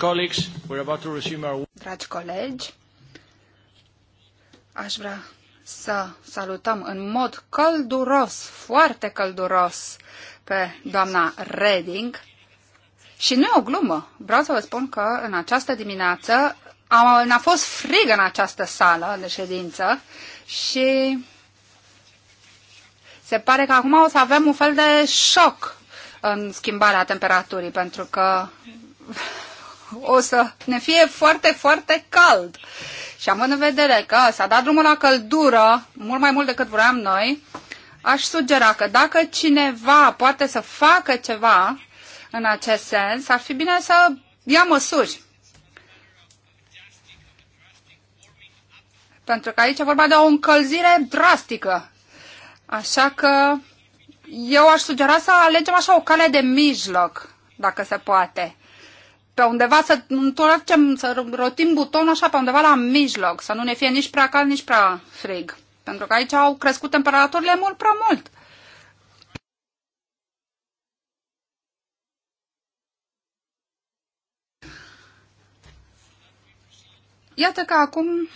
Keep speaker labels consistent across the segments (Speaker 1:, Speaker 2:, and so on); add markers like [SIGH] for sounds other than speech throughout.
Speaker 1: colleagues, we're about to resume our... Dragi colegi, aș vrea să salutăm în mod călduros, foarte călduros, pe doamna Reding. Și nu e o glumă. Vreau să vă spun că în această dimineață a, a fost frig în această sală de ședință și se pare că acum o să avem un fel de șoc în schimbarea temperaturii, pentru că o să ne fie foarte, foarte cald. Și având în vedere că s-a dat drumul la căldură, mult mai mult decât vroiam noi, aș sugera că dacă cineva poate să facă ceva în acest sens, ar fi bine să ia măsuri. Pentru că aici e vorba de o încălzire drastică. Așa că eu aș sugera să alegem așa o cale de mijloc, dacă se poate pe undeva să întoarcem, să rotim butonul așa pe undeva la mijloc, să nu ne fie nici prea cald, nici prea frig. Pentru că aici au crescut temperaturile mult prea mult. Iată că acum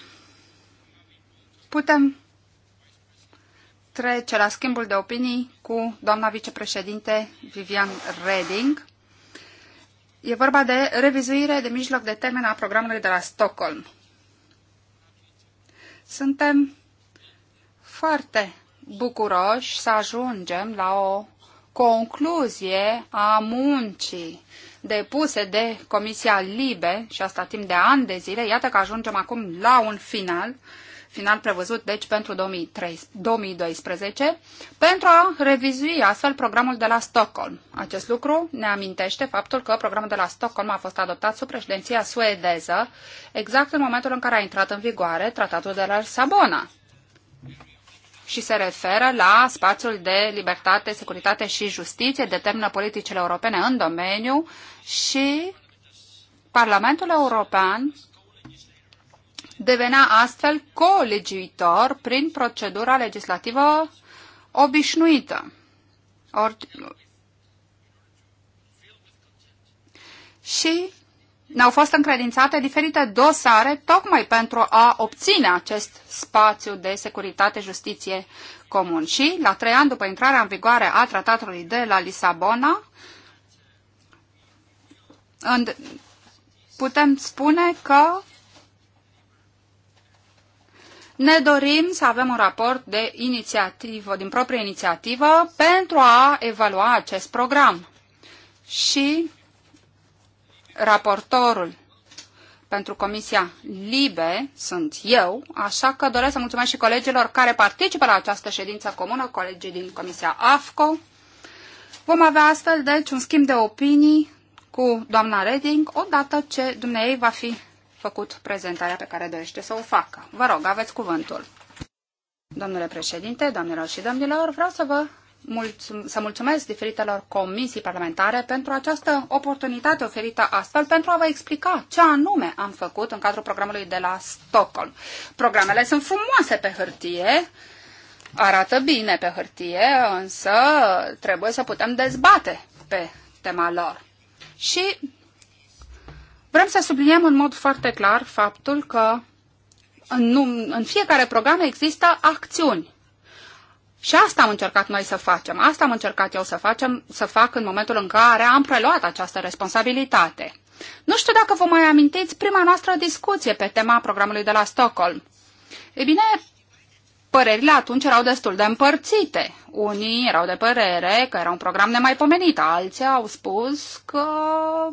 Speaker 1: putem trece la schimbul de opinii cu doamna vicepreședinte Vivian Reding E vorba de revizuire de mijloc de termen a programului de la Stockholm. Suntem foarte bucuroși să ajungem la o concluzie a muncii depuse de Comisia Libe, și asta timp de ani de zile, iată că ajungem acum la un final final prevăzut, deci, pentru 2012, pentru a revizui astfel programul de la Stockholm. Acest lucru ne amintește faptul că programul de la Stockholm a fost adoptat sub președinția suedeză, exact în momentul în care a intrat în vigoare tratatul de la Sabona și se referă la spațiul de libertate, securitate și justiție, determină politicile europene în domeniu și Parlamentul European devenea astfel colegiuitor prin procedura legislativă obișnuită. Or... Și ne-au fost încredințate diferite dosare tocmai pentru a obține acest spațiu de securitate, justiție comun. Și la trei ani după intrarea în vigoare a tratatului de la Lisabona, putem spune că ne dorim să avem un raport de inițiativă, din proprie inițiativă, pentru a evalua acest program. Și raportorul pentru Comisia Libe sunt eu, așa că doresc să mulțumesc și colegilor care participă la această ședință comună, colegii din Comisia AFCO. Vom avea astfel, deci, un schimb de opinii cu doamna Reding, odată ce dumneavoastră va fi făcut prezentarea pe care dorește să o facă. Vă rog, aveți cuvântul. Domnule președinte, doamnelor și domnilor, vreau să vă mulțum- să mulțumesc diferitelor comisii parlamentare pentru această oportunitate oferită astfel pentru a vă explica ce anume am făcut în cadrul programului de la Stockholm. Programele sunt frumoase pe hârtie, arată bine pe hârtie, însă trebuie să putem dezbate pe tema lor. Și Vrem să subliniem în mod foarte clar faptul că în, în fiecare program există acțiuni. Și asta am încercat noi să facem, asta am încercat eu să, facem, să fac în momentul în care am preluat această responsabilitate. Nu știu dacă vă mai amintiți prima noastră discuție pe tema programului de la Stockholm. E bine, părerile atunci erau destul de împărțite. Unii erau de părere că era un program nemaipomenit, alții au spus că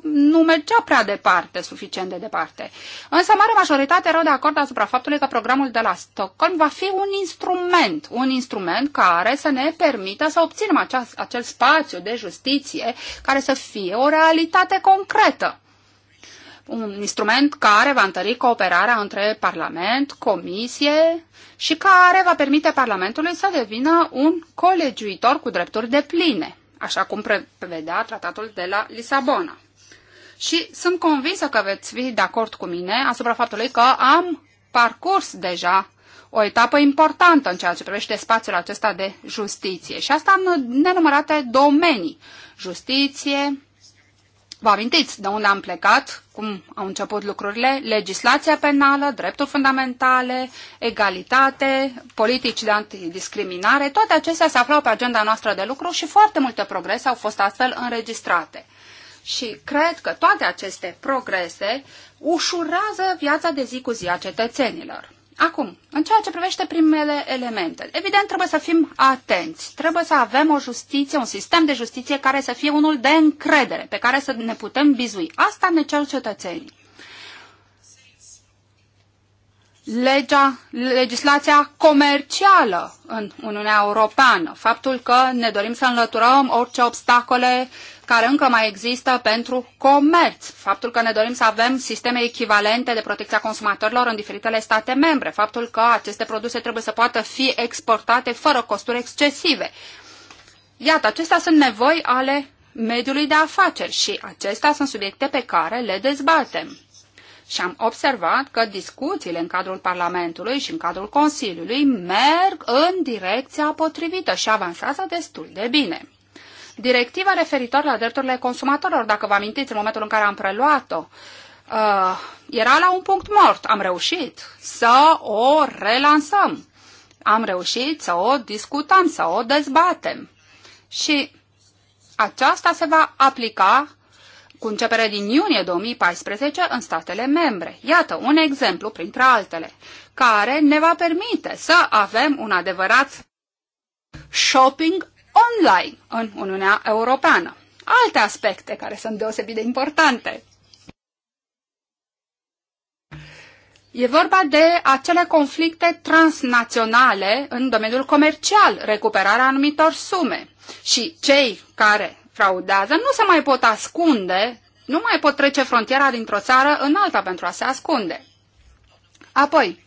Speaker 1: nu mergea prea departe, suficient de departe. Însă mare majoritate erau de acord asupra faptului că programul de la Stockholm va fi un instrument, un instrument care să ne permită să obținem acea, acel spațiu de justiție care să fie o realitate concretă un instrument care va întări cooperarea între Parlament, Comisie și care va permite Parlamentului să devină un colegiuitor cu drepturi de pline, așa cum prevedea tratatul de la Lisabona. Și sunt convinsă că veți fi de acord cu mine asupra faptului că am parcurs deja o etapă importantă în ceea ce privește spațiul acesta de justiție. Și asta în nenumărate domenii. Justiție, Vă amintiți de unde am plecat, cum au început lucrurile, legislația penală, drepturi fundamentale, egalitate, politici de antidiscriminare, toate acestea se aflau pe agenda noastră de lucru și foarte multe progrese au fost astfel înregistrate. Și cred că toate aceste progrese ușurează viața de zi cu zi a cetățenilor. Acum, în ceea ce privește primele elemente, evident trebuie să fim atenți, trebuie să avem o justiție, un sistem de justiție care să fie unul de încredere, pe care să ne putem bizui. Asta ne cer cetățenii. Legea, legislația comercială în Uniunea Europeană, faptul că ne dorim să înlăturăm orice obstacole care încă mai există pentru comerț, faptul că ne dorim să avem sisteme echivalente de protecția consumatorilor în diferitele state membre, faptul că aceste produse trebuie să poată fi exportate fără costuri excesive. Iată, acestea sunt nevoi ale mediului de afaceri și acestea sunt subiecte pe care le dezbatem. Și am observat că discuțiile în cadrul Parlamentului și în cadrul Consiliului merg în direcția potrivită și avansează destul de bine. Directiva referitor la drepturile consumatorilor, dacă vă amintiți, în momentul în care am preluat-o, uh, era la un punct mort. Am reușit să o relansăm. Am reușit să o discutăm, să o dezbatem. Și aceasta se va aplica cu începere din iunie 2014 în statele membre. Iată un exemplu, printre altele, care ne va permite să avem un adevărat shopping online în Uniunea Europeană. Alte aspecte care sunt deosebit de importante. E vorba de acele conflicte transnaționale în domeniul comercial, recuperarea anumitor sume. Și cei care fraudează nu se mai pot ascunde, nu mai pot trece frontiera dintr-o țară în alta pentru a se ascunde. Apoi,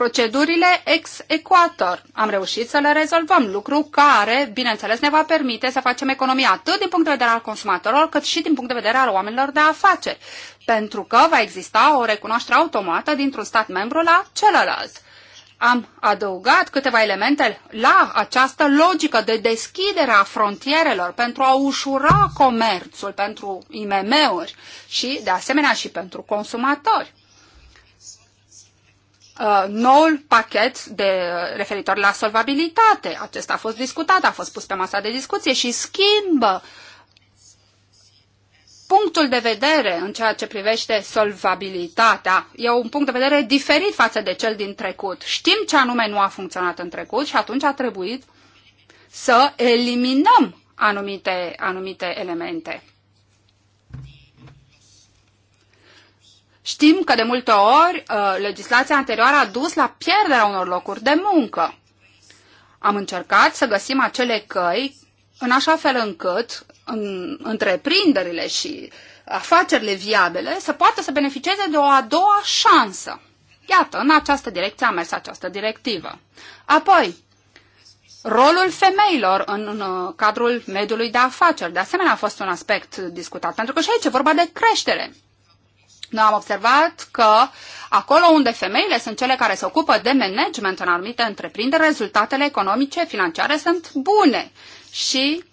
Speaker 1: procedurile ex equator. Am reușit să le rezolvăm, lucru care, bineînțeles, ne va permite să facem economia atât din punct de vedere al consumatorilor, cât și din punct de vedere al oamenilor de afaceri, pentru că va exista o recunoaștere automată dintr-un stat membru la celălalt. Am adăugat câteva elemente la această logică de deschidere a frontierelor pentru a ușura comerțul pentru IMM-uri și, de asemenea, și pentru consumatori. Uh, noul pachet de uh, referitor la solvabilitate. Acesta a fost discutat, a fost pus pe masa de discuție și schimbă punctul de vedere în ceea ce privește solvabilitatea. E un punct de vedere diferit față de cel din trecut. Știm ce anume nu a funcționat în trecut și atunci a trebuit să eliminăm anumite, anumite elemente. Știm că de multe ori uh, legislația anterioară a dus la pierderea unor locuri de muncă. Am încercat să găsim acele căi în așa fel încât în, întreprinderile și afacerile viabile să poată să beneficieze de o a doua șansă. Iată, în această direcție a mers această directivă. Apoi, rolul femeilor în, în uh, cadrul mediului de afaceri, de asemenea, a fost un aspect discutat, pentru că și aici e vorba de creștere. Noi am observat că acolo unde femeile sunt cele care se ocupă de management în anumite întreprinderi, rezultatele economice, financiare sunt bune. Și,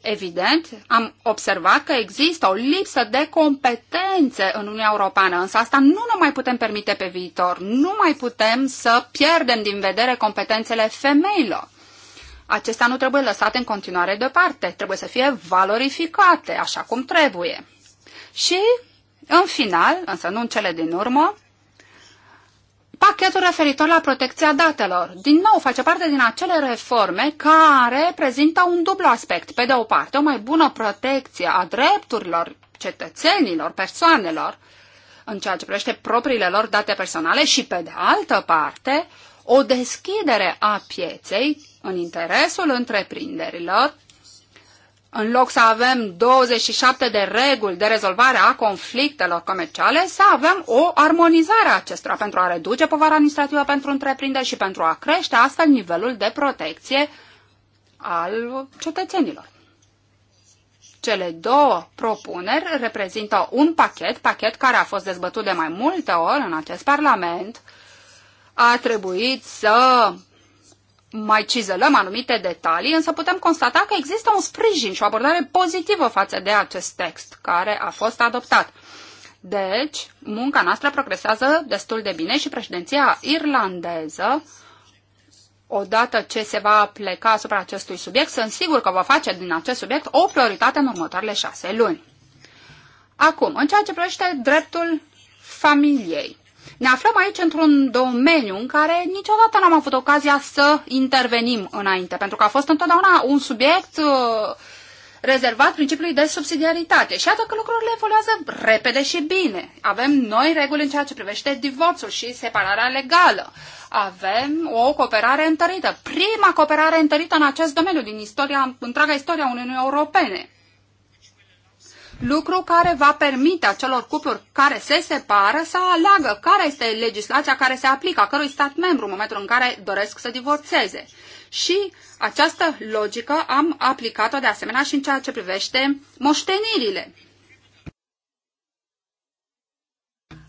Speaker 1: evident, am observat că există o lipsă de competențe în Uniunea Europeană, însă asta nu ne mai putem permite pe viitor. Nu mai putem să pierdem din vedere competențele femeilor. Acestea nu trebuie lăsate în continuare deoparte, trebuie să fie valorificate așa cum trebuie. Și în final, însă nu în cele din urmă, pachetul referitor la protecția datelor. Din nou, face parte din acele reforme care prezintă un dublu aspect. Pe de o parte, o mai bună protecție a drepturilor cetățenilor, persoanelor, în ceea ce privește propriile lor date personale și, pe de altă parte, o deschidere a pieței în interesul întreprinderilor în loc să avem 27 de reguli de rezolvare a conflictelor comerciale, să avem o armonizare a acestora pentru a reduce povara administrativă pentru întreprinderi și pentru a crește astfel nivelul de protecție al cetățenilor. Cele două propuneri reprezintă un pachet, pachet care a fost dezbătut de mai multe ori în acest Parlament. A trebuit să mai cizelăm anumite detalii, însă putem constata că există un sprijin și o abordare pozitivă față de acest text care a fost adoptat. Deci, munca noastră progresează destul de bine și președinția irlandeză, odată ce se va pleca asupra acestui subiect, sunt sigur că va face din acest subiect o prioritate în următoarele șase luni. Acum, în ceea ce privește dreptul familiei, ne aflăm aici într-un domeniu în care niciodată n-am avut ocazia să intervenim înainte, pentru că a fost întotdeauna un subiect uh, rezervat principiului de subsidiaritate. Și iată că lucrurile evoluează repede și bine. Avem noi reguli în ceea ce privește divorțul și separarea legală. Avem o cooperare întărită, prima cooperare întărită în acest domeniu din istoria, întreaga istoria Uniunii Europene lucru care va permite acelor cupluri care se separă să aleagă care este legislația care se aplică a cărui stat membru în momentul în care doresc să divorțeze. Și această logică am aplicat-o de asemenea și în ceea ce privește moștenirile.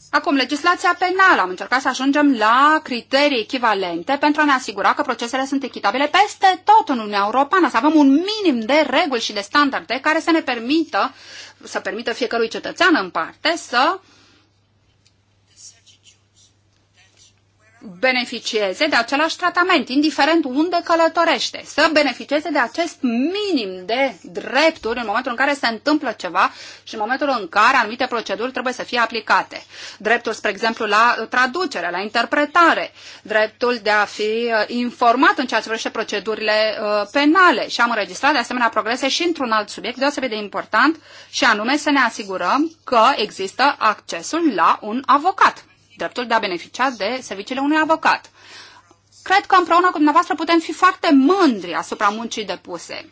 Speaker 1: Acum, legislația penală. Am încercat să ajungem la criterii echivalente pentru a ne asigura că procesele sunt echitabile peste tot în Uniunea Europeană, să avem un minim de reguli și de standarde care să ne permită, să permită fiecărui cetățean în parte să uh, beneficieze de același tratament, indiferent unde călătorește, să beneficieze de acest minim de drepturi în momentul în care se întâmplă ceva și în momentul în care anumite proceduri trebuie să fie aplicate. Dreptul, spre exemplu, la traducere, la interpretare, dreptul de a fi uh, informat în ceea ce privește procedurile uh, penale și am înregistrat de asemenea progrese și într-un alt subiect deosebit de important și anume să ne asigurăm că există accesul la un avocat dreptul de a beneficia de serviciile unui avocat. Cred că împreună cu dumneavoastră putem fi foarte mândri asupra muncii depuse.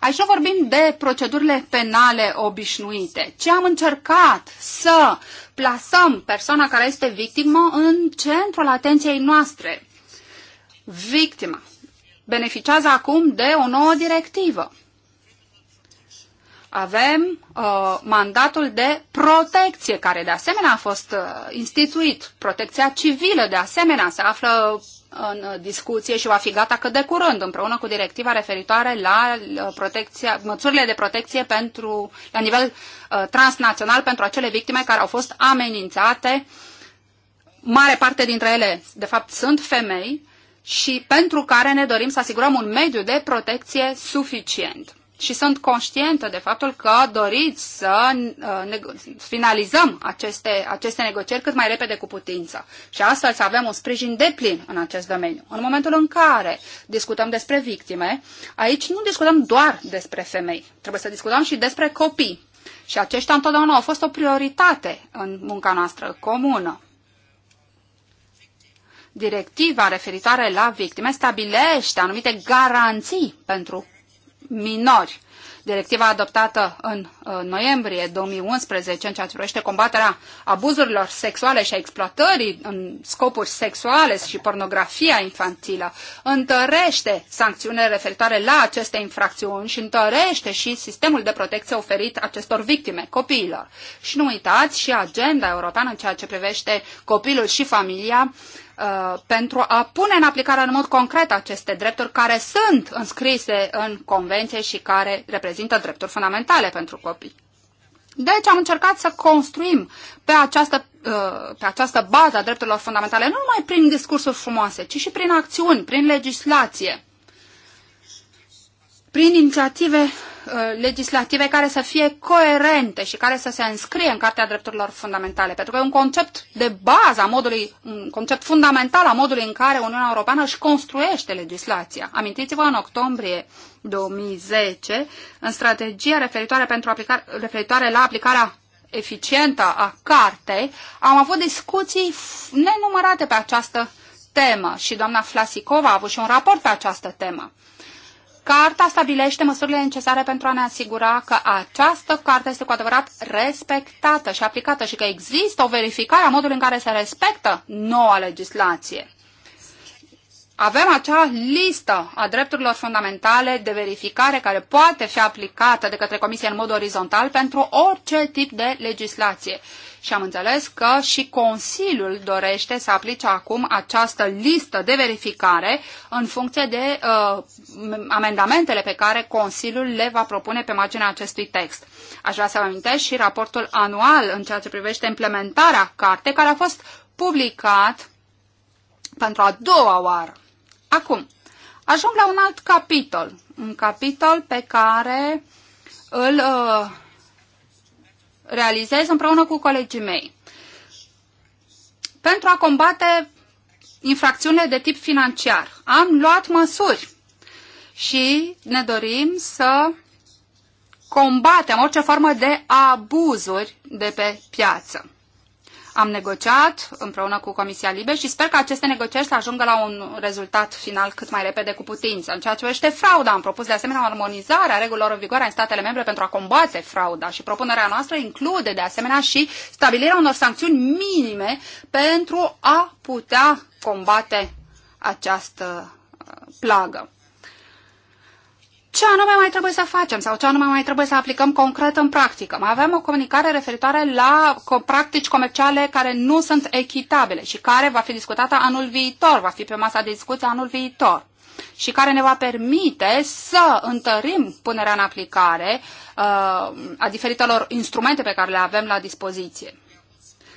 Speaker 1: Aici nu vorbim de procedurile penale obișnuite, ci am încercat să plasăm persoana care este victimă în centrul atenției noastre. Victima beneficiază acum de o nouă directivă avem uh, mandatul de protecție, care de asemenea a fost uh, instituit. Protecția civilă, de asemenea, se află în uh, discuție și va fi gata cât de curând, împreună cu directiva referitoare la uh, protecția, măsurile de protecție pentru, la nivel uh, transnațional pentru acele victime care au fost amenințate. Mare parte dintre ele, de fapt, sunt femei și pentru care ne dorim să asigurăm un mediu de protecție suficient și sunt conștientă de faptul că doriți să uh, finalizăm aceste, aceste negocieri cât mai repede cu putință și astfel să avem un sprijin deplin în acest domeniu. În momentul în care discutăm despre victime, aici nu discutăm doar despre femei, trebuie să discutăm și despre copii. Și aceștia întotdeauna au fost o prioritate în munca noastră comună. Directiva referitoare la victime stabilește anumite garanții pentru minori. Directiva adoptată în uh, noiembrie 2011 în ceea ce privește combaterea abuzurilor sexuale și a exploatării în scopuri sexuale și pornografia infantilă întărește sancțiunile referitoare la aceste infracțiuni și întărește și sistemul de protecție oferit acestor victime, copiilor. Și nu uitați și agenda europeană în ceea ce privește copilul și familia Uh, pentru a pune în aplicare în mod concret aceste drepturi care sunt înscrise în convenție și care reprezintă drepturi fundamentale pentru copii. Deci am încercat să construim pe această, uh, pe această bază a drepturilor fundamentale, nu numai prin discursuri frumoase, ci și prin acțiuni, prin legislație, prin inițiative Uh, legislative care să fie coerente și care să se înscrie în Cartea Drepturilor Fundamentale, pentru că e un concept de bază a modului, un concept fundamental a modului în care Uniunea Europeană își construiește legislația. Amintiți-vă, în octombrie 2010, în strategia referitoare, pentru aplicare, referitoare la aplicarea eficientă a cartei, am avut discuții nenumărate pe această temă și doamna Flasicova a avut și un raport pe această temă. Carta stabilește măsurile necesare pentru a ne asigura că această carte este cu adevărat respectată și aplicată și că există o verificare a modului în care se respectă noua legislație avem acea listă a drepturilor fundamentale de verificare care poate fi aplicată de către Comisie în mod orizontal pentru orice tip de legislație. Și am înțeles că și Consiliul dorește să aplice acum această listă de verificare în funcție de uh, amendamentele pe care Consiliul le va propune pe marginea acestui text. Aș vrea să vă amintesc și raportul anual în ceea ce privește implementarea cartei care a fost publicat pentru a doua oară. Acum, ajung la un alt capitol, un capitol pe care îl uh, realizez împreună cu colegii mei. Pentru a combate infracțiunile de tip financiar, am luat măsuri și ne dorim să combatem orice formă de abuzuri de pe piață. Am negociat împreună cu Comisia Libe și sper că aceste negocieri să ajungă la un rezultat final cât mai repede cu putință. În ceea ce privește frauda, am propus de asemenea armonizarea regulilor în vigoare în statele membre pentru a combate frauda și propunerea noastră include de asemenea și stabilirea unor sancțiuni minime pentru a putea combate această uh, plagă ce anume mai trebuie să facem sau ce anume mai trebuie să aplicăm concret în practică. Mai avem o comunicare referitoare la practici comerciale care nu sunt echitabile și care va fi discutată anul viitor, va fi pe masa de discuție anul viitor și care ne va permite să întărim punerea în aplicare uh, a diferitelor instrumente pe care le avem la dispoziție.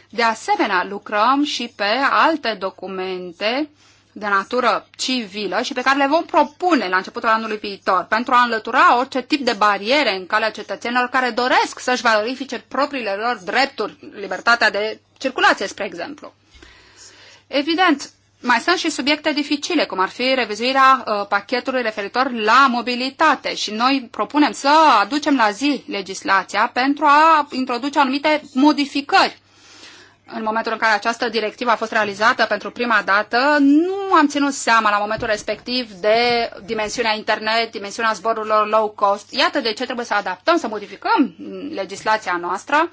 Speaker 1: De asemenea, lucrăm și pe alte documente uh, de natură civilă și pe care le vom propune la începutul anului viitor pentru a înlătura orice tip de bariere în calea cetățenilor care doresc să-și valorifice propriile lor drepturi, libertatea de circulație, spre exemplu. Evident, mai sunt și subiecte dificile, cum ar fi revizuirea uh, pachetului referitor la mobilitate și noi propunem să aducem la zi legislația pentru a introduce anumite modificări în momentul în care această directivă a fost realizată pentru prima dată, nu am ținut seama la momentul respectiv de dimensiunea internet, dimensiunea zborurilor low cost. Iată de ce trebuie să adaptăm, să modificăm legislația noastră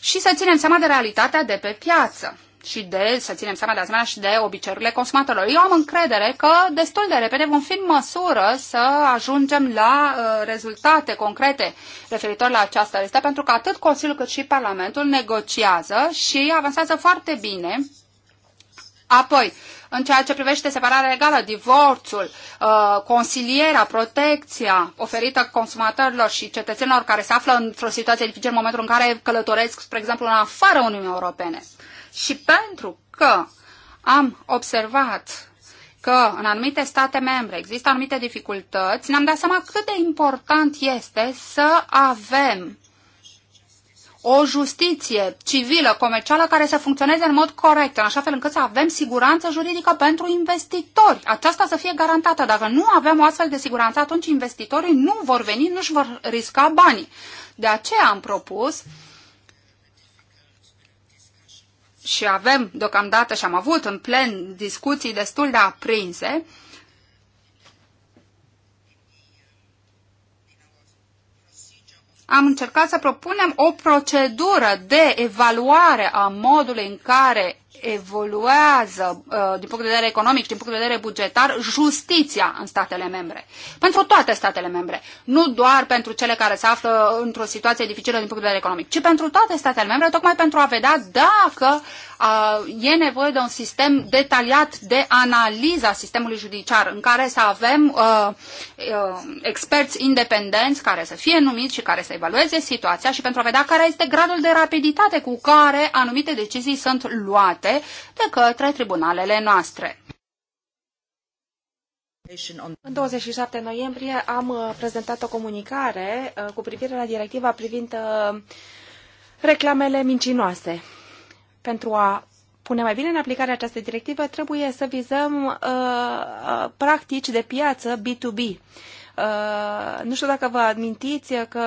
Speaker 1: și să ținem seama de realitatea de pe piață și de, să ținem seama de asemenea și de obiceiurile consumatorilor. Eu am încredere că destul de repede vom fi în măsură să ajungem la uh, rezultate concrete referitor la această listă, pentru că atât Consiliul cât și Parlamentul negociază și avansează foarte bine. Apoi, în ceea ce privește separarea legală, divorțul, uh, consilierea, protecția oferită consumatorilor și cetățenilor care se află într-o situație dificilă în momentul în care călătoresc, spre exemplu, în afara Uniunii Europene. Și pentru că am observat că în anumite state membre există anumite dificultăți, ne-am dat seama cât de important este să avem o justiție civilă, comercială, care să funcționeze în mod corect, în așa fel încât să avem siguranță juridică pentru investitori. Aceasta să fie garantată. Dacă nu avem o astfel de siguranță, atunci investitorii nu vor veni, nu-și vor risca banii. De aceea am propus uh, și avem deocamdată și am avut în plen discuții destul de aprinse, am încercat să propunem o procedură de evaluare a modului în care evoluează uh, din punct de vedere economic și din punct de vedere bugetar justiția în statele membre. Pentru toate statele membre. Nu doar pentru cele care se află într-o situație dificilă din punct de vedere economic, ci pentru toate statele membre, tocmai pentru a vedea dacă uh, e nevoie de un sistem detaliat de analiza sistemului judiciar în care să avem a, uh, a, experți independenți care să fie numiți și care să evalueze situația și pentru a vedea care este gradul de rapiditate cu care anumite decizii sunt luate de către tribunalele noastre. În 27 noiembrie am uh, prezentat o comunicare uh, cu privire la directiva
Speaker 2: privind uh, reclamele mincinoase. Pentru a pune mai bine în aplicare această directivă, trebuie să vizăm practici de piață B2B Uh, nu știu dacă vă amintiți că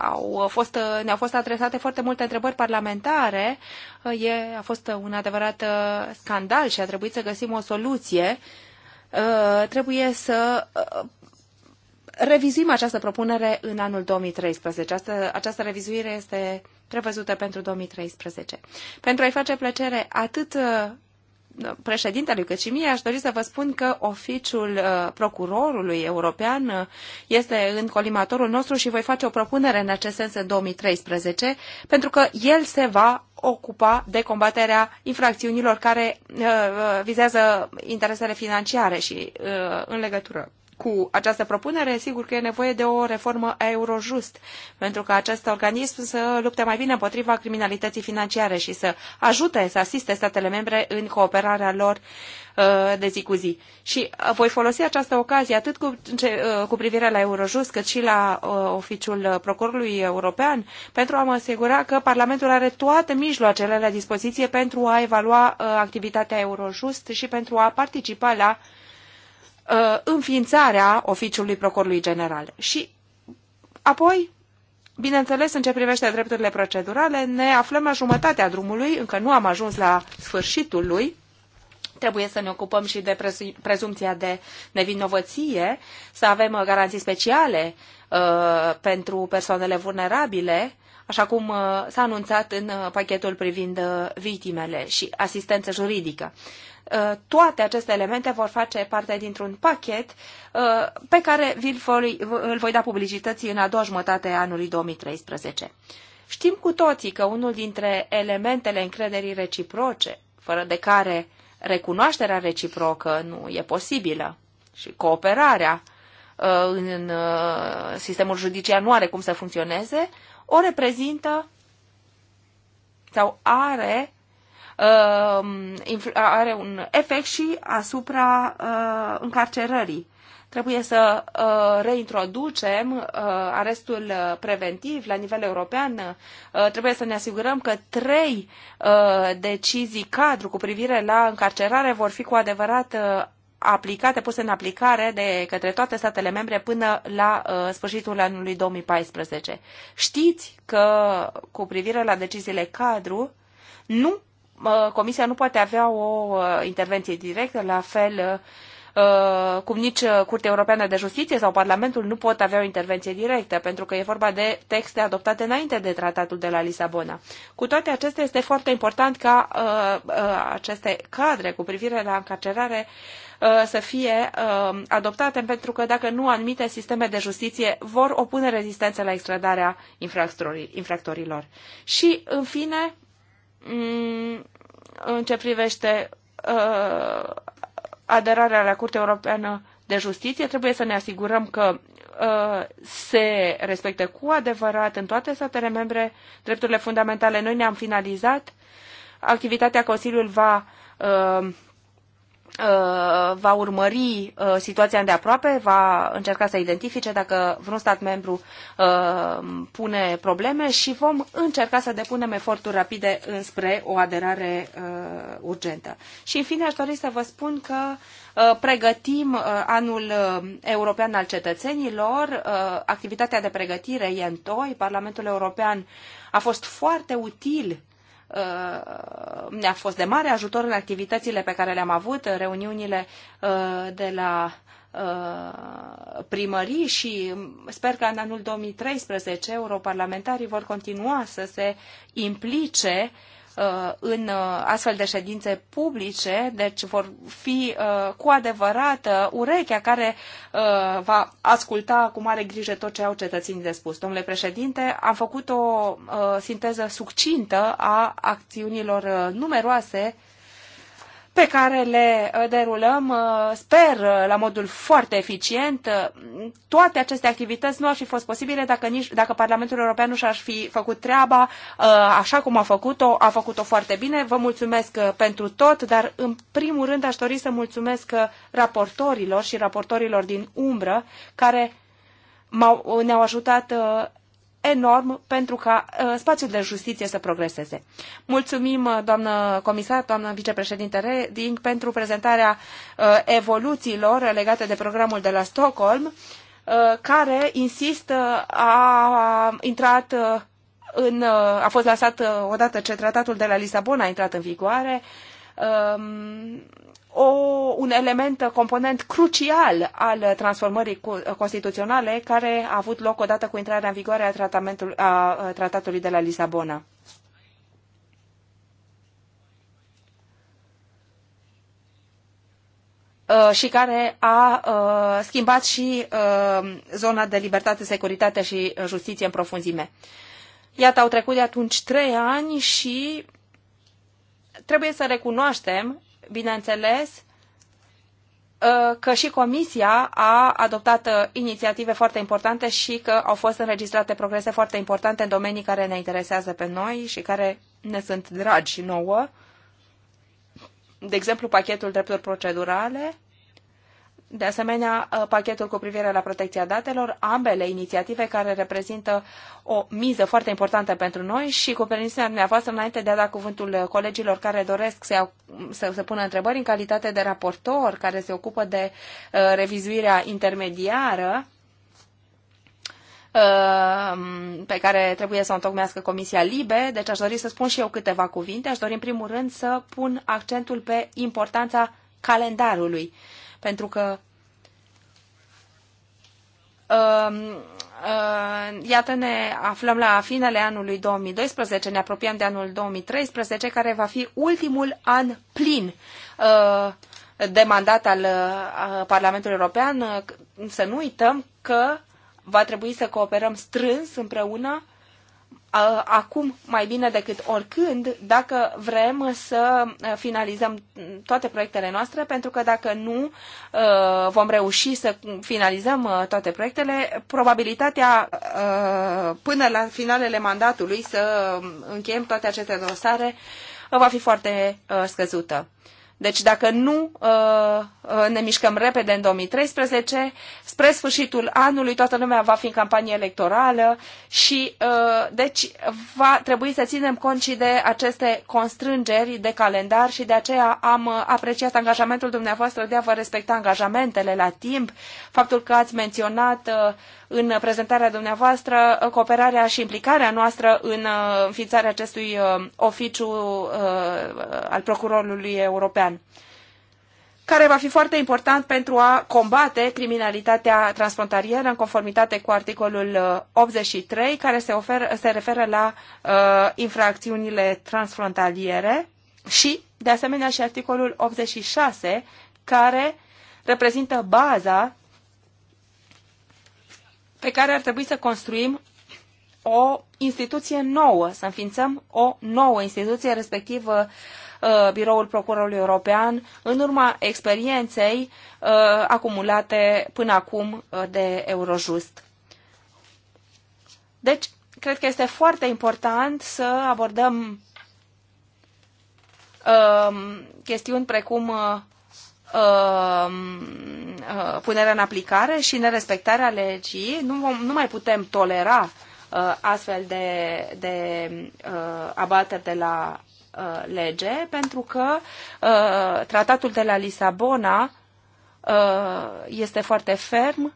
Speaker 2: au fost, ne-au fost adresate foarte multe întrebări parlamentare. Uh, e, a fost un adevărat uh, scandal și a trebuit să găsim o soluție. Trebuie să revizuim această propunere în anul 2013. Această, această revizuire este prevăzută pentru 2013. Pentru a-i face plăcere atât președintelui, cât și mie, aș dori să vă spun că oficiul uh, procurorului european uh, este în colimatorul nostru și voi face o propunere în acest sens în 2013, pentru că el se va ocupa de combaterea infracțiunilor care uh, vizează interesele financiare și în legătură cu această propunere, sigur că e nevoie de o reformă a Eurojust, pentru ca acest organism să lupte mai bine împotriva criminalității financiare și să ajute, să asiste statele membre în cooperarea lor uh, de zi cu zi. Și uh, voi folosi această ocazie atât cu, ce, uh, cu privire la Eurojust, cât și la uh, oficiul procurorului european, pentru a mă asigura că Parlamentul are toate mijloacele la dispoziție pentru a evalua uh, activitatea Eurojust și pentru a participa la Uh, înființarea oficiului procurorului general. Și apoi, bineînțeles, în ce privește drepturile procedurale, ne aflăm la jumătatea drumului, încă nu am ajuns la sfârșitul lui, trebuie să ne ocupăm și de prezumția de nevinovăție, să avem uh, garanții speciale uh, pentru persoanele vulnerabile, așa cum uh, s-a anunțat în uh, pachetul privind uh, victimele și asistență juridică. Toate aceste elemente vor face parte dintr-un pachet pe care îl voi da publicității în a doua jumătate a anului 2013. Știm cu toții că unul dintre elementele încrederii reciproce, fără de care recunoașterea reciprocă nu e posibilă și cooperarea în sistemul judiciar nu are cum să funcționeze, o reprezintă sau are, uh, are un efect și asupra uh, încarcerării. Trebuie să uh, reintroducem uh, arestul uh, preventiv la nivel european. Uh, trebuie să ne asigurăm că trei uh, decizii cadru cu privire la încarcerare vor fi cu adevărat uh, aplicate, puse în aplicare de către toate statele membre până la uh, sfârșitul anului 2014. Știți că cu privire la deciziile cadru, nu, uh, Comisia nu poate avea o uh, intervenție directă, la fel uh, cum nici Curtea Europeană de Justiție sau Parlamentul nu pot avea o intervenție directă, pentru că e vorba de texte adoptate înainte de tratatul de la Lisabona. Cu toate acestea, este foarte important ca uh, uh, aceste cadre cu privire la încarcerare Uh, să fie uh, adoptate, pentru că dacă nu, anumite sisteme de justiție vor opune rezistență la extradarea infractorilor. Și, în fine, mm, în ce privește uh, aderarea la Curtea Europeană de Justiție, trebuie să ne asigurăm că se respectă cu adevărat în toate statele membre drepturile fundamentale. Noi ne-am finalizat. Activitatea Consiliului va Uh, va urmări uh, situația de aproape, va încerca să identifice dacă vreun stat membru uh, pune probleme și vom încerca să depunem eforturi rapide înspre o aderare urgentă. Și în fine aș dori să vă spun că pregătim anul european al cetățenilor, activitatea de pregătire e în toi, Parlamentul European a fost foarte util Uh, ne-a fost de mare ajutor în activitățile pe care le-am avut, reuniunile uh, de la uh, primării și sper că în anul 2013 europarlamentarii vor continua să se implice uh, Uh, în uh, astfel de ședințe publice, deci vor fi uh, cu adevărat urechea care va asculta cu mare grijă tot ce au cetățenii de spus. Domnule președinte, am făcut o sinteză succintă a acțiunilor numeroase pe care le uh, derulăm, uh, sper, uh, la modul foarte eficient. Toate aceste activități nu ar fi fost posibile dacă, nici, dacă Parlamentul European nu și-ar fi făcut treaba așa cum a făcut-o, a făcut-o foarte bine. Vă mulțumesc pentru tot, dar în primul rând aș dori să mulțumesc raportorilor și raportorilor din umbră care ne-au ajutat enorm pentru ca uh, spațiul de justiție să progreseze. Mulțumim, uh, doamnă comisar, doamnă vicepreședinte Reding, pentru prezentarea uh, evoluțiilor legate de programul de la Stockholm, uh, care, insist, uh, a, a intrat uh, în, a fost lansat odată ce tratatul de la Lisabona a intrat în vigoare um, o, un element, component crucial al transformării constituționale care a avut loc odată cu intrarea în vigoare a, tratamentul, a tratatului de la Lisabona. și care a schimbat și zona de libertate, securitate și justiție în profunzime. Iată, au trecut de atunci trei ani și trebuie să recunoaștem bineînțeles, ă, că și Comisia a adoptat ă, inițiative foarte importante și că au fost înregistrate progrese foarte importante în domenii care ne interesează pe noi și care ne sunt dragi nouă. De exemplu, pachetul drepturi procedurale, de asemenea, uh, pachetul cu privire la protecția datelor, ambele inițiative care reprezintă o miză foarte importantă pentru noi și cu permisiunea dumneavoastră, înainte de a da cuvântul colegilor care doresc să, iau, să, să pună întrebări în calitate de raportor care se ocupă de uh, revizuirea intermediară, uh, pe care trebuie să o întocmească Comisia Libe, deci aș dori să spun și eu câteva cuvinte. Aș dori în primul rând să pun accentul pe importanța calendarului pentru că um, uh, iată ne aflăm la finele anului 2012, ne apropiem de anul 2013, care va fi ultimul an plin uh, de mandat al uh, Parlamentului European. Să nu uităm că va trebui să cooperăm strâns împreună acum mai bine decât oricând dacă vrem să finalizăm toate proiectele noastre, pentru că dacă nu vom reuși să finalizăm toate proiectele, probabilitatea până la finalele mandatului să încheiem toate aceste dosare va fi foarte scăzută. Deci dacă nu uh, uh, ne mișcăm repede în 2013, spre sfârșitul anului toată lumea va fi în campanie electorală și uh, deci va trebui să ținem cont și de aceste constrângeri de calendar și de aceea am apreciat angajamentul dumneavoastră de a vă respecta angajamentele la timp, faptul că ați menționat în prezentarea dumneavoastră cooperarea și implicarea noastră în uh, înființarea acestui uh, oficiu uh, al procurorului european care va fi foarte important pentru a combate criminalitatea transfrontalieră în conformitate cu articolul 83, care se, oferă, se referă la uh, infracțiunile transfrontaliere și, de asemenea, și articolul 86, care reprezintă baza pe care ar trebui să construim o instituție nouă, să înființăm o nouă instituție, respectiv uh, Biroul Procurorului European, în urma experienței uh, acumulate până acum uh, de Eurojust. Deci, cred că este foarte important să abordăm um, chestiuni precum Um, uh, punerea în aplicare și nerespectarea legii, nu, vom, nu mai putem tolera uh, astfel de, de uh, abateri de la lege, pentru că tratatul de la Lisabona este foarte ferm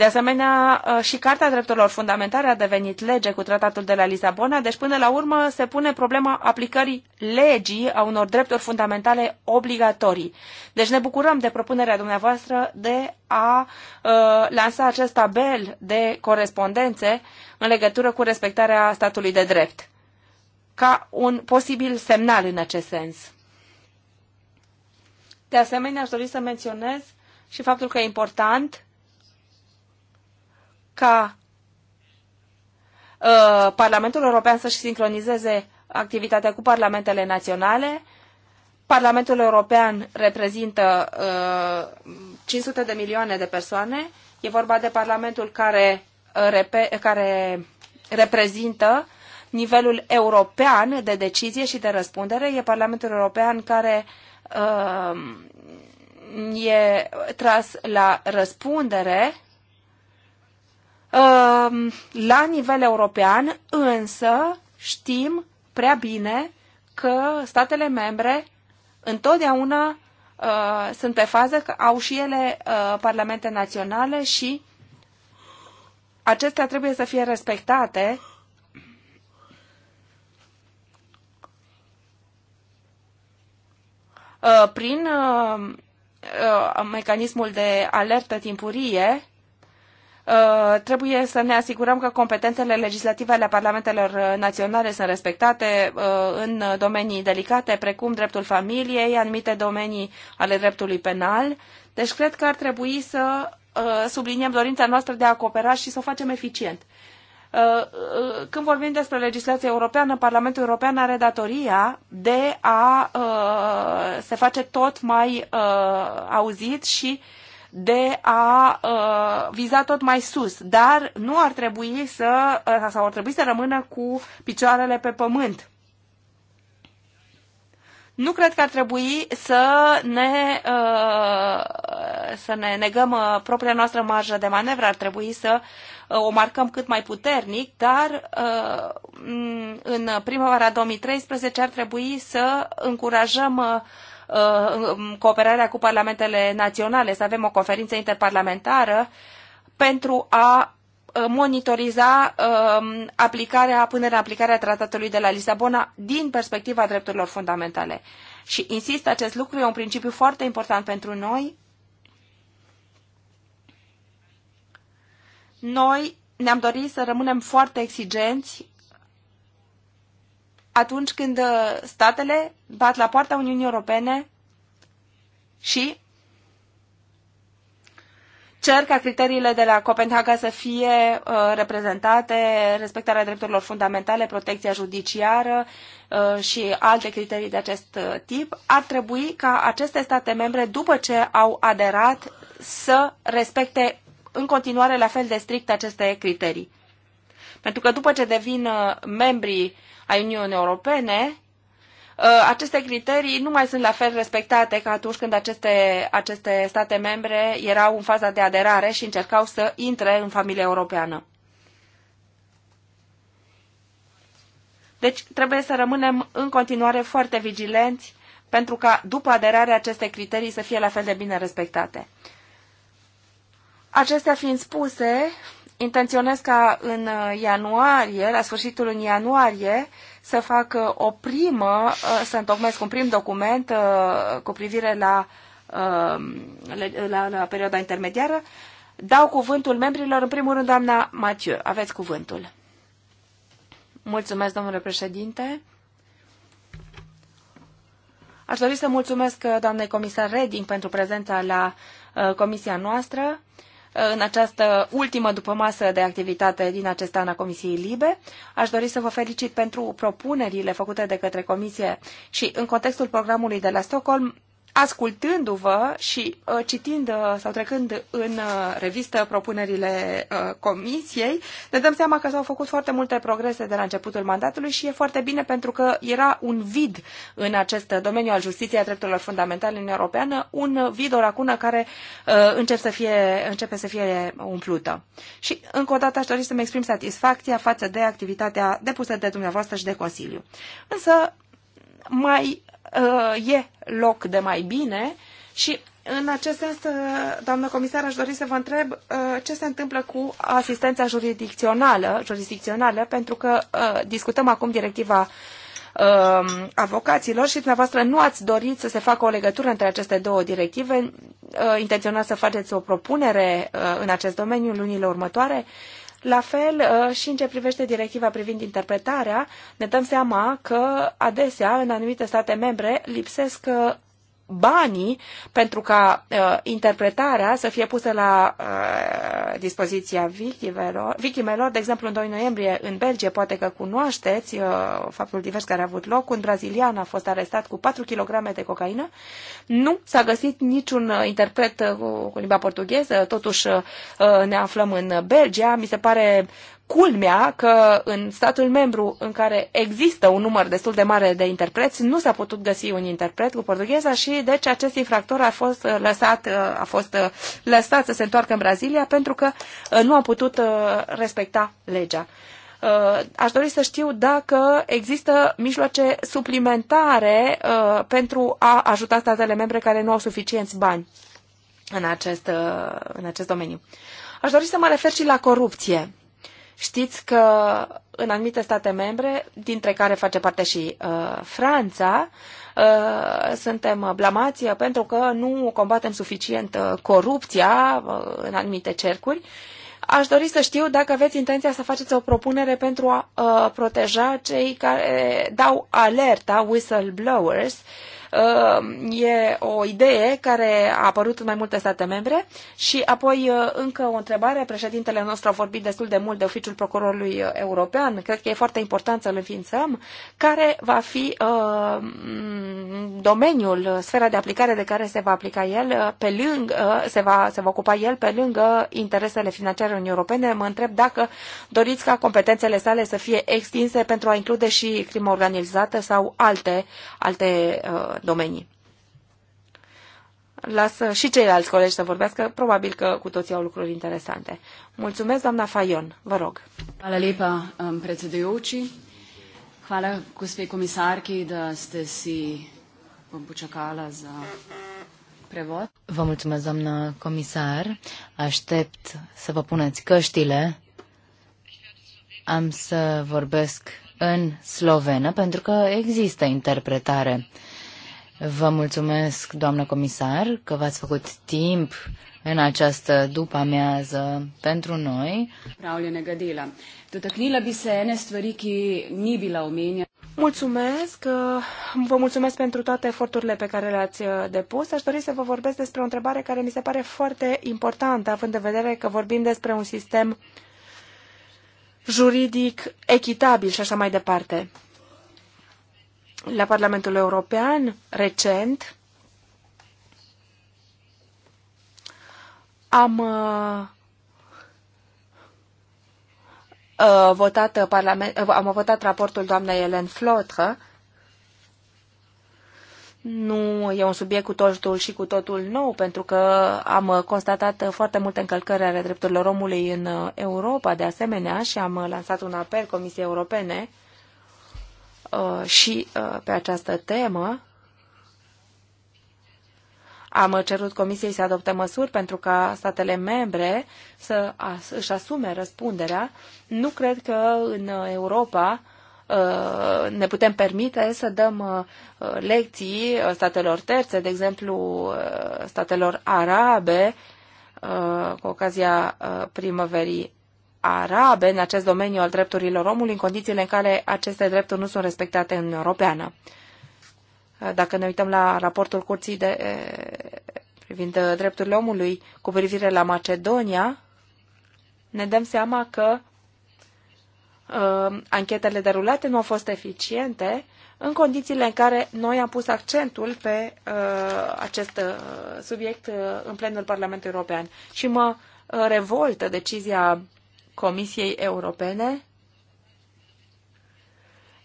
Speaker 2: de asemenea, uh, și Carta Drepturilor Fundamentale a devenit lege cu tratatul de la Lisabona, deci până la urmă se pune problema aplicării legii a unor drepturi fundamentale obligatorii. Deci ne bucurăm de propunerea dumneavoastră de a uh, lansa acest tabel de corespondențe în legătură cu respectarea statului de drept, ca un posibil semnal în acest sens. De asemenea, aș dori să menționez și faptul că e important ca uh, Parlamentul European să-și sincronizeze activitatea cu parlamentele naționale. Parlamentul European reprezintă uh, 500 de milioane de persoane. E vorba de Parlamentul care, uh, care reprezintă nivelul european de decizie și de răspundere. E Parlamentul European care uh, e tras la răspundere Ehm, la nivel european, însă știm prea bine că statele membre întotdeauna uh, sunt pe fază că au și ele uh, parlamente naționale și acestea trebuie să fie respectate uh, prin mecanismul de alertă timpurie Uh, trebuie să ne asigurăm că competențele legislative ale parlamentelor uh, naționale sunt respectate uh, în domenii delicate, precum dreptul familiei, anumite domenii ale dreptului penal. Deci cred că ar trebui să subliniem dorința noastră de a coopera și să o facem eficient. Când vorbim despre legislație europeană, Parlamentul European are datoria de a se face tot mai auzit și uh, de a uh, viza tot mai sus, dar nu ar trebui să, uh, sau ar trebui să rămână cu picioarele pe pământ. Nu cred că ar trebui să ne, uh, să ne negăm uh, propria noastră marjă de manevră, ar trebui să uh, o marcăm cât mai puternic, dar uh, în primăvara 2013 ar trebui să încurajăm uh, Uh, cooperarea cu parlamentele naționale, să avem o conferință interparlamentară pentru a uh, monitoriza um, aplicarea, până în aplicarea tratatului de la Lisabona din perspectiva drepturilor fundamentale. Și insist, acest lucru e un principiu foarte important pentru noi. Noi ne-am dorit să rămânem foarte exigenți atunci când uh, statele bat la poarta Uniunii Europene și cer ca criteriile de la Copenhaga să fie uh, reprezentate, respectarea drepturilor fundamentale, protecția judiciară uh, și alte criterii de acest uh, tip, ar trebui ca aceste state membre, după ce au aderat, să respecte în continuare la fel de strict aceste criterii. Pentru că după ce devin uh, membrii ai Uniunii Europene, uh, aceste criterii nu mai sunt la fel respectate ca atunci când aceste, aceste state membre erau în faza de aderare și încercau să intre în familia europeană. Deci trebuie să rămânem în continuare foarte vigilenți pentru ca după aderare aceste criterii să fie la fel de bine respectate. Acestea fiind spuse, intenționez ca în uh, ianuarie, la sfârșitul în ianuarie, să fac uh, o primă, uh, să întocmesc un prim document cu privire la, la, la perioada intermediară. Dau cuvântul membrilor, în primul rând, doamna Mathieu. Aveți cuvântul. Mulțumesc, domnule președinte. Aș dori să mulțumesc doamnei comisar Reding pentru prezența la comisia noastră în această ultimă după masă de activitate din acest an a Comisiei Libe. Aș dori să vă felicit pentru propunerile făcute de către Comisie și în contextul programului de la Stockholm ascultându-vă și uh, citind uh, sau trecând în uh, revistă propunerile uh, comisiei, ne dăm seama că s-au făcut foarte multe progrese de la începutul mandatului și e foarte bine pentru că era un vid în acest domeniu al justiției a drepturilor fundamentale în Europeană, un vid, o lacună care uh, începe, să fie, începe să fie umplută. Și încă o dată aș dori să-mi exprim satisfacția față de activitatea depusă de dumneavoastră și de Consiliu. Însă mai Uh, e loc de mai bine și în acest sens, uh, doamnă comisar, aș dori să vă întreb uh, ce se întâmplă cu asistența jurisdicțională, jurisdicțională pentru că discutăm acum directiva um, avocaților și dumneavoastră nu ați dorit să se facă o legătură între aceste două directive, intenționați să faceți o propunere în acest domeniu în lunile următoare la fel uh, și în ce privește directiva privind interpretarea, ne dăm seama că adesea în anumite state membre lipsesc uh, banii pentru ca uh, interpretarea să fie pusă la uh, dispoziția victimelor, victimelor. De exemplu, în 2 noiembrie în Belgia, poate că cunoașteți uh, faptul divers care a avut loc, un brazilian a fost arestat cu 4 kg de cocaină. Nu s-a găsit niciun uh, interpret uh, cu limba portugheză, totuși uh, ne aflăm în Belgia. Mi se pare culmea că în statul membru în care există un număr destul de mare de interpreți, nu s-a putut găsi un interpret cu portugheza și deci acest infractor a fost uh, lăsat, uh, a fost uh, lăsat să se întoarcă în Brazilia pentru că nu a putut respecta legea. Aș dori să știu dacă există mijloace suplimentare pentru a ajuta statele membre care nu au suficienți bani în acest, în acest domeniu. Aș dori să mă refer și la corupție Știți că în anumite state membre, dintre care face parte și uh, Franța, uh, suntem blamați pentru că nu combatem suficient uh, corupția uh, în anumite cercuri. Aș dori să știu dacă aveți intenția să faceți o propunere pentru a uh, proteja cei care dau alerta whistleblowers uh, Uh, e o idee care a apărut în mai multe state membre și apoi uh, încă o întrebare. Președintele nostru a vorbit destul de mult de oficiul procurorului uh, european. Cred că e foarte important să-l înființăm. Care va fi domeniul, sfera de aplicare de care se va aplica el pe lângă, se va, se va ocupa el pe lângă interesele financiare Uniunii Europene? Mă întreb dacă doriți ca competențele sale să fie extinse pentru a include și crimă organizată sau alte, alte uh, domenii. Lasă și ceilalți colegi să vorbească, probabil că cu toții au lucruri interesante. Mulțumesc, doamna Fayon. vă rog. Hvala lepa, um, predsedujoči. Hvala gospe komisarki, da ste
Speaker 3: si bom počakala za prevod. Vă mulțumesc, doamna comisar. Aștept să vă puneți căștile. Am să vorbesc în slovenă, pentru că există interpretare. Vă mulțumesc, doamnă comisar, că v-ați făcut timp în această după-amiază pentru noi.
Speaker 1: stvari, Mulțumesc, uh, vă
Speaker 2: mulțumesc pentru toate eforturile pe care le-ați uh, depus. Aș dori să vă vorbesc despre o întrebare care mi se pare foarte importantă, având în vedere că vorbim despre un sistem juridic echitabil și așa mai departe la Parlamentul European recent am uh, uh votat uh, parlament, uh, am votat raportul doamnei Elen Flotră. Nu e un subiect cu totul și cu totul nou, pentru că am constatat foarte multe încălcări ale drepturilor omului în Europa, de asemenea, și am lansat un apel Comisiei Europene Uh, și uh, pe această temă. Am cerut Comisiei să adopte măsuri pentru ca statele membre să își asume răspunderea. Nu cred că în Europa uh, ne putem permite să dăm lecții statelor terțe, de exemplu statelor arabe, cu ocazia primăverii arabe în acest domeniu al drepturilor omului, în condițiile în care aceste drepturi nu sunt respectate în Europeană. Dacă ne uităm la raportul Curții de, privind drepturile omului cu privire la Macedonia, ne dăm seama că uh, anchetele derulate nu au fost eficiente în condițiile în care noi am pus accentul pe uh, acest uh, subiect uh, în plenul Parlamentului European. Și mă uh, revoltă decizia Comisiei Europene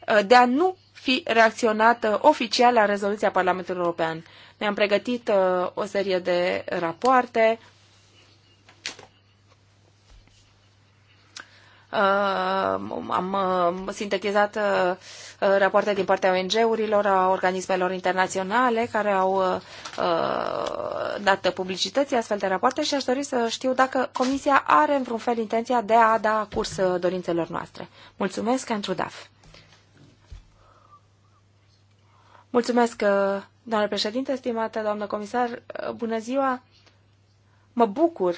Speaker 2: uh, de a nu fi reacționată uh, oficial la rezoluția Parlamentului European. Ne-am pregătit uh, o serie de rapoarte, Uh, am uh, sintetizat uh, rapoarte din partea ONG-urilor, a organismelor internaționale care au dat publicității astfel de rapoarte și aș dori să știu dacă Comisia are în vreun fel intenția de a da curs dorințelor noastre. Mulțumesc, Andrew Duff. Mulțumesc, doamnă președinte, stimată doamnă comisar. Bună ziua! Mă bucur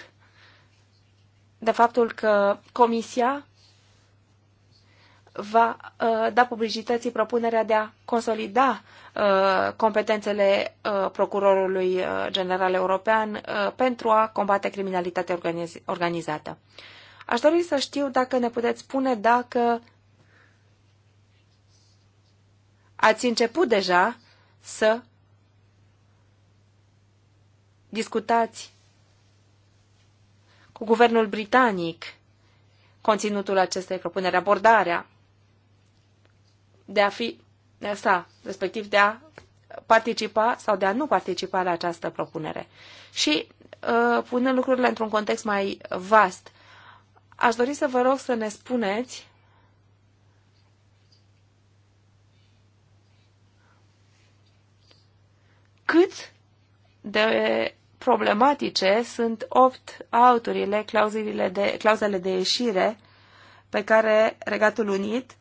Speaker 2: de faptul că Comisia va uh, da publicității propunerea de a consolida uh, competențele uh, Procurorului General European pentru a combate criminalitatea organizată. Aș dori să știu dacă ne puteți spune dacă ați început deja să discutați cu guvernul britanic conținutul acestei propuneri, abordarea de a fi de sta, respectiv de a participa sau de a nu participa la această propunere. Și uh, punând lucrurile într-un context mai vast, aș dori să vă rog să ne spuneți cât de problematice sunt opt out clauzele de, clauzele de ieșire pe care Regatul Unit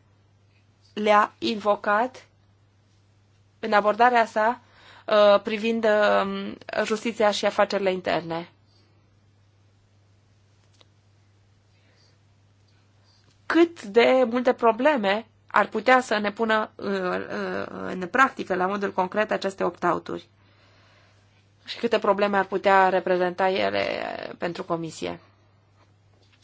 Speaker 2: le-a invocat în abordarea sa uh, privind um, justiția și afacerile interne. Cât de multe probleme ar putea să ne pună uh, uh, în practică, la modul concret, aceste opt autori? și câte probleme ar putea reprezenta ele pentru comisie.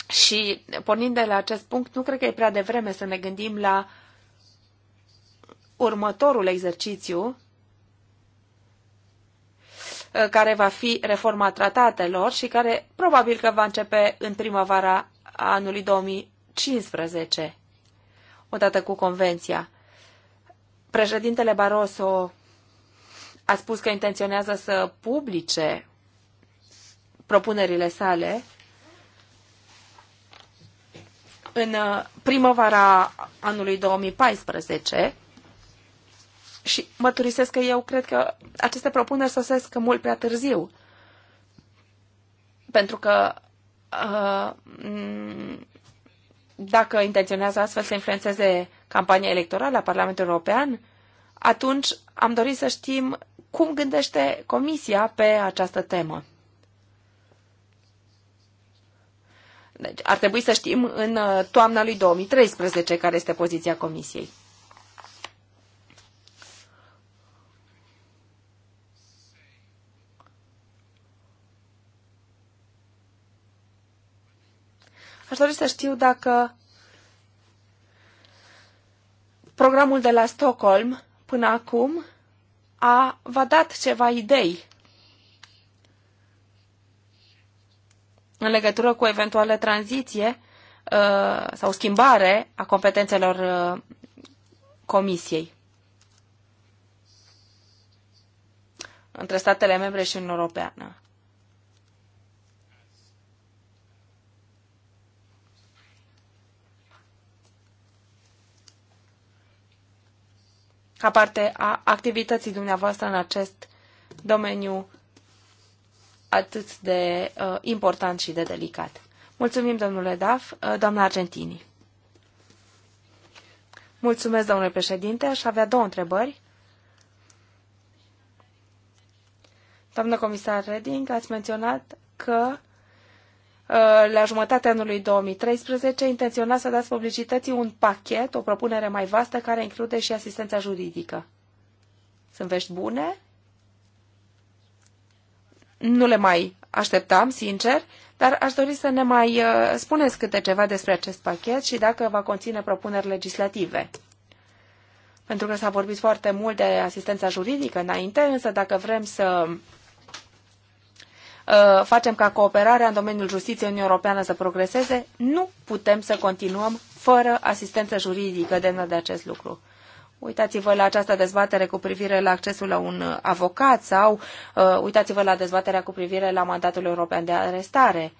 Speaker 2: Și pornind de la acest punct, nu cred că e prea devreme să ne gândim la următorul exercițiu care va fi reforma tratatelor și care probabil că va începe în primăvara anului 2015, odată cu convenția. Președintele Barroso a spus că intenționează să publice propunerile sale în uh, primăvara anului 2014 și mărturisesc că eu cred că aceste propuneri sosesc mult prea târziu. Pentru că uh, dacă intenționează astfel să influențeze campania electorală a Parlamentului European, atunci am dorit să știm cum gândește Comisia pe această temă. Deci ar trebui să știm în uh, toamna lui 2013 care este poziția Comisiei. Aș dori să știu dacă programul de la Stockholm până acum a, v-a dat ceva idei în legătură cu eventuală tranziție uh, sau schimbare a competențelor uh, Comisiei între statele membre și în Europeană. ca parte a activității dumneavoastră în acest domeniu atât de uh, important și de delicat. Mulțumim, domnule Daf, uh, doamna Argentini. Mulțumesc, domnule președinte. Aș avea două întrebări. Doamnă comisar Reding, ați menționat că Uh, la jumătatea anului 2013 intenționa să dați publicității un pachet, o propunere mai vastă care include și asistența juridică. Sunt vești bune? Nu le mai așteptam, sincer, dar aș dori să ne mai uh, spuneți câte ceva despre acest pachet și dacă va conține propuneri legislative. Pentru că s-a vorbit foarte mult de asistența juridică înainte, însă dacă vrem să Uh, facem ca cooperarea în domeniul justiției Uniunii Europeană să progreseze, nu putem să continuăm fără asistență juridică demnă de acest lucru. Uitați-vă la această dezbatere cu privire la accesul la un uh, avocat sau uh, uitați-vă la dezbaterea cu privire la mandatul european de arestare.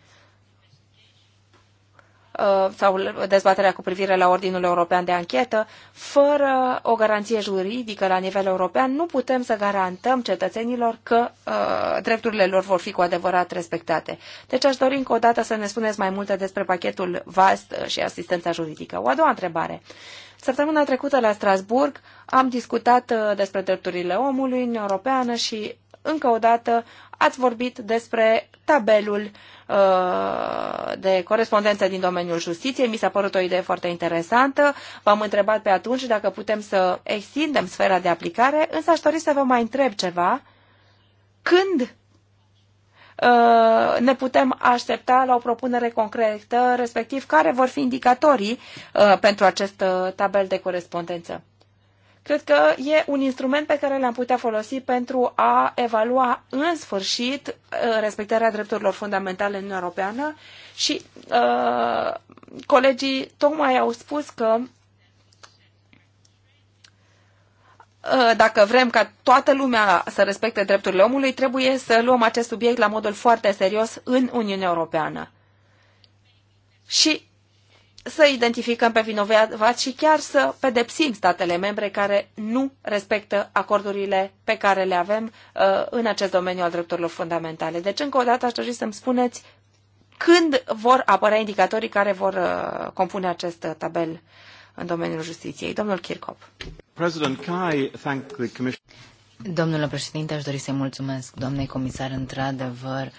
Speaker 2: Uh, sau dezbaterea cu privire la Ordinul European de Anchetă, fără o garanție juridică la nivel european, nu putem să garantăm cetățenilor că uh, drepturile lor vor fi cu adevărat respectate. Deci aș dori încă o dată să ne spuneți mai multe despre pachetul VAST și asistența juridică. O a doua întrebare. Săptămâna trecută la Strasburg am discutat uh, despre drepturile omului în Europeană și încă o dată ați vorbit despre tabelul uh, de corespondență din domeniul justiției. Mi s-a părut o idee foarte interesantă. V-am întrebat pe atunci dacă putem să extindem sfera de aplicare, însă aș dori să vă mai întreb ceva. Când uh, ne putem aștepta la o propunere concretă, respectiv care vor fi indicatorii uh, pentru acest uh, tabel de corespondență. Cred că e un instrument pe care l-am putea folosi pentru a evalua în sfârșit uh, respectarea drepturilor fundamentale în Uniunea Europeană și uh, colegii tocmai au spus că uh, dacă vrem ca toată lumea să respecte drepturile omului, trebuie să luăm acest subiect la modul foarte serios în Uniunea Europeană. Și să identificăm pe vinovați și chiar să pedepsim statele membre care nu respectă acordurile pe care le avem uh, în acest domeniu al drepturilor fundamentale. Deci, încă o dată, aș dori să-mi spuneți când vor apărea indicatorii care vor uh, compune acest tabel în domeniul justiției. Domnul Kirchhoff.
Speaker 3: Domnule președinte, aș dori să mulțumesc doamnei comisar, într-adevăr,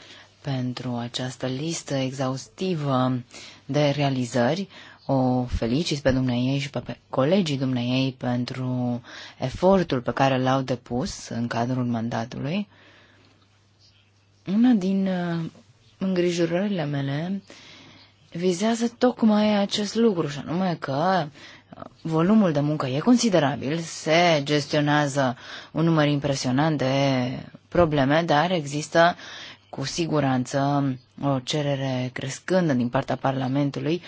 Speaker 3: pentru această listă exhaustivă de realizări. O felicit pe dumneiei și pe colegii dumneiei pentru efortul pe care l-au depus în cadrul mandatului. Una din uh, îngrijorările mele vizează tocmai acest lucru, și anume că uh, volumul de muncă e considerabil, se gestionează un număr impresionant de probleme, dar există cu siguranță o cerere crescândă din partea Parlamentului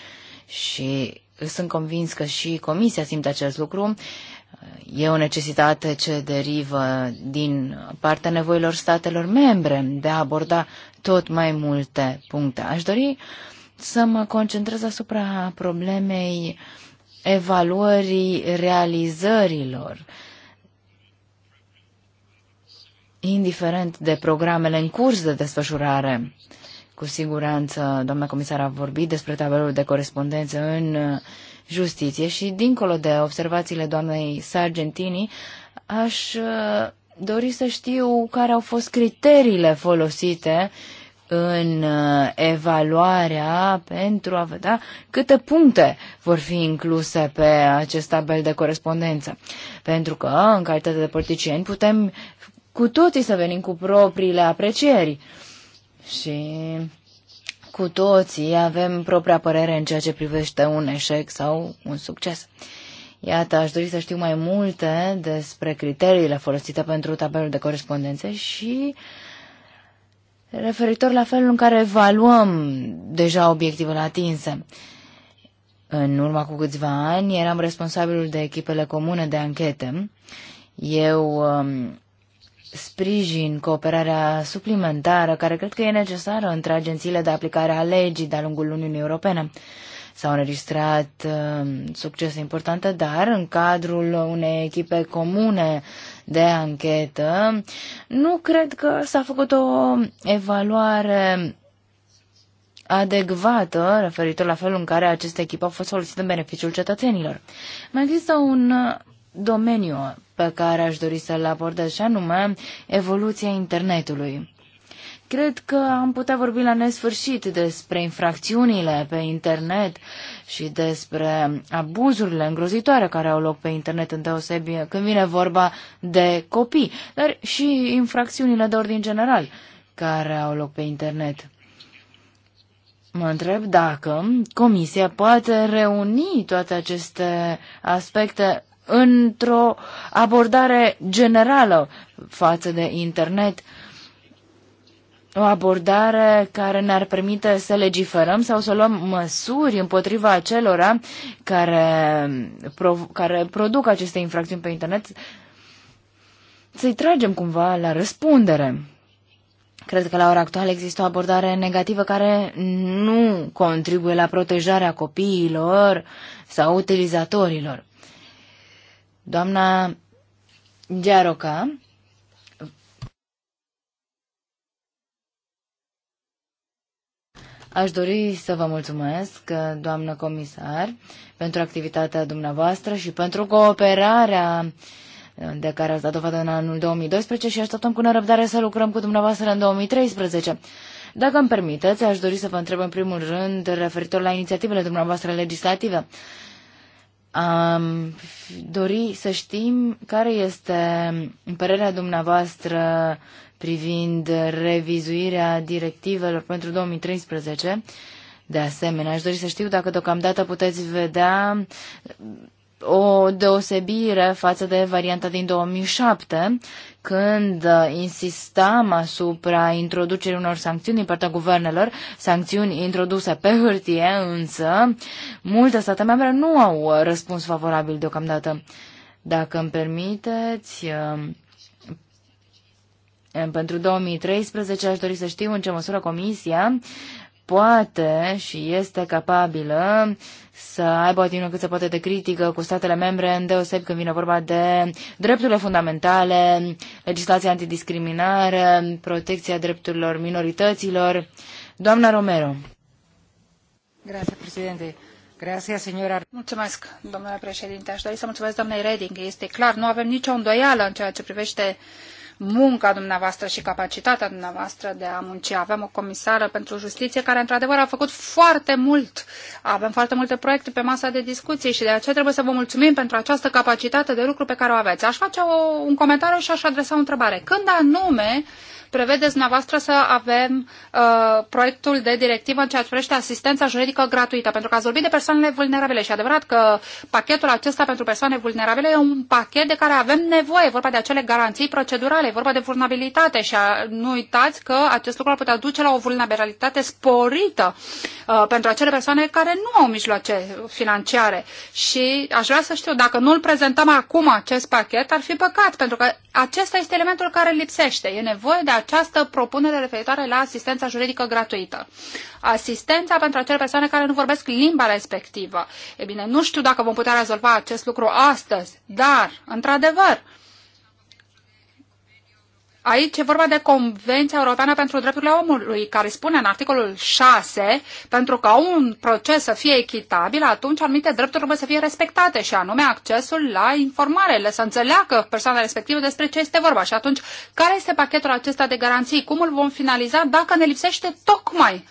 Speaker 3: și sunt convins că și Comisia simte acest lucru. E o necesitate ce derivă din partea nevoilor statelor membre de a aborda tot mai multe puncte. Aș dori să mă concentrez asupra problemei evaluării realizărilor uh, indiferent de programele în curs de desfășurare. Cu siguranță, doamna comisar a vorbit despre tabelul de corespondență în uh, justiție și, dincolo de observațiile doamnei Sargentini, aș uh, dori să știu care au fost criteriile folosite în uh, evaluarea pentru a vedea câte puncte vor fi incluse pe acest tabel de corespondență. Pentru că, în calitate de politicieni, putem cu toții să venim cu propriile aprecieri. Și cu toții avem propria părere în ceea ce privește un eșec sau un succes. Iată, aș dori să știu mai multe despre criteriile folosite pentru tabelul de corespondențe și referitor la felul în care evaluăm deja obiectivele atinse. În urma cu câțiva ani eram responsabilul de echipele comune de anchete. Eu um, sprijin, cooperarea suplimentară, care cred că e necesară între agențiile de aplicare a legii de-a lungul Uniunii Europene. S-au înregistrat uh, succese importante, dar în cadrul unei echipe comune de anchetă, nu cred că s-a făcut o evaluare adecvată referitor la felul în care această echipă a fost folosită în beneficiul cetățenilor. Mai există un uh, domeniu pe care aș dori să-l abordez, și anume evoluția internetului. Cred că am putea vorbi la nesfârșit despre infracțiunile pe internet și despre abuzurile îngrozitoare care au loc pe internet în deosebi când vine vorba de copii, dar și infracțiunile de ordin general care au loc pe internet. Mă întreb dacă Comisia poate reuni toate aceste aspecte într-o abordare generală față de internet, o abordare care ne-ar permite să legiferăm sau să luăm măsuri împotriva acelora care, care produc aceste infracțiuni pe internet, să-i tragem cumva la răspundere. Cred că la ora actuală există o abordare negativă care nu contribuie la protejarea copiilor sau utilizatorilor. Doamna Giaroca Aș dori să vă mulțumesc, doamnă comisar, pentru activitatea dumneavoastră și pentru cooperarea de care ați dat dovadă în anul 2012 și așteptăm cu nerăbdare să lucrăm cu dumneavoastră în 2013. Dacă îmi permiteți, aș dori să vă întreb în primul rând referitor la inițiativele dumneavoastră legislative. Um, dori să știm care este părerea dumneavoastră privind revizuirea directivelor pentru 2013. De asemenea, aș dori să știu dacă deocamdată puteți vedea o deosebire față de varianta din 2007, când uh, insistam asupra introducerii unor sancțiuni din partea guvernelor, sancțiuni introduse pe hârtie, însă multe state membre nu au uh, răspuns favorabil deocamdată. Dacă îmi permiteți, uh, pentru 2013 aș dori să știu în ce măsură Comisia poate și este capabilă să aibă o atitudine cât se poate de critică cu statele membre, îndeoseb când vine vorba de drepturile fundamentale, legislația antidiscriminare, protecția drepturilor minorităților. Doamna Romero.
Speaker 1: Grazie, președinte. Mulțumesc, domnule președinte. Aș dori să mulțumesc doamnei Reding. Este clar, nu avem nicio îndoială în ceea ce privește munca dumneavoastră și capacitatea dumneavoastră de a munci. Avem o comisară pentru justiție care, într-adevăr, a făcut foarte mult. Avem foarte multe proiecte pe masa de discuții și de aceea trebuie să vă mulțumim pentru această capacitate de lucru pe care o aveți. Aș face o, un comentariu și aș adresa o întrebare. Când anume Prevedeți dumneavoastră să avem uh, proiectul de directivă în ceea ce privește asistența juridică gratuită, pentru că ați vorbit de persoanele vulnerabile și adevărat că pachetul acesta pentru persoane vulnerabile e un pachet de care avem nevoie, vorba de acele garanții procedurale, vorba de vulnerabilitate și a, nu uitați că acest lucru ar putea duce la o vulnerabilitate sporită uh, pentru acele persoane care nu au mijloace financiare și aș vrea să știu, dacă nu îl prezentăm acum acest pachet, ar fi păcat, pentru că acesta este elementul care lipsește. E nevoie de această propunere referitoare la asistența juridică gratuită. Asistența pentru acele persoane care nu vorbesc limba respectivă. E bine, nu știu dacă vom putea rezolva acest lucru astăzi, dar, într-adevăr, Aici e vorba de Convenția Europeană pentru Drepturile Omului, care spune în articolul 6, pentru ca un proces să fie echitabil, atunci anumite drepturi trebuie să fie respectate, și anume accesul la informare, să înțeleagă persoana respectivă despre ce este vorba. Și atunci, care este pachetul acesta de garanții? Cum îl vom finaliza dacă ne lipsește tocmai,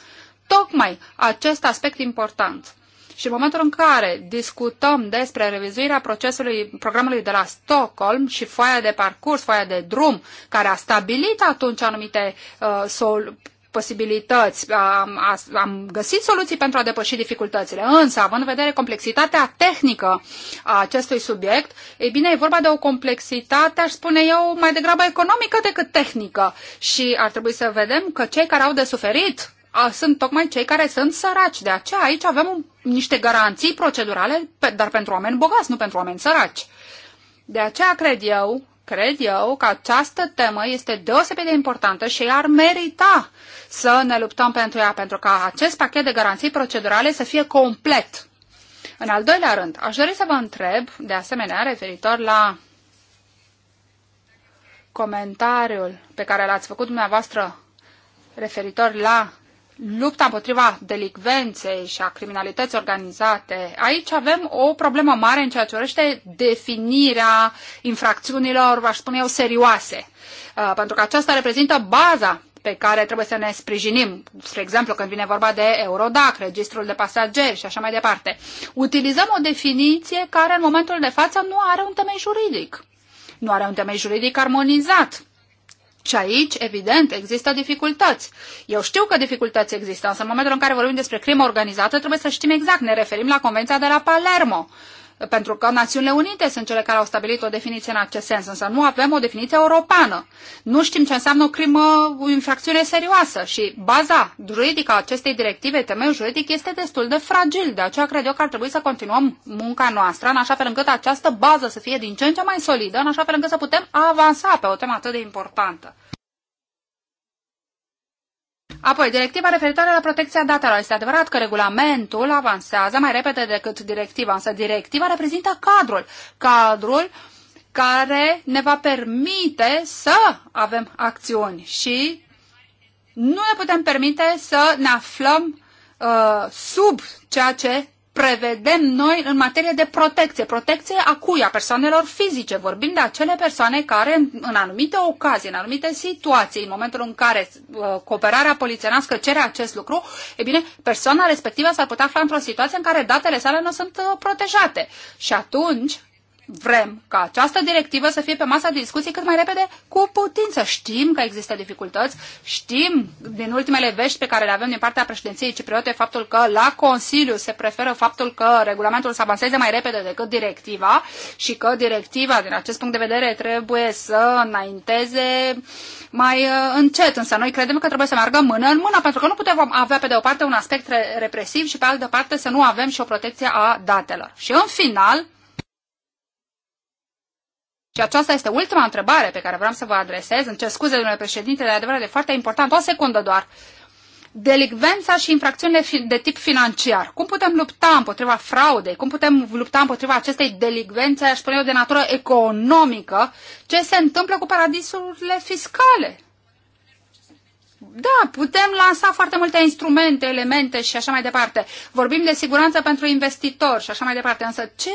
Speaker 1: tocmai acest aspect important? Și în momentul în care discutăm despre revizuirea procesului programului de la Stockholm și foaia de parcurs, foaia de drum, care a stabilit atunci anumite uh, sol posibilități, am, am găsit soluții pentru a depăși dificultățile, însă, având în vedere complexitatea tehnică a acestui subiect, e bine, e vorba de o complexitate, aș spune eu, mai degrabă economică decât tehnică și ar trebui să vedem că cei care au de suferit a, sunt tocmai cei care sunt săraci. De aceea aici avem un, niște garanții procedurale, pe, dar pentru oameni bogați, nu pentru oameni săraci. De aceea cred eu, cred eu că această temă este deosebit de importantă și ar merita să ne luptăm pentru ea, pentru ca acest pachet de garanții procedurale să fie complet. În al doilea rând, aș dori să vă întreb, de asemenea, referitor la comentariul pe care l-ați făcut dumneavoastră referitor la lupta împotriva delicvenței și a criminalității organizate, aici avem o problemă mare în ceea ce urește definirea infracțiunilor, v-aș spune eu, serioase. Uh, pentru că aceasta reprezintă baza pe care trebuie să ne sprijinim, spre exemplu când vine vorba de Eurodac, registrul de pasageri și așa mai departe. Utilizăm o definiție care în momentul de față nu are un temei juridic. Nu are un temei juridic armonizat. Și aici, evident, există dificultăți. Eu știu că dificultăți există, însă în momentul în care vorbim despre crimă organizată, trebuie să știm exact. Ne referim la Convenția de la Palermo pentru că Națiunile Unite sunt cele care au stabilit o definiție în acest sens, însă nu avem o definiție europeană. Nu știm ce înseamnă o crimă, o infracțiune serioasă și baza juridică a acestei directive, temeiul juridic, este destul de fragil. De aceea cred eu că ar trebui să continuăm munca noastră în așa fel încât această bază să fie din ce în ce mai solidă, în așa fel încât să putem avansa pe o temă atât de importantă. Apoi, directiva referitoare la protecția datelor. Este adevărat că regulamentul avansează mai repede decât directiva, însă directiva reprezintă cadrul. Cadrul care ne va permite să avem acțiuni și nu ne putem permite să ne aflăm uh, sub ceea ce prevedem noi în materie de protecție. Protecție a cui? A persoanelor fizice. Vorbim de acele persoane care în anumite ocazii, în anumite situații, în momentul în care uh, cooperarea polițienească cere acest lucru, e bine, persoana respectivă s-ar putea afla într-o situație în care datele sale nu sunt uh, protejate. Și atunci Vrem ca această directivă să fie pe masa de discuții cât mai repede cu putință. Știm că există dificultăți, știm din ultimele vești pe care le avem din partea președinției cipriote faptul că la Consiliu se preferă faptul că regulamentul să avanseze mai repede decât directiva și că directiva, din acest punct de vedere, trebuie să înainteze mai uh, încet. Însă noi credem că trebuie să meargă mână în mână, pentru că nu putem avea pe de o parte un aspect represiv și pe altă parte să nu avem și o protecție a datelor. Și în final, și aceasta este ultima întrebare pe care vreau să vă adresez. Îmi cer scuze, domnule președinte, de adevărat e foarte important. O secundă doar. Delicvența și infracțiunile de tip financiar. Cum putem lupta împotriva fraudei? Cum putem lupta împotriva acestei delicvențe, aș spune eu, de natură economică? Ce se întâmplă cu paradisurile fiscale? Da, putem lansa foarte multe instrumente, elemente și așa mai departe. Vorbim de siguranță pentru investitori și așa mai departe, însă ce,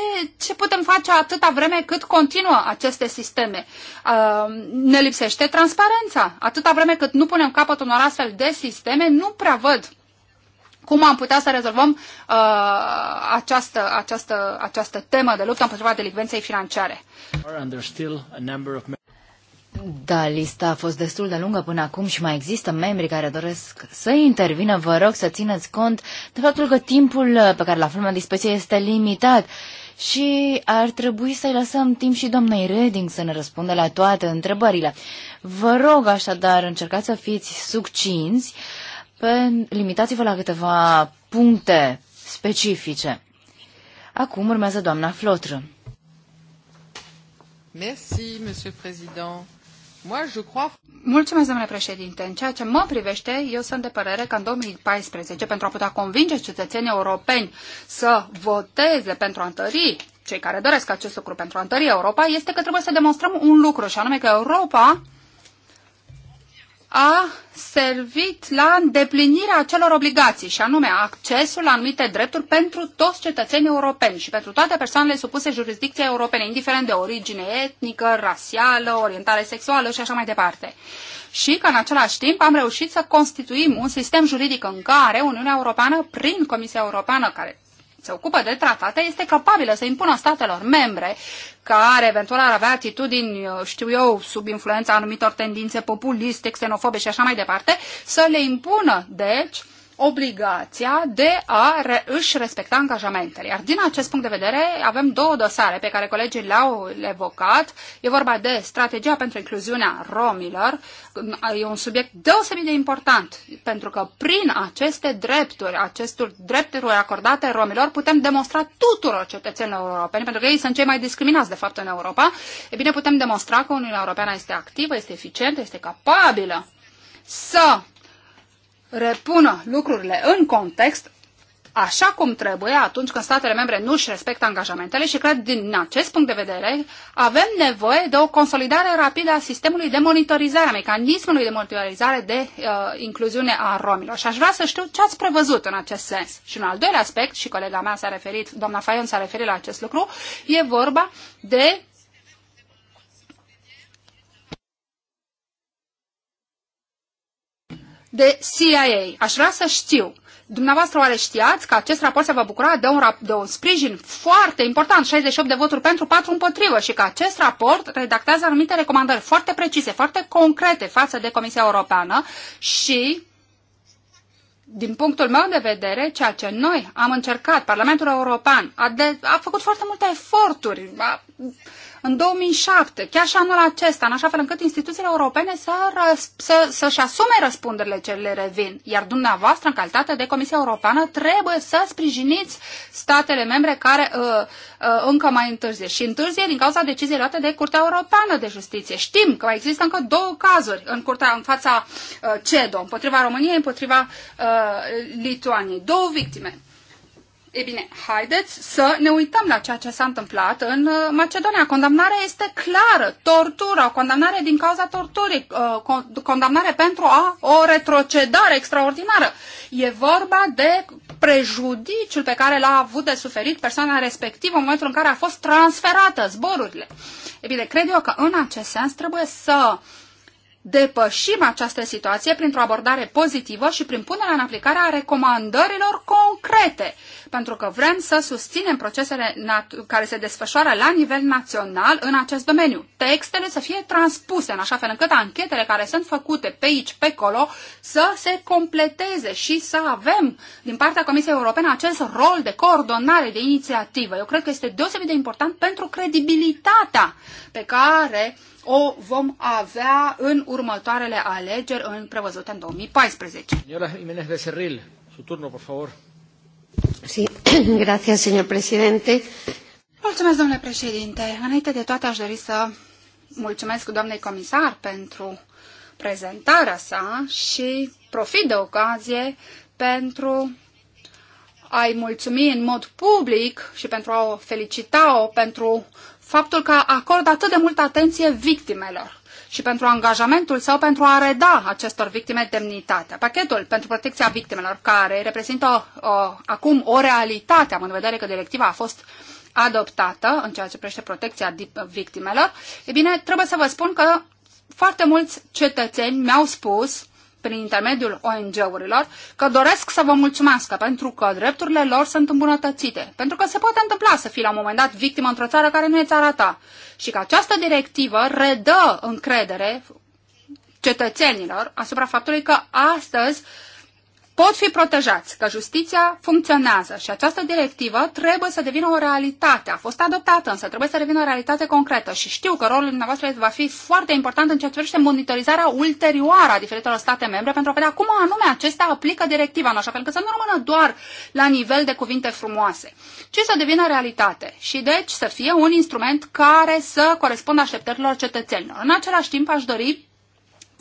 Speaker 1: ce putem face atâta vreme cât continuă aceste sisteme? Uh, ne lipsește transparența. Atâta vreme cât nu punem capăt unor astfel de sisteme, nu prea văd cum am putea să rezolvăm uh, această, această, această temă de luptă împotriva delicvenței financiare.
Speaker 3: Da, lista a fost destul de lungă până acum și mai există membri care doresc să intervină. Vă rog să țineți cont de faptul că timpul uh, pe care la avem la dispoziție este limitat și ar trebui să-i lăsăm timp și doamnei Reding să ne răspundă la toate întrebările. Vă rog așadar, încercați să fiți succinți, limitați-vă la câteva puncte specifice. Acum urmează doamna Flotră. Merci, Monsieur Président.
Speaker 1: Mulțumesc, domnule președinte. În ceea ce mă privește, eu sunt de părere că în 2014, pentru a putea convinge cetățenii europeni să voteze pentru a întări cei care doresc acest lucru pentru a întări Europa, este că trebuie să demonstrăm un lucru, și anume că Europa a servit la îndeplinirea acelor obligații, și anume accesul la anumite drepturi pentru toți cetățenii europeni și pentru toate persoanele supuse jurisdicției europene, indiferent de origine etnică, rasială, orientare sexuală și așa mai departe. Și că în același timp am reușit să constituim un sistem juridic în care Uniunea Europeană, prin Comisia Europeană, care se ocupă de tratate este capabilă să impună statelor membre care eventual ar avea atitudini, știu eu, sub influența anumitor tendințe populiste, xenofobe și așa mai departe, să le impună, deci, obligația de a re- își respecta angajamentele. Iar din acest punct de vedere avem două dosare pe care colegii le-au evocat. E vorba de strategia pentru incluziunea romilor. E un subiect deosebit de important pentru că prin aceste drepturi, acestor drepturi acordate romilor, putem demonstra tuturor cetățenilor europeni, pentru că ei sunt cei mai discriminați de fapt în Europa, e bine putem demonstra că Uniunea Europeană este activă, este eficientă, este capabilă să repună lucrurile în context așa cum trebuie atunci când statele membre nu își respectă angajamentele și cred din acest punct de vedere avem nevoie de o consolidare rapidă a sistemului de monitorizare, a mecanismului de monitorizare de uh, incluziune a romilor. Și aș vrea să știu ce ați prevăzut în acest sens. Și un al doilea aspect, și colega mea s-a referit, doamna Faion s-a referit la acest lucru, e vorba de de CIA. Aș vrea să știu. Dumneavoastră oare știați că acest raport se va bucura de un, de un sprijin foarte important, 68 de voturi pentru, 4 împotrivă și că acest raport redactează anumite recomandări foarte precise, foarte concrete față de Comisia Europeană și din punctul meu de vedere, ceea ce noi am încercat, Parlamentul European a, de, a făcut foarte multe eforturi, a în 2007, chiar și anul acesta, în așa fel încât instituțiile europene să, să, să-și asume răspunderile ce le revin. Iar dumneavoastră, în calitate de Comisia Europeană, trebuie să sprijiniți statele membre care uh, uh, încă mai întârzie. Și întârzie din cauza deciziei luate de Curtea Europeană de Justiție. Știm că mai există încă două cazuri în, curtea, în fața uh, CEDO, împotriva României, împotriva uh, Lituaniei. Două victime. E bine, haideți să ne uităm la ceea ce s-a întâmplat în uh, Macedonia. Condamnarea este clară, o condamnare din cauza torturii, uh, condamnare pentru a o retrocedare extraordinară. E vorba de prejudiciul pe care l-a avut de suferit persoana respectivă în momentul în care a fost transferată zborurile. E bine, cred eu că în acest sens trebuie să uh, depășim această situație printr-o abordare pozitivă și prin punerea în aplicare a recomandărilor concrete, pentru că vrem să susținem procesele care se desfășoară la nivel național în acest domeniu. Textele să fie transpuse în așa fel încât anchetele care sunt făcute pe aici, pe acolo, să se completeze și să avem din partea Comisiei Europene acest rol de coordonare, de inițiativă. Eu cred că este deosebit de important pentru credibilitatea pe care uh, o vom avea în următoarele alegeri în prevăzute în 2014. Señora Jiménez Becerril, su turno, por favor. Sí, [CLEARS THROAT] gracias, señor presidente. Mulțumesc, domnule președinte. Înainte de toate, aș dori să mulțumesc doamnei comisar pentru prezentarea sa și profit de ocazie pentru a-i mulțumi în mod public și pentru a o felicita-o pentru faptul că acordă atât de multă atenție victimelor și pentru angajamentul său pentru a reda acestor victime demnitatea. Pachetul pentru protecția victimelor, care reprezintă o, o, acum o realitate, am în vedere că directiva a fost adoptată în ceea ce privește protecția victimelor, e bine, trebuie să vă spun că foarte mulți cetățeni mi-au spus prin intermediul ONG-urilor, că doresc să vă mulțumesc pentru că drepturile lor sunt îmbunătățite. Pentru că se poate întâmpla să fii la un moment dat victimă într-o țară care nu e țara ta. Și că această directivă redă încredere cetățenilor asupra faptului că astăzi uh, pot fi protejați, că justiția funcționează și această directivă trebuie să devină o realitate. A fost adoptată, însă trebuie să devină o realitate concretă și știu că rolul dumneavoastră va fi foarte important în ceea ce privește monitorizarea ulterioară a diferitelor state membre pentru a vedea cum anume acestea aplică directiva în așa fel că să nu rămână doar la nivel de cuvinte frumoase, ci să devină realitate și deci să fie un instrument care să corespundă așteptărilor cetățenilor. În același timp aș dori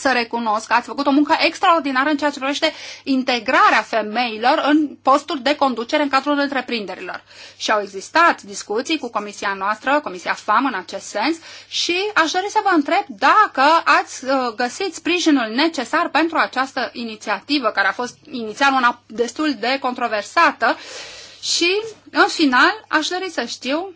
Speaker 1: să recunosc că ați făcut o muncă extraordinară în ceea ce privește integrarea femeilor în posturi de conducere în cadrul întreprinderilor. Și au existat discuții cu comisia noastră, comisia FAM în acest sens și aș dori să vă întreb dacă ați uh, găsit sprijinul necesar pentru această inițiativă, care a fost inițial una destul de controversată și, în final, aș dori să știu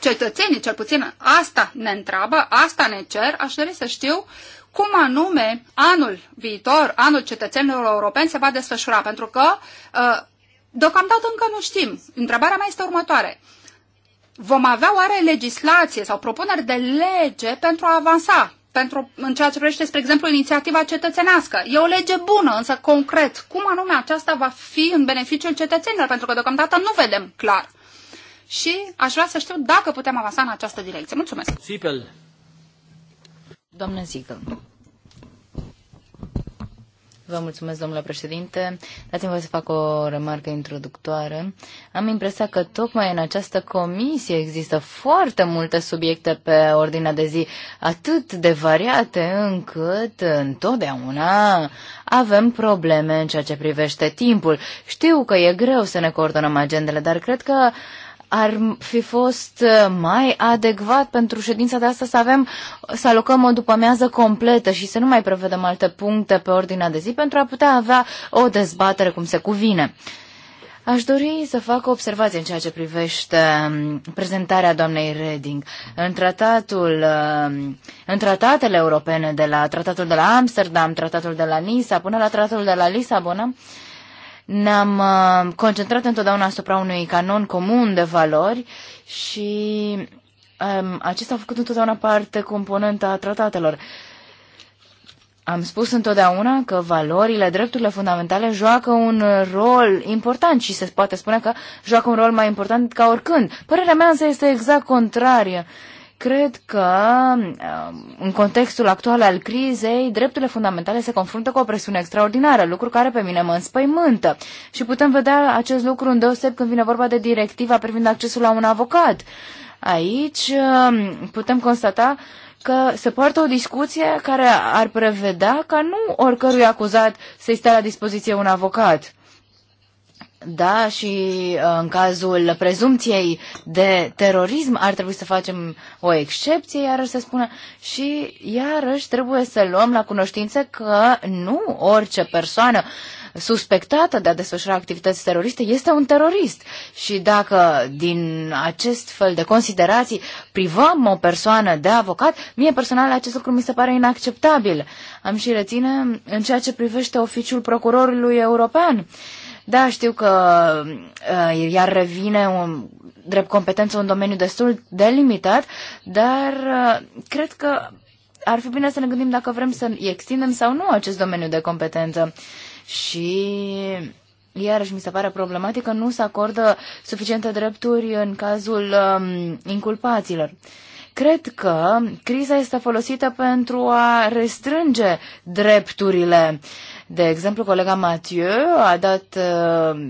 Speaker 1: cetățenii, cel puțin asta ne întreabă, asta ne cer, aș dori să știu cum anume anul viitor, anul cetățenilor europeni se va desfășura, pentru că uh, deocamdată încă nu știm. Întrebarea mea este următoare. Vom avea oare legislație sau propuneri de lege pentru a avansa pentru, în ceea ce privește, spre exemplu, inițiativa cetățenească. E o lege bună, însă concret, cum anume aceasta va fi în beneficiul cetățenilor, pentru că deocamdată nu vedem clar și aș vrea să știu dacă putem avansa în această direcție. Mulțumesc! Sipel.
Speaker 3: Doamnă Zigăl. Vă mulțumesc, domnule președinte. Dați-mi voi să fac o remarcă introductoare. Am impresia că tocmai în această comisie există foarte multe subiecte pe ordinea de zi, atât de variate încât întotdeauna avem probleme în ceea ce privește timpul. Știu că e greu să ne coordonăm agendele, dar cred că ar fi fost uh, mai adecvat pentru ședința de astăzi să avem, să alocăm o după-amiază completă și să nu mai prevedem alte puncte pe ordinea de zi pentru a putea avea o dezbatere cum se cuvine. Aș dori să fac o observație în ceea ce privește um, prezentarea doamnei Reding. În, tratatul, um, în tratatele europene, de la tratatul de la Amsterdam, tratatul de la Nisa, până la tratatul de la Lisabona, ne-am uh, concentrat întotdeauna asupra unui canon comun de valori și um, acesta a făcut întotdeauna parte componentă a tratatelor. Am spus întotdeauna că valorile, drepturile fundamentale joacă un rol important și se poate spune că joacă un rol mai important ca oricând. Părerea mea însă este exact contrarie. Uh, Cred că, um, în contextul actual al crizei, drepturile fundamentale se confruntă cu o presiune extraordinară, lucru care pe mine mă înspăimântă. Și putem vedea acest lucru în deoseb când vine vorba de directiva privind accesul la un avocat. Aici um, putem constata că se poartă o discuție care ar prevedea ca nu oricărui acuzat să-i stea la dispoziție un avocat. Da, și uh, în cazul prezumției de terorism ar trebui să facem o excepție, iarăși se spune, și iarăși trebuie să luăm la cunoștință că nu orice persoană suspectată de a desfășura activități teroriste este un terorist. Și dacă din acest fel de considerații privăm o persoană de avocat, mie personal acest lucru mi se pare inacceptabil. Am și reține în ceea ce privește oficiul procurorului european da, știu că uh, iar revine un, drept competență un domeniu destul de limitat, dar uh, cred că ar fi bine să ne gândim dacă vrem să extindem sau nu acest domeniu de competență. Și iarăși mi se pare problematică, nu se acordă suficiente drepturi în cazul um, inculpaților. Cred că criza este folosită pentru a restrânge drepturile de exemplu, colega Mathieu a dat uh,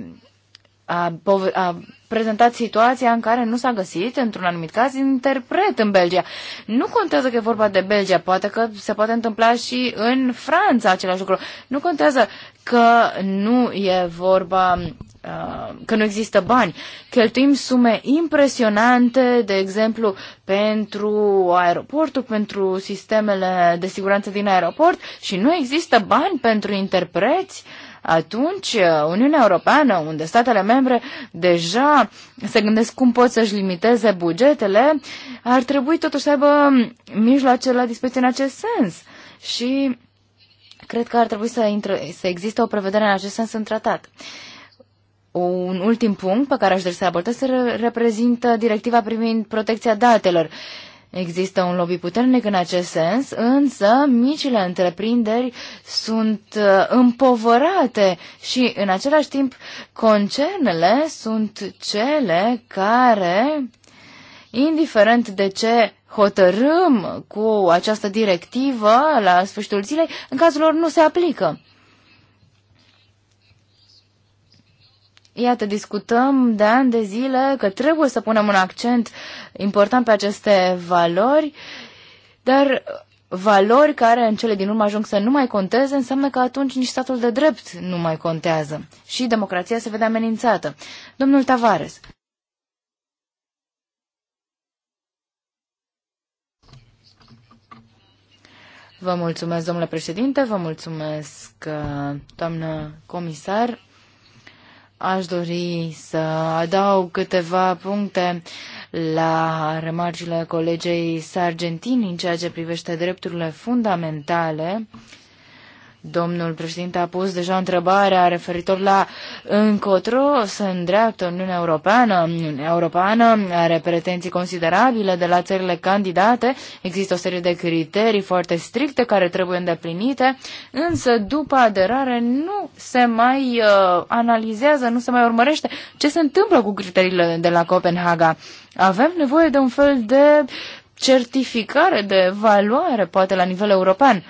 Speaker 3: a, a prezentat situația în care nu s-a găsit, într-un anumit caz, interpret în Belgia. Nu contează că e vorba de Belgia, poate că se poate întâmpla și în Franța același lucru. Nu contează că nu e vorba Uh, că nu există bani. Cheltuim sume impresionante, de exemplu, pentru aeroportul, pentru sistemele de siguranță din aeroport și nu există bani pentru interpreți. Atunci, Uniunea Europeană, unde statele membre deja se gândesc cum pot să-și limiteze bugetele, ar trebui totuși să aibă mijloace la dispoziție în acest sens. Și cred că ar trebui să, intre, să existe o prevedere în acest sens în tratat. Uh, un ultim punct pe care aș dori să abordez se reprezintă directiva privind protecția datelor. Există un lobby puternic în acest sens, însă micile întreprinderi sunt uh, împovărate și în același timp concernele sunt cele care, indiferent de ce hotărâm cu această directivă la sfârșitul zilei, în cazul lor nu se aplică. Iată, discutăm de ani de zile că trebuie să punem un accent important pe aceste valori, dar valori care în cele din urmă ajung să nu mai conteze, înseamnă că atunci nici statul de drept nu mai contează și democrația se vede amenințată. Domnul Tavares. Vă mulțumesc, domnule președinte, vă mulțumesc, uh, doamnă comisar. Aș dori să adaug câteva puncte la remarcile colegei Sargentini în ceea ce privește drepturile fundamentale. Domnul președinte a pus deja întrebarea referitor la încotro să îndreaptă Uniunea Europeană. Uniunea Europeană are pretenții considerabile de la țările candidate. Există o serie de criterii foarte stricte care trebuie îndeplinite, însă după aderare nu se mai uh, analizează, nu se mai urmărește ce se întâmplă cu criteriile de la Copenhaga. Avem nevoie de un fel de certificare, de evaluare, poate la nivel european.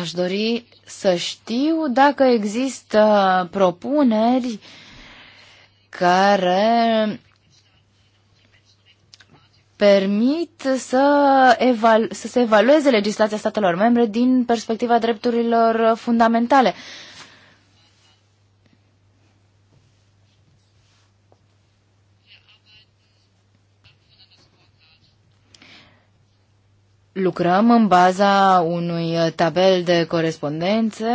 Speaker 3: Aș dori să știu dacă există propuneri care permit să, evalu- să se evalueze legislația statelor membre din perspectiva drepturilor fundamentale. Uh, lucrăm în baza unui uh, tabel de corespondențe.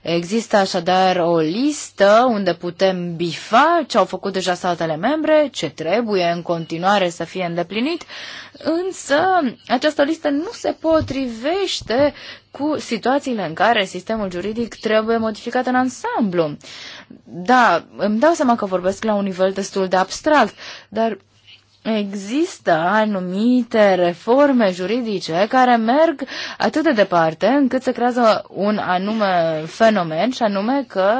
Speaker 3: Există așadar o listă unde putem bifa ce au făcut deja statele membre, ce trebuie în continuare să fie îndeplinit, însă această listă nu se potrivește cu situațiile în care sistemul juridic trebuie modificat în ansamblu. Da, îmi dau seama că vorbesc la un nivel destul de abstract, dar Există anumite reforme juridice care merg atât de departe încât se creează un anume fenomen și anume că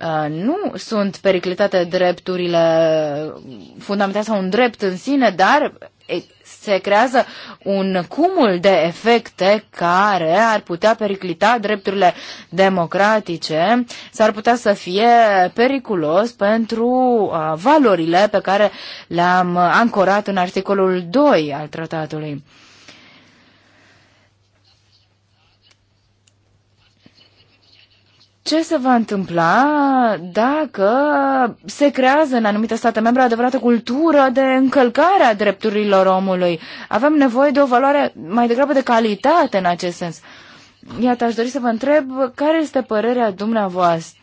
Speaker 3: uh, nu sunt periclitate drepturile fundamentale sau un drept în sine, dar se creează un cumul de efecte care ar putea periclita drepturile democratice, s-ar putea să fie periculos pentru uh, valorile pe care le-am ancorat în articolul 2 al tratatului. ce se va întâmpla dacă se creează în anumite state membre o adevărată cultură de încălcare a drepturilor omului. Avem nevoie de o valoare mai degrabă de calitate în acest sens. Iată, aș dori să vă întreb care este părerea dumneavoastră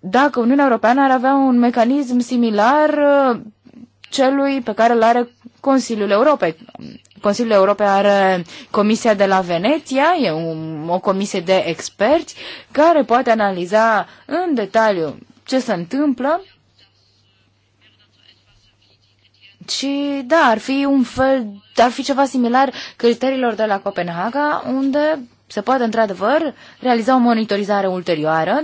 Speaker 3: dacă Uniunea Europeană ar avea un mecanism similar uh, celui pe care îl are Consiliul Europei. Consiliul Europei are Comisia de la Veneția, e un, o comisie de experți care poate analiza în detaliu ce se întâmplă și da, ar fi un fel, ar fi ceva similar criteriilor de la Copenhaga, unde se poate într-adevăr realiza o monitorizare ulterioară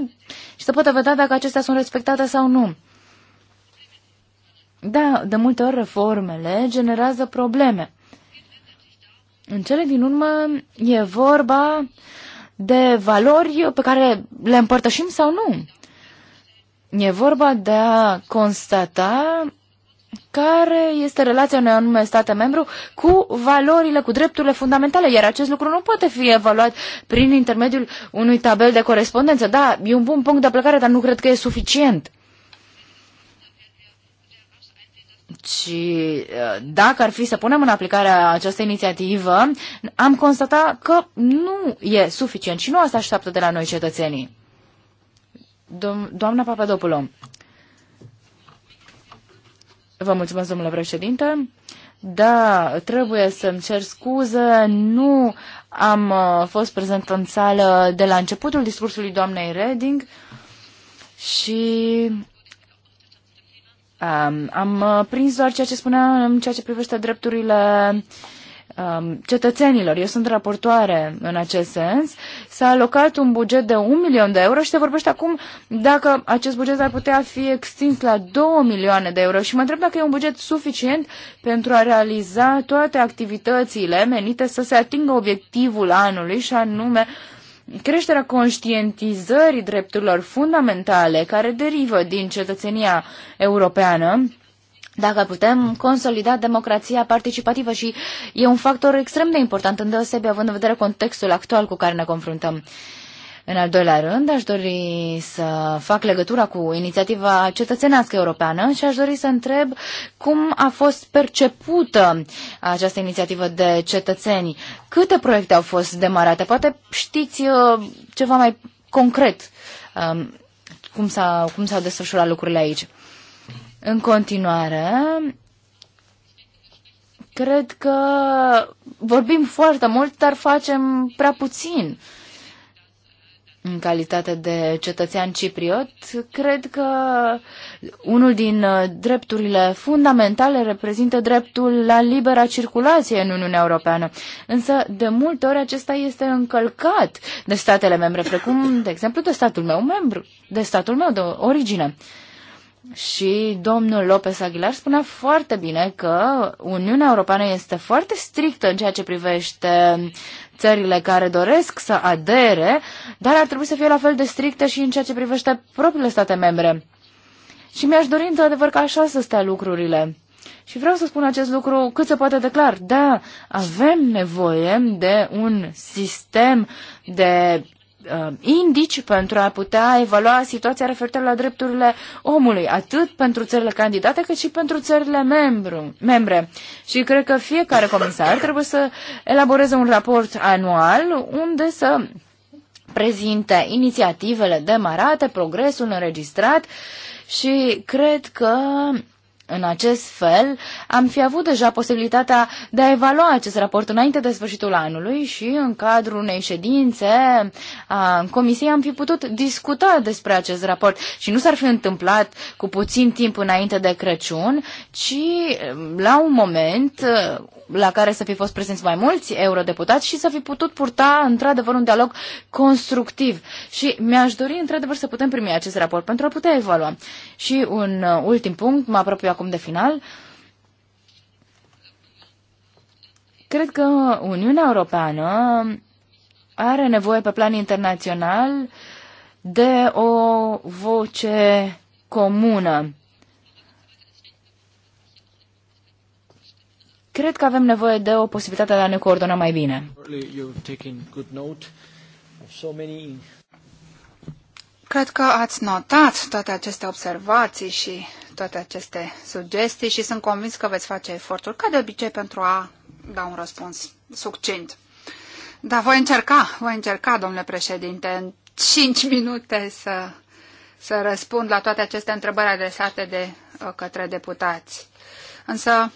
Speaker 3: și se poate vedea dacă acestea sunt respectate sau nu. Da, de multe ori reformele generează probleme. În cele din urmă e vorba de valori pe care le împărtășim sau nu. E vorba de a constata care este relația unui anume state membru cu valorile, cu drepturile fundamentale, iar acest lucru nu poate fi evaluat prin intermediul unui tabel de corespondență. Da, e un bun punct de plecare, dar nu cred că e suficient. Și uh, dacă ar fi să punem în aplicare această inițiativă, am constatat că nu e suficient și nu asta așteaptă de la noi cetățenii. Do- doamna Papadopoulou, vă mulțumesc, domnule președinte. Da, trebuie să-mi cer scuze, nu am uh, fost prezent în sală de la începutul discursului doamnei Reding și Um, am uh, prins doar ceea ce spuneam în ceea ce privește drepturile um, cetățenilor. Eu sunt raportoare în acest sens. S-a alocat un buget de un milion de euro și se vorbește acum dacă acest buget ar putea fi extins la 2 milioane de euro și mă întreb dacă e un buget suficient pentru a realiza toate activitățile menite să se atingă obiectivul anului și anume uh, creșterea conștientizării drepturilor fundamentale care derivă din cetățenia europeană, dacă putem consolida democrația participativă și e un factor extrem de important, îndeosebi având în vedere contextul actual cu care ne confruntăm. În al doilea rând, aș dori să fac legătura cu inițiativa cetățenească europeană și aș dori să întreb cum a fost percepută această inițiativă de cetățeni. Câte proiecte au fost demarate? Poate știți uh, ceva mai concret um, cum, s-au, cum s-au desfășurat lucrurile aici. În continuare, cred că vorbim foarte mult, dar facem prea puțin. Uh, în calitate de cetățean cipriot, cred că unul din uh, drepturile fundamentale reprezintă dreptul la libera circulație în Uniunea Europeană. Însă, de multe ori, acesta este încălcat de statele membre, precum, de exemplu, de statul meu membru, de statul meu de origine. Și domnul Lopez Aguilar spunea foarte bine că Uniunea Europeană este foarte strictă în ceea ce privește țările care doresc să adere, dar ar trebui să fie la fel de stricte și în ceea ce privește propriile state membre. Și mi-aș dori într-adevăr ca așa să stea lucrurile. Și vreau să spun acest lucru cât se poate declar. Da, avem nevoie de un sistem de Uh, indici pentru a putea evalua situația referitoare la drepturile omului, atât pentru țările candidate, cât și pentru țările membru, membre. Și cred că fiecare comisar trebuie să elaboreze un raport anual unde să prezinte inițiativele demarate, progresul înregistrat și cred că în acest fel, am fi avut deja posibilitatea de a evalua acest raport înainte de sfârșitul anului și în cadrul unei ședințe a comisiei am fi putut discuta despre acest raport și nu s-ar fi întâmplat cu puțin timp înainte de Crăciun, ci la un moment la care să fi fost prezenți mai mulți eurodeputați și să fi putut purta într-adevăr un dialog constructiv. Și mi-aș dori într-adevăr să putem primi acest raport pentru a putea evalua. Și un uh, ultim punct, mă apropiu acum de final, cred că Uniunea Europeană are nevoie pe plan internațional de o voce comună. Cred că avem nevoie
Speaker 1: de o posibilitate de a ne coordona mai bine. Cred că ați notat toate aceste observații și toate aceste sugestii și sunt convins că veți face eforturi, ca de obicei, pentru a da un răspuns succint. Dar voi încerca, voi încerca, domnule președinte, în 5 minute să, să răspund la toate aceste întrebări adresate de uh, către deputați. Însă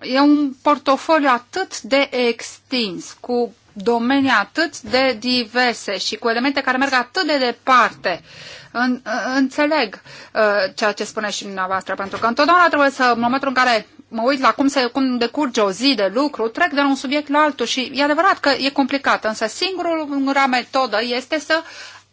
Speaker 1: E un portofoliu atât de extins, cu domenii atât de diverse și cu elemente care merg atât de departe. În, înțeleg uh, ceea ce spune și dumneavoastră, pentru că întotdeauna trebuie să, în momentul în care mă uit la cum, se, cum decurge o zi de lucru, trec de la un subiect la altul și e adevărat că e complicat, însă singura metodă este să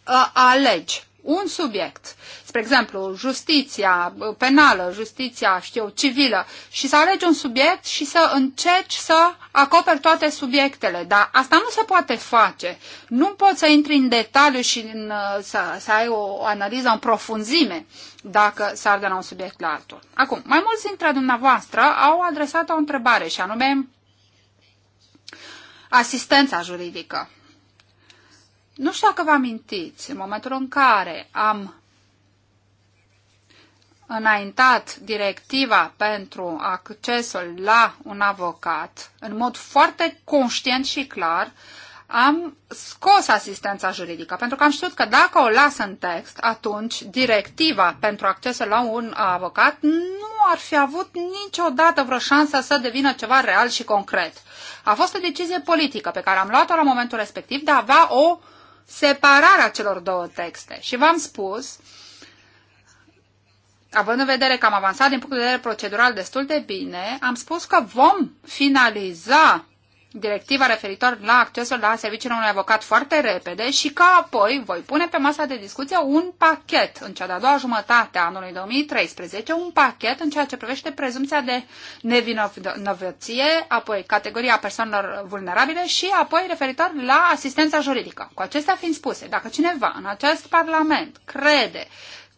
Speaker 1: uh, alegi un subiect spre exemplu, justiția penală, justiția, știu, civilă, și să alegi un subiect și să încerci să acoperi toate subiectele. Dar asta nu se poate face. Nu poți să intri în detaliu și în, uh, să, să ai o analiză în profunzime dacă s de la un subiect la altul. Acum, mai mulți dintre dumneavoastră au adresat o întrebare și anume asistența juridică. Nu știu dacă vă amintiți, în momentul în care am înaintat directiva pentru accesul la un avocat, în mod foarte conștient și clar, am scos asistența juridică, pentru că am știut că dacă o las în text, atunci directiva pentru accesul la un avocat nu ar fi avut niciodată vreo șansă să devină ceva real și concret. A fost o decizie politică pe care am luat-o la momentul respectiv de a avea o separare a celor două texte. Și v-am spus uh, având în vedere că am avansat din punct de vedere procedural destul de bine, am spus că vom finaliza directiva referitor la accesul la serviciile unui avocat foarte repede și că apoi voi pune pe masa de discuție un pachet în cea de-a doua jumătate a anului 2013, un pachet în ceea ce privește prezumția de nevinovăție, apoi categoria persoanelor vulnerabile și apoi referitor la asistența juridică. Cu acestea fiind spuse, dacă cineva în acest parlament crede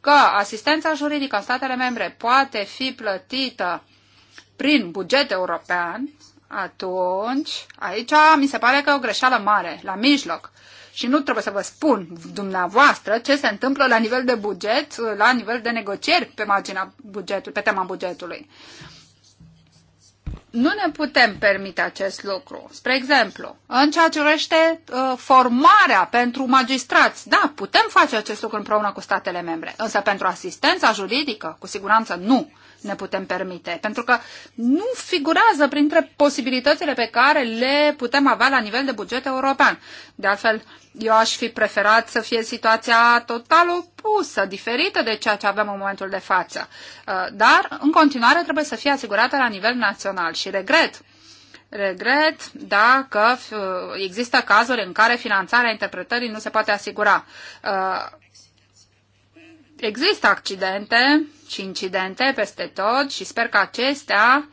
Speaker 1: că asistența juridică a statele membre poate fi plătită prin buget european, atunci aici mi se pare că e o greșeală mare, la mijloc. Și nu trebuie să vă spun dumneavoastră ce se întâmplă la nivel de buget, la nivel de negocieri pe marginea bugetului, pe tema bugetului. Uh, nu ne putem permite acest lucru. Spre exemplu, în ceea ce urește uh, formarea pentru magistrați, da, putem face acest lucru împreună cu statele membre, însă pentru asistența juridică, cu siguranță nu ne putem permite, pentru că nu figurează printre posibilitățile pe care le putem avea la nivel de buget european. De altfel, eu aș fi preferat să fie situația total opusă, diferită de ceea ce avem în momentul de față. Uh, dar, în continuare, trebuie să fie asigurată la nivel național și regret regret dacă uh, există cazuri în care finanțarea interpretării nu se poate asigura. Uh, Există accidente și incidente peste tot și sper că acestea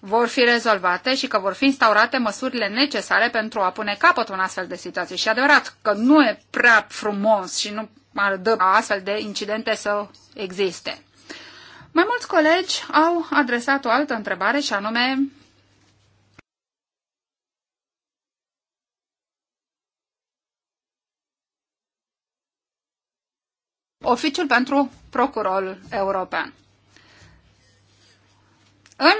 Speaker 1: vor fi rezolvate și că vor fi instaurate măsurile necesare pentru a pune capăt un astfel de situație. Și adevărat că nu e prea frumos și nu ar dă astfel de incidente să existe. Mai mulți colegi au adresat o altă întrebare și anume Oficiul pentru Procurorul European. În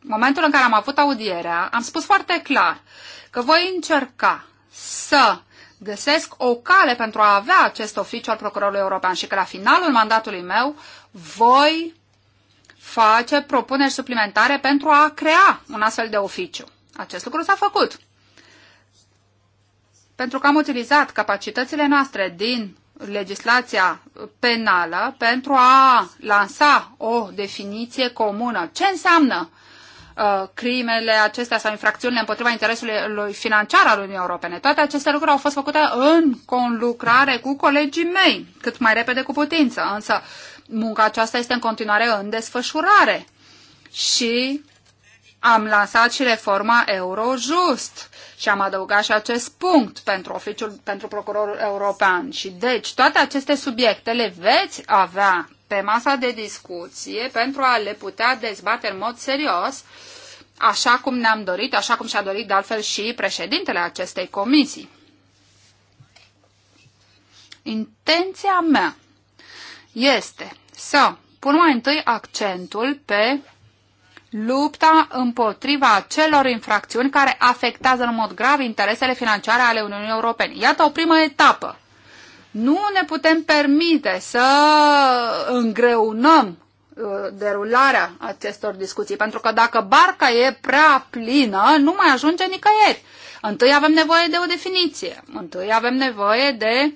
Speaker 1: momentul în care am avut audierea, am spus foarte clar că voi încerca să găsesc o cale pentru a avea acest oficiu al Procurorului European și că la finalul mandatului meu voi face propuneri suplimentare pentru a crea un astfel de oficiu. Acest lucru s-a făcut. Pentru că am utilizat capacitățile noastre din legislația penală pentru a lansa o definiție comună. Ce înseamnă uh, crimele acestea sau infracțiunile împotriva interesului financiar al Uniunii Europene? Toate aceste lucruri au fost făcute în conlucrare cu colegii mei, cât mai repede cu putință, însă munca aceasta este în continuare în desfășurare. Și am lansat și reforma Eurojust și am adăugat și acest punct pentru oficiul pentru procurorul european. Și deci toate aceste subiecte le veți avea pe masa de discuție pentru a le putea dezbate în mod serios, așa cum ne-am dorit, așa cum și-a dorit de altfel și președintele acestei comisii. Intenția mea este să pun mai întâi accentul pe lupta împotriva celor infracțiuni care afectează în mod grav interesele financiare ale Uniunii Europene. Iată o primă etapă. Nu ne putem permite să îngreunăm uh, derularea acestor discuții, pentru că dacă barca e prea plină, nu mai ajunge nicăieri. Întâi avem nevoie de o definiție, întâi avem nevoie de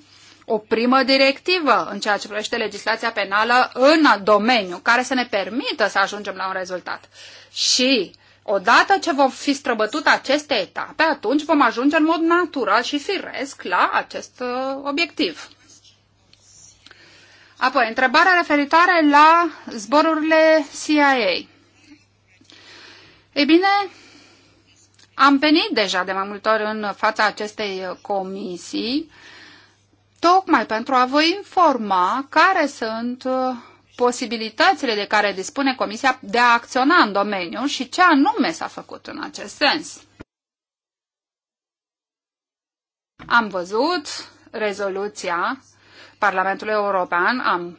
Speaker 1: o primă directivă în ceea ce privește legislația penală în domeniu, care să ne permită să ajungem la un rezultat. Și odată ce vom fi străbătut aceste etape, atunci vom ajunge în mod natural și firesc la acest uh, obiectiv. Apoi, întrebarea referitoare la zborurile CIA. Ei bine, am venit deja de mai multe ori în fața acestei comisii uh, tocmai pentru a vă informa care sunt uh, posibilitățile de care dispune Comisia de a acționa în domeniu și ce anume s-a făcut în acest sens. Am văzut rezoluția Parlamentului European, am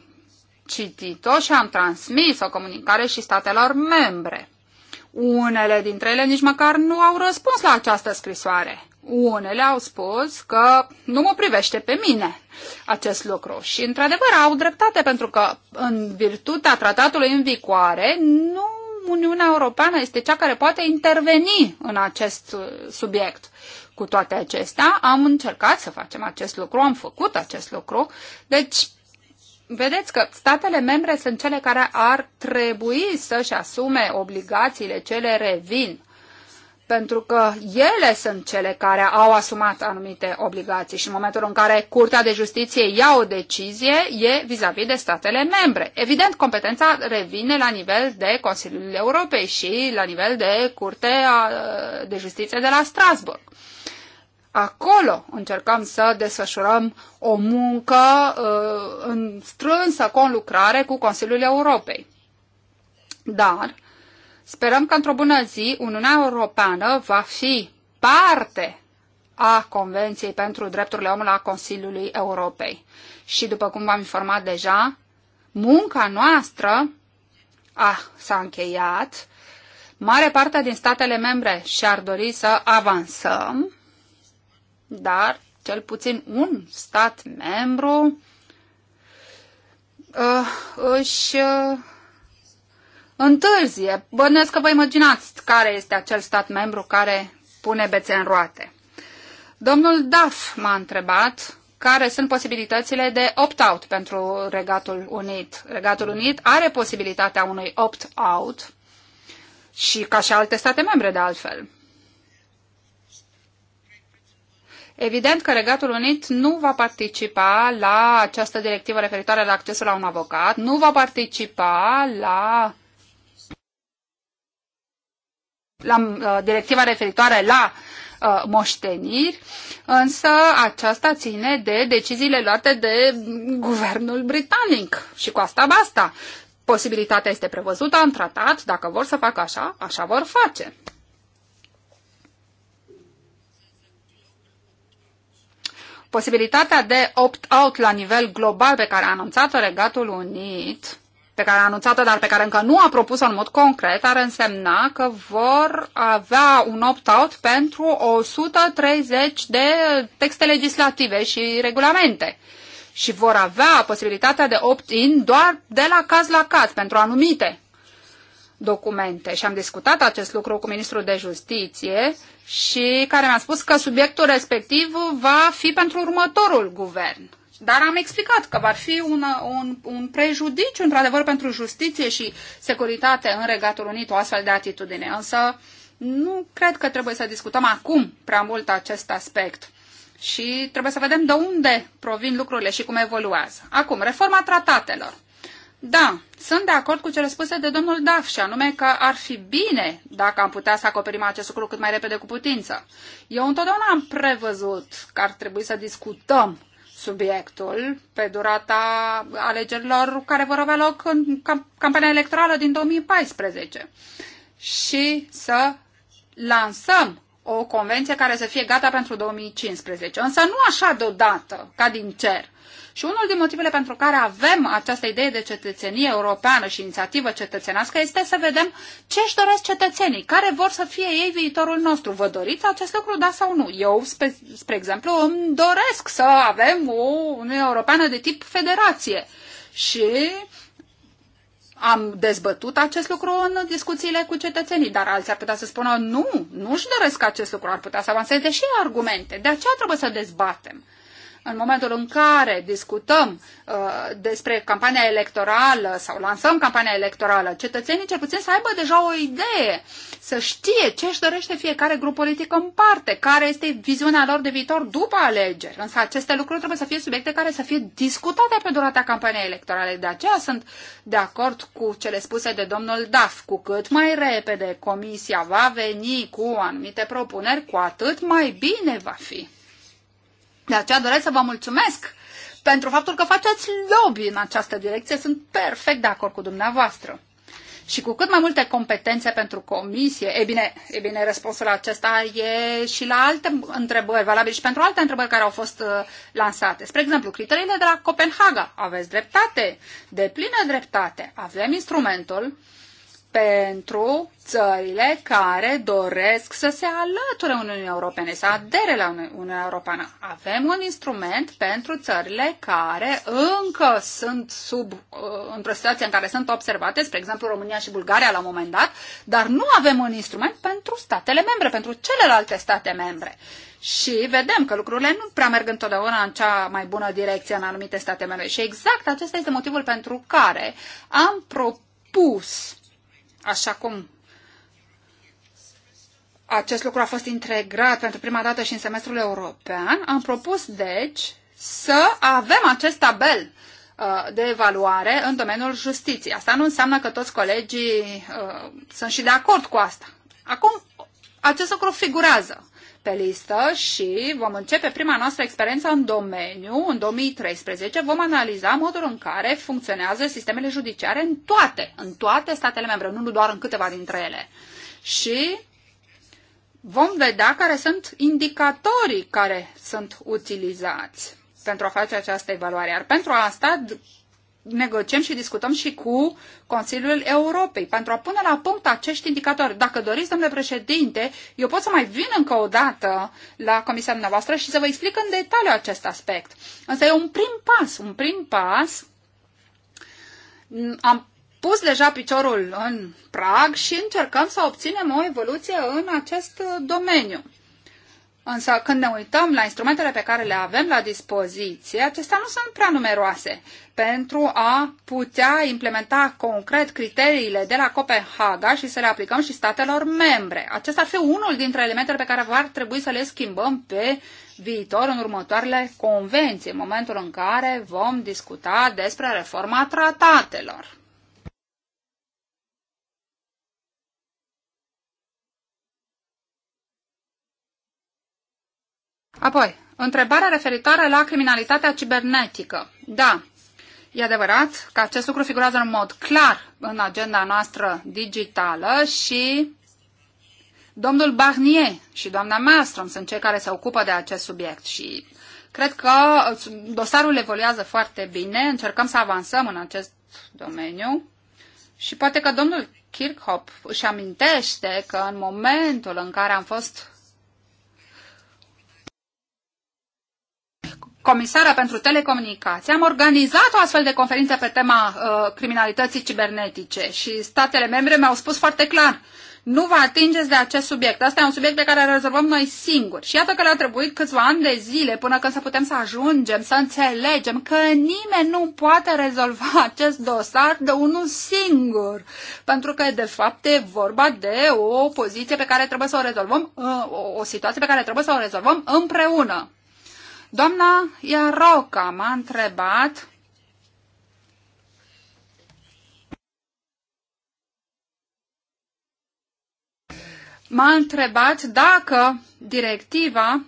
Speaker 1: citit-o și am transmis o comunicare și statelor membre. Unele dintre ele nici măcar nu au răspuns la această scrisoare. Unele au spus că nu mă privește pe mine acest lucru și, într-adevăr, au dreptate pentru că, în virtutea tratatului în vicoare, nu Uniunea Europeană este cea care poate interveni în acest uh, subiect. Cu toate acestea, am încercat să facem acest lucru, am făcut acest lucru, deci Vedeți că statele membre sunt cele care ar trebui să-și asume obligațiile cele revin pentru că ele sunt cele care au asumat anumite obligații și în momentul în care Curtea de Justiție ia o decizie e vis-a-vis -vis de statele membre. Evident, competența revine la nivel de Consiliul Europei și la nivel de Curtea de Justiție de la Strasburg. Acolo încercăm să desfășurăm o muncă uh, în strânsă conlucrare cu Consiliul Europei. Dar uh, Sperăm că într-o bună zi Uniunea Europeană va fi parte a Convenției pentru Drepturile Omului a Consiliului Europei. Și după cum v-am informat deja, munca noastră a, s-a încheiat. Mare parte din statele membre și-ar dori să avansăm, dar cel puțin un stat membru uh, își uh, întârzie. Bănesc că vă imaginați care este acel stat membru care pune bețe în roate. Domnul Duff m-a întrebat care sunt posibilitățile de opt-out pentru Regatul Unit. Regatul Unit are posibilitatea unui opt-out și ca și alte state membre de altfel. Evident că Regatul Unit nu va participa la această directivă referitoare la accesul la un avocat, nu va participa la la uh, directiva referitoare la uh, moșteniri, însă aceasta ține de deciziile luate de guvernul britanic și cu asta basta. Posibilitatea este prevăzută în tratat, dacă vor să facă așa, așa vor face. Posibilitatea de opt-out la nivel global pe care a anunțat-o Regatul Unit pe care a anunțat-o, dar pe care încă nu a propus-o în mod concret, ar însemna că vor avea un opt-out pentru 130 de texte legislative și regulamente și vor avea posibilitatea de opt-in doar de la caz la caz pentru anumite documente. Și am discutat acest lucru cu ministrul de justiție și care mi-a spus că subiectul respectiv va fi pentru următorul guvern. Dar am explicat că va fi un, un, un prejudiciu, într-adevăr, pentru justiție și securitate în Regatul Unit o astfel de atitudine. Însă nu cred că trebuie să discutăm acum prea mult acest aspect. Și trebuie să vedem de unde provin lucrurile și cum evoluează. Acum, reforma tratatelor. Da, sunt de acord cu cele spuse de domnul Daf și anume că ar fi bine dacă am putea să acoperim acest lucru cât mai repede cu putință. Eu întotdeauna am prevăzut că ar trebui să discutăm subiectul pe durata alegerilor care vor avea loc în campania electorală din 2014 și să lansăm o convenție care să fie gata pentru 2015. Însă nu așa deodată, ca din cer, și unul din motivele pentru care avem această idee de cetățenie europeană și inițiativă cetățenească este să vedem ce își doresc cetățenii, care vor să fie ei viitorul nostru. Vă doriți acest lucru, da sau nu? Eu, spre, spre exemplu, îmi doresc să avem o Uniune Europeană de tip federație. Și am dezbătut acest lucru în discuțiile cu cetățenii, dar alții ar putea să spună nu, nu își doresc acest lucru, ar putea să avanseze și argumente. De aceea trebuie să dezbatem în momentul în care discutăm uh, despre campania electorală sau lansăm campania electorală, cetățenii cel puțin să aibă deja o idee, să știe ce își dorește fiecare grup politic în parte, care este viziunea lor de viitor după alegeri. Însă aceste lucruri trebuie să fie subiecte care să fie discutate pe durata campaniei electorale. De aceea sunt de acord cu cele spuse de domnul Daf. Cu cât mai repede comisia va veni cu anumite propuneri, cu atât mai bine va fi. De aceea doresc să vă mulțumesc pentru faptul că faceți lobby în această direcție. Sunt perfect de acord cu dumneavoastră. Și cu cât mai multe competențe pentru comisie, e bine, e bine răspunsul acesta e și la alte întrebări, valabil și pentru alte întrebări care au fost uh, lansate. Spre exemplu, criteriile de la Copenhaga. Aveți dreptate, de plină dreptate. Avem instrumentul uh, pentru țările care doresc să se alăture Uniunii Europene, să adere la Uniunea Europeană. Avem un instrument pentru țările care încă sunt sub, uh, într-o situație în care sunt observate, spre exemplu România și Bulgaria la un moment dat, dar nu avem un instrument pentru statele membre, pentru celelalte state membre. Și vedem că lucrurile nu prea merg întotdeauna în cea mai bună direcție în anumite state membre. Și exact acesta este motivul pentru care am propus așa cum acest lucru a fost integrat pentru prima dată și în semestrul european, am propus, deci, să avem acest tabel uh, de evaluare în domeniul justiției. Asta nu înseamnă că toți colegii uh, sunt și de acord cu asta. Acum, acest lucru figurează pe listă și vom începe prima noastră experiență în domeniu. În 2013 vom analiza modul în care funcționează sistemele judiciare în toate, în toate statele membre, nu doar în câteva dintre ele. Și vom vedea care sunt indicatorii care sunt utilizați pentru a face această evaluare. Iar pentru asta negociem și discutăm și cu Consiliul Europei pentru a pune la punct acești indicatori. Dacă doriți, domnule președinte, eu pot să mai vin încă o dată la comisia dumneavoastră și să vă explic în detaliu acest aspect. Însă e un prim pas, un prim pas. Am pus deja piciorul în prag și încercăm să obținem o evoluție în acest domeniu. Însă când ne uităm la instrumentele pe care le avem la dispoziție, acestea nu sunt prea numeroase pentru a putea implementa concret criteriile de la Copenhaga și să le aplicăm și statelor membre. Acesta ar fi unul dintre elementele pe care ar trebui să le schimbăm pe viitor în următoarele convenții, în momentul în care vom discuta despre reforma tratatelor. Apoi, întrebarea referitoare la criminalitatea cibernetică. Da, E adevărat că acest lucru figurează în mod clar în agenda noastră digitală și domnul Barnier și doamna Malmström sunt cei care se ocupă de acest subiect și cred că uh, dosarul evoluează foarte bine, încercăm să avansăm în acest domeniu și poate că domnul Kirchhoff își amintește că în momentul în care am fost comisară pentru telecomunicații, am organizat o astfel de conferință pe tema uh, criminalității cibernetice și statele membre mi-au spus foarte clar, nu vă atingeți de acest subiect. Asta e un subiect pe care îl rezolvăm noi singuri. Și iată că le-a trebuit câțiva ani de zile până când să putem să ajungem, să înțelegem că nimeni nu poate rezolva [LAUGHS] acest dosar de unul singur. Pentru că, de fapt, e vorba de o poziție pe care trebuie să o rezolvăm, uh, o situație pe care trebuie să o rezolvăm împreună. Doamna Iaroca m-a întrebat m-a întrebat dacă directiva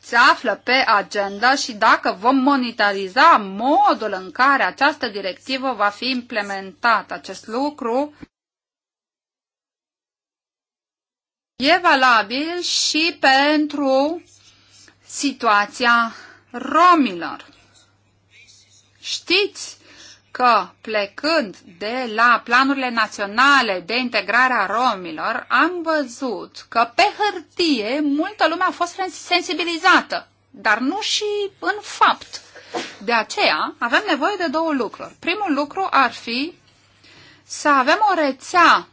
Speaker 1: se află pe agenda și dacă vom monitoriza modul în care această directivă va fi implementată. Acest lucru e valabil și pentru situația romilor. Știți că plecând de la planurile naționale de integrare a romilor, am văzut că pe hârtie multă lume a fost sensibilizată, dar nu și în fapt. De aceea avem nevoie de două lucruri. Primul lucru ar fi să avem o rețea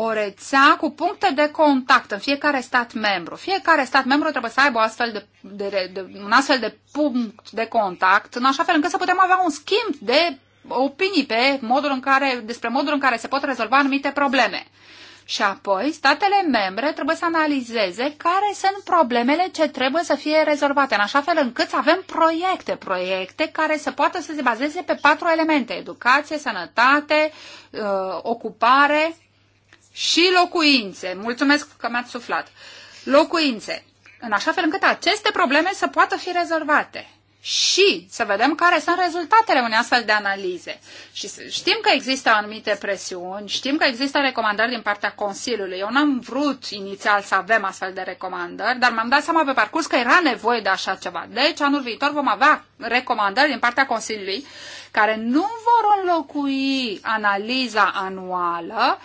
Speaker 1: o rețea cu puncte de contact în fiecare stat membru. Fiecare stat membru trebuie să aibă astfel de, de, de, un astfel de punct de contact, în așa fel încât să putem avea un schimb de opinii pe modul în care, despre modul în care se pot rezolva anumite probleme. Și apoi, statele membre trebuie să analizeze care sunt problemele ce trebuie să fie rezolvate, în așa fel încât să avem proiecte, proiecte care să poată să se bazeze pe patru elemente, educație, sănătate, uh, ocupare și locuințe. Mulțumesc că mi-ați suflat. Locuințe. În așa fel încât aceste probleme să poată fi rezolvate și să vedem care sunt rezultatele unei astfel de analize. Și știm că există anumite presiuni, știm că există recomandări din partea Consiliului. Eu n-am vrut inițial să avem astfel de recomandări, dar m am dat seama pe parcurs că era nevoie de așa ceva. Deci, anul viitor vom avea recomandări din partea Consiliului care nu vor înlocui analiza anuală,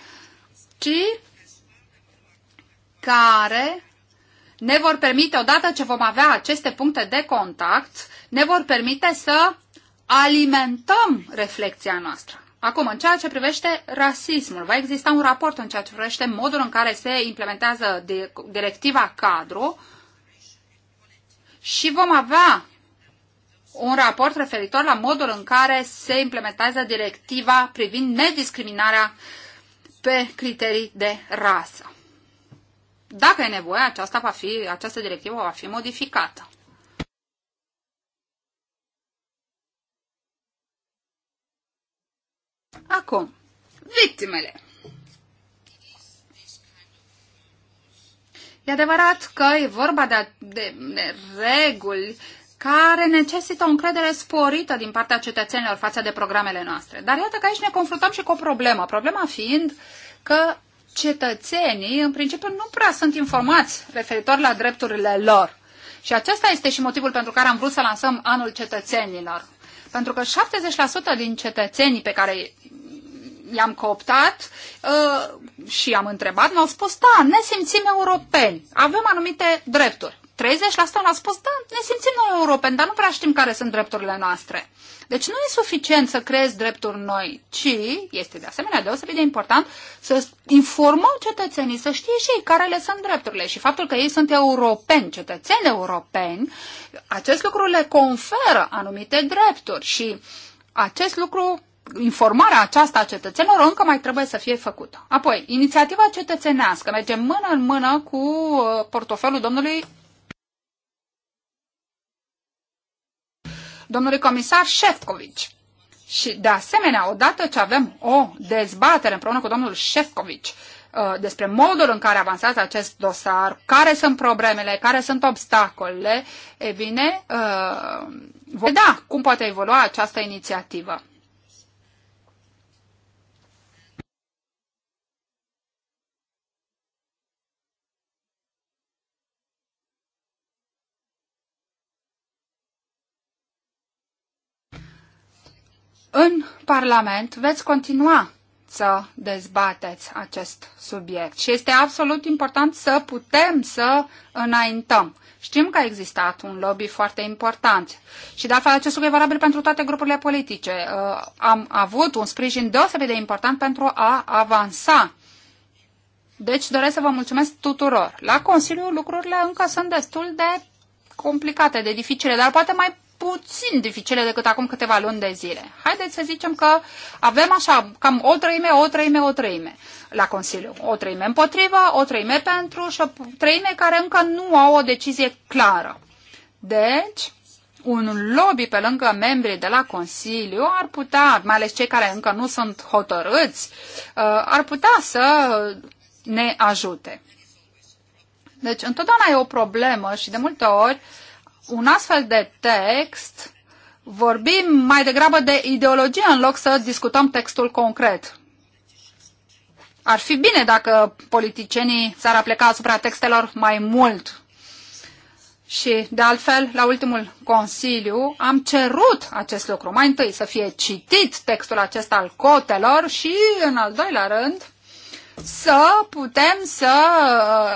Speaker 1: ci care ne vor permite, odată ce vom avea aceste puncte de contact, ne vor permite să alimentăm reflexia noastră. Acum, în ceea ce privește rasismul, va exista un raport în ceea ce privește modul în care se implementează directiva cadru și vom avea un raport referitor la modul în care se implementează directiva privind nediscriminarea uh, pe criterii de rasă. Dacă e nevoie, aceasta va fi, această directivă va fi modificată. Acum, victimele. E adevărat că e vorba de, de, de reguli care necesită o încredere sporită din partea cetățenilor față de programele noastre. Dar iată că aici ne confruntăm și cu o problemă. Problema fiind că cetățenii, în principiu, nu prea sunt informați referitor la drepturile lor. Și acesta este și motivul pentru care am vrut să lansăm anul cetățenilor. Pentru că 70% din cetățenii pe care i-am cooptat uh, și i-am întrebat, mi-au spus, da, ne simțim europeni, avem anumite drepturi a spus, da, ne simțim noi europeni, dar nu prea știm care sunt drepturile noastre. Deci nu e suficient să creezi drepturi noi, ci este de asemenea deosebit de important să informăm cetățenii, să știe și ei care le sunt drepturile și faptul că ei sunt europeni, cetățeni europeni, acest lucru le conferă anumite drepturi și acest lucru informarea aceasta a cetățenilor încă mai trebuie să fie făcută. Apoi, inițiativa cetățenească merge mână în mână cu uh, portofelul domnului domnului comisar Șefcovici. Și de asemenea, odată ce avem o dezbatere împreună cu domnul Șefcovici uh, despre modul în care avansează acest dosar, care sunt problemele, care sunt obstacolele, e bine, uh, da, cum poate evolua această inițiativă. în Parlament veți continua să dezbateți acest subiect și este absolut important să putem să înaintăm. Știm că a existat un lobby foarte important și de altfel acest lucru e valabil pentru toate grupurile politice. Uh, am avut un sprijin deosebit de important pentru a avansa. Deci doresc să vă mulțumesc tuturor. La Consiliu lucrurile încă sunt destul de complicate, de dificile, dar poate mai puțin dificile decât acum câteva luni de zile. Haideți să zicem că avem așa, cam o treime, o treime, o treime la Consiliu. O treime împotrivă, o treime pentru și o treime care încă nu au o decizie clară. Deci, un lobby pe lângă membrii de la Consiliu ar putea, mai ales cei care încă nu sunt hotărâți, uh, ar putea să ne ajute. Deci, întotdeauna e o problemă și de multe ori uh, un astfel de text vorbim mai degrabă de ideologie în loc să discutăm textul concret. Ar fi bine dacă politicienii s-ar apleca asupra textelor mai mult. Și, de altfel, la ultimul Consiliu am cerut acest lucru. Mai întâi să fie citit textul acesta al cotelor și, în al doilea rând, să putem să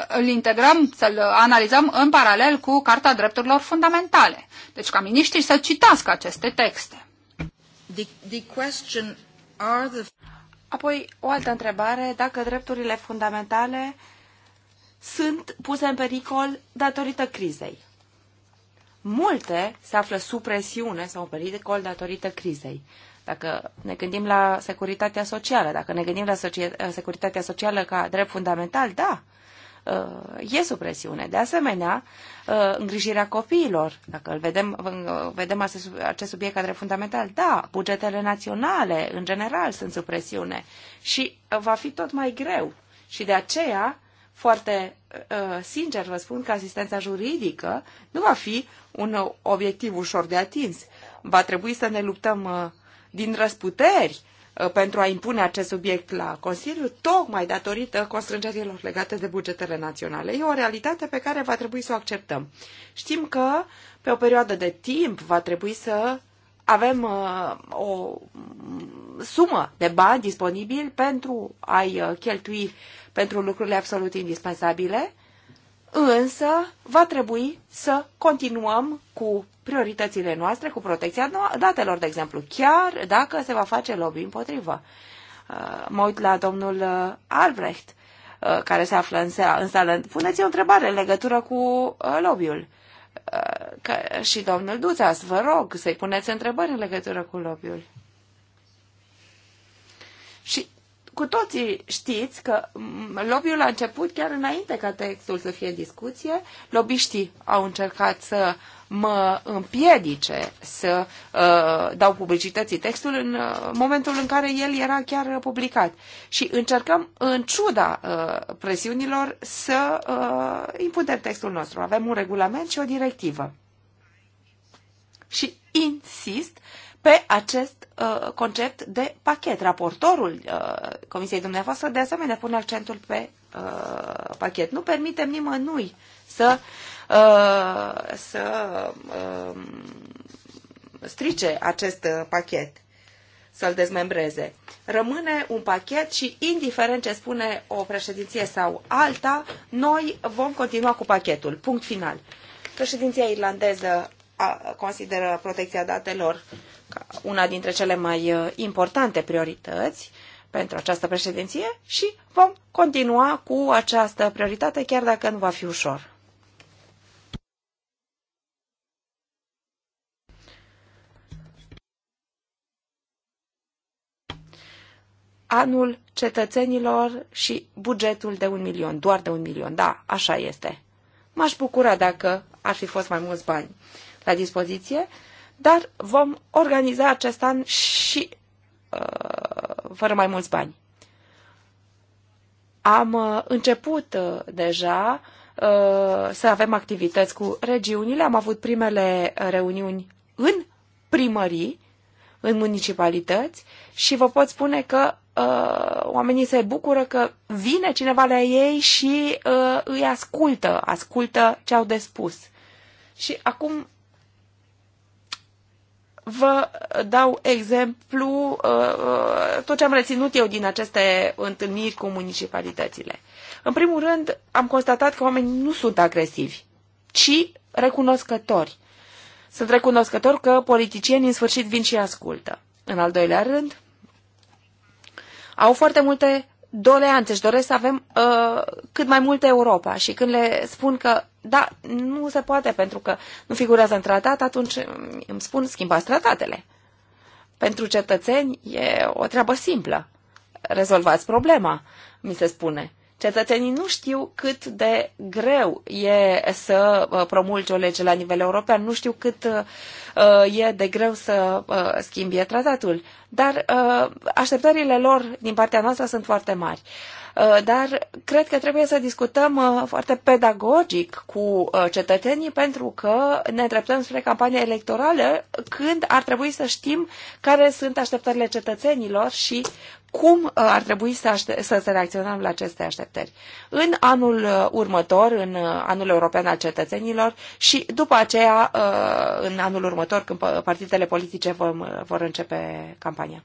Speaker 1: uh, îl integrăm, să-l analizăm în paralel cu Carta Drepturilor Fundamentale. Deci ca miniștri să citească aceste texte. The, the question are the... Apoi, o altă întrebare, dacă drepturile fundamentale
Speaker 2: sunt puse în pericol datorită crizei. Multe se află sub presiune sau în pericol datorită crizei. Dacă ne gândim la securitatea socială, dacă ne gândim la securitatea socială ca drept fundamental, da, uh, e supresiune. De asemenea, uh, îngrijirea copiilor, dacă îl vedem, uh, vedem acest subiect ca drept fundamental, da, bugetele naționale, în general, sunt supresiune și va fi tot mai greu. Și de aceea, foarte sincer vă spun că asistența juridică nu va fi un obiectiv ușor de atins. Va trebui să ne luptăm din răsputeri uh, pentru a impune acest subiect la Consiliu, tocmai datorită constrângerilor legate de bugetele naționale. E o realitate pe care va trebui să o acceptăm. Știm că pe o perioadă de timp va trebui să avem uh, o sumă de bani disponibili pentru a-i uh, cheltui pentru lucrurile absolut indispensabile, însă va trebui să continuăm cu prioritățile noastre cu protecția datelor, de exemplu, chiar dacă se va face lobby împotrivă. Uh, mă uit la domnul uh, Albrecht, uh, care se află în, sală. Puneți o întrebare în legătură cu lobby-ul. Și domnul Duțas, vă rog să-i puneți întrebări în legătură cu lobby-ul. Și cu toții știți că mm, lobby-ul a început chiar înainte ca textul să fie în discuție. Lobiștii au încercat să mă împiedice să uh, dau publicității textul în uh, momentul în care el era chiar publicat. Și încercăm, în ciuda uh, presiunilor, să uh, impunem textul nostru. Avem un regulament și o directivă. Și insist pe acest uh, concept de pachet. Raportorul uh, Comisiei dumneavoastră, de asemenea, pune accentul pe uh, pachet. Nu permitem nimănui să uh, uh, să uh, strice acest uh, pachet să-l dezmembreze. Rămâne un pachet și, indiferent ce spune o președinție sau alta, noi vom continua cu pachetul. Punct final. Președinția irlandeză consideră protecția datelor ca una dintre cele mai uh, importante priorități pentru această președinție și vom continua cu această prioritate, chiar dacă nu va fi ușor. anul cetățenilor și bugetul de un milion, doar de un milion. Da, așa este. M-aș bucura dacă ar fi fost mai mulți bani la dispoziție, dar vom organiza acest an și uh, fără mai mulți bani. Am uh, început uh, deja uh, să avem activități cu regiunile, am avut primele reuniuni în primării, în municipalități și vă pot spune că uh, oamenii se bucură că vine cineva la ei și uh, îi ascultă, ascultă ce au de spus. Și acum vă dau exemplu uh, uh tot ce am reținut eu din aceste întâlniri cu municipalitățile. În primul rând, am constatat că oamenii nu sunt agresivi, ci recunoscători. Sunt recunoscător că politicienii în sfârșit vin și ascultă. În al doilea rând, au foarte multe doleanțe, și doresc să avem uh, cât mai multe Europa și când le spun că da, nu se poate pentru că nu figurează în tratat, atunci uh, îmi spun schimbați tratatele. Pentru cetățeni e o treabă simplă. Rezolvați problema, mi se spune. Cetățenii nu știu cât de greu e să uh, promulge o lege la nivel european, nu știu cât uh, e de greu să uh, schimbie tratatul, dar așteptările lor din partea noastră sunt foarte mari dar cred că trebuie să discutăm foarte pedagogic cu cetățenii pentru că ne îndreptăm spre campanie electorală când ar trebui să știm care sunt așteptările cetățenilor și cum uh, ar trebui să, să, să reacționăm la aceste așteptări. În anul uh, următor, în uh, anul european al cetățenilor și după aceea, în anul următor, când partidele politice vor, vor începe campania.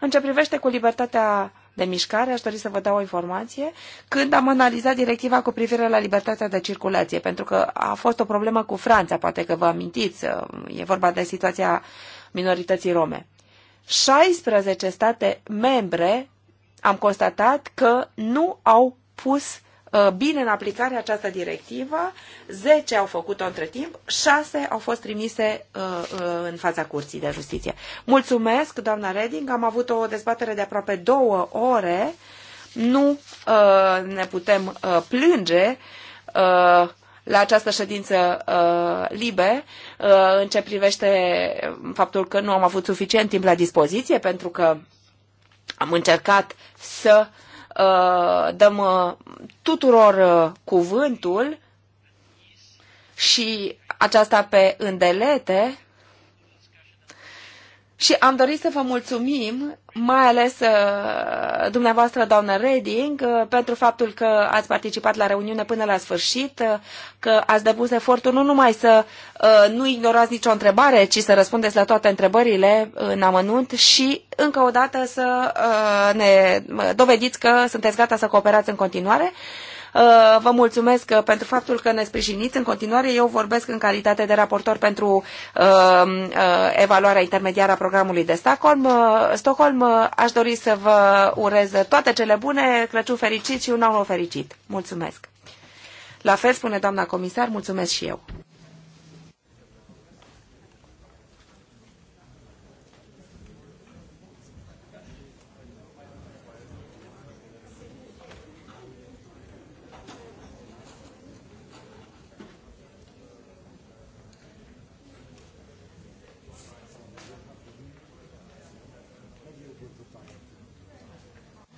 Speaker 2: În ce privește cu libertatea de mișcare, aș dori să vă dau o informație. Când am analizat directiva cu privire la libertatea de circulație, pentru că a fost o problemă cu Franța, poate că vă amintiți, e vorba de situația minorității rome. 16 state membre am constatat că nu au pus uh, bine în aplicare această directivă, 10 au făcut-o între timp, 6 au fost trimise uh, uh, în fața Curții de Justiție. Mulțumesc, doamna Reding, am avut o dezbatere de aproape două ore, nu ne putem plânge, la această ședință uh, libe uh, în ce privește faptul că nu am avut suficient timp la dispoziție pentru că am încercat să uh, dăm uh, tuturor uh, cuvântul și aceasta pe îndelete și am dorit să vă mulțumim, mai ales uh, dumneavoastră, doamnă Reding, uh, pentru faptul că ați participat la reuniune până la sfârșit, uh, că ați depus efortul nu numai să nu ignorați nicio întrebare, ci să răspundeți la toate întrebările în amănunt și, încă o dată, să ne dovediți că sunteți gata să cooperați în continuare. Uh, vă mulțumesc uh, pentru faptul că ne sprijiniți. În continuare, eu vorbesc în calitate de raportor pentru uh, evaluarea intermediară a programului de Stockholm. Stockholm, aș dori să vă urez toate cele bune, Crăciun fericit și un an fericit. Mulțumesc! La fel spune doamna comisar, mulțumesc și eu.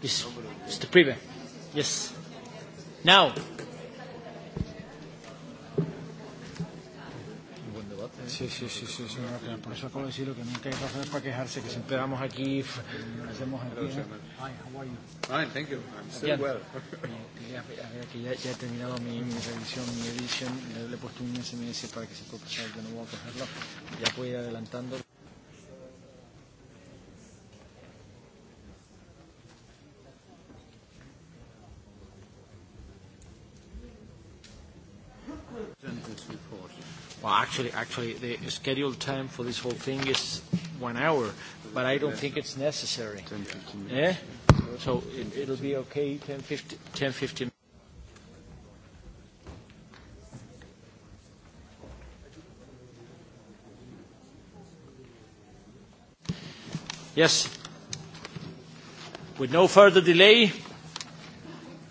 Speaker 3: Yes, Mr. Prive. Yes. Now. Sí, sí, sí, sí, sí, no, por eso acabo de decir lo que nunca hay razones para quejarse, que siempre vamos aquí, hacemos aquí. Hi,
Speaker 1: how are you? Fine, thank you. I'm still well. Eh, eh, que ya, ya he
Speaker 3: terminado mi, mi revisión, mi edición, le, le he puesto un SMS para que se pueda pasar de nuevo a cogerlo. Ya voy adelantando.
Speaker 1: Well, actually, actually, the scheduled time for this whole thing is one hour, but I don't think it's necessary. 10, 15 minutes. Eh? So it, it'll be okay, 10, 15, 10, 15 Yes. With no further delay,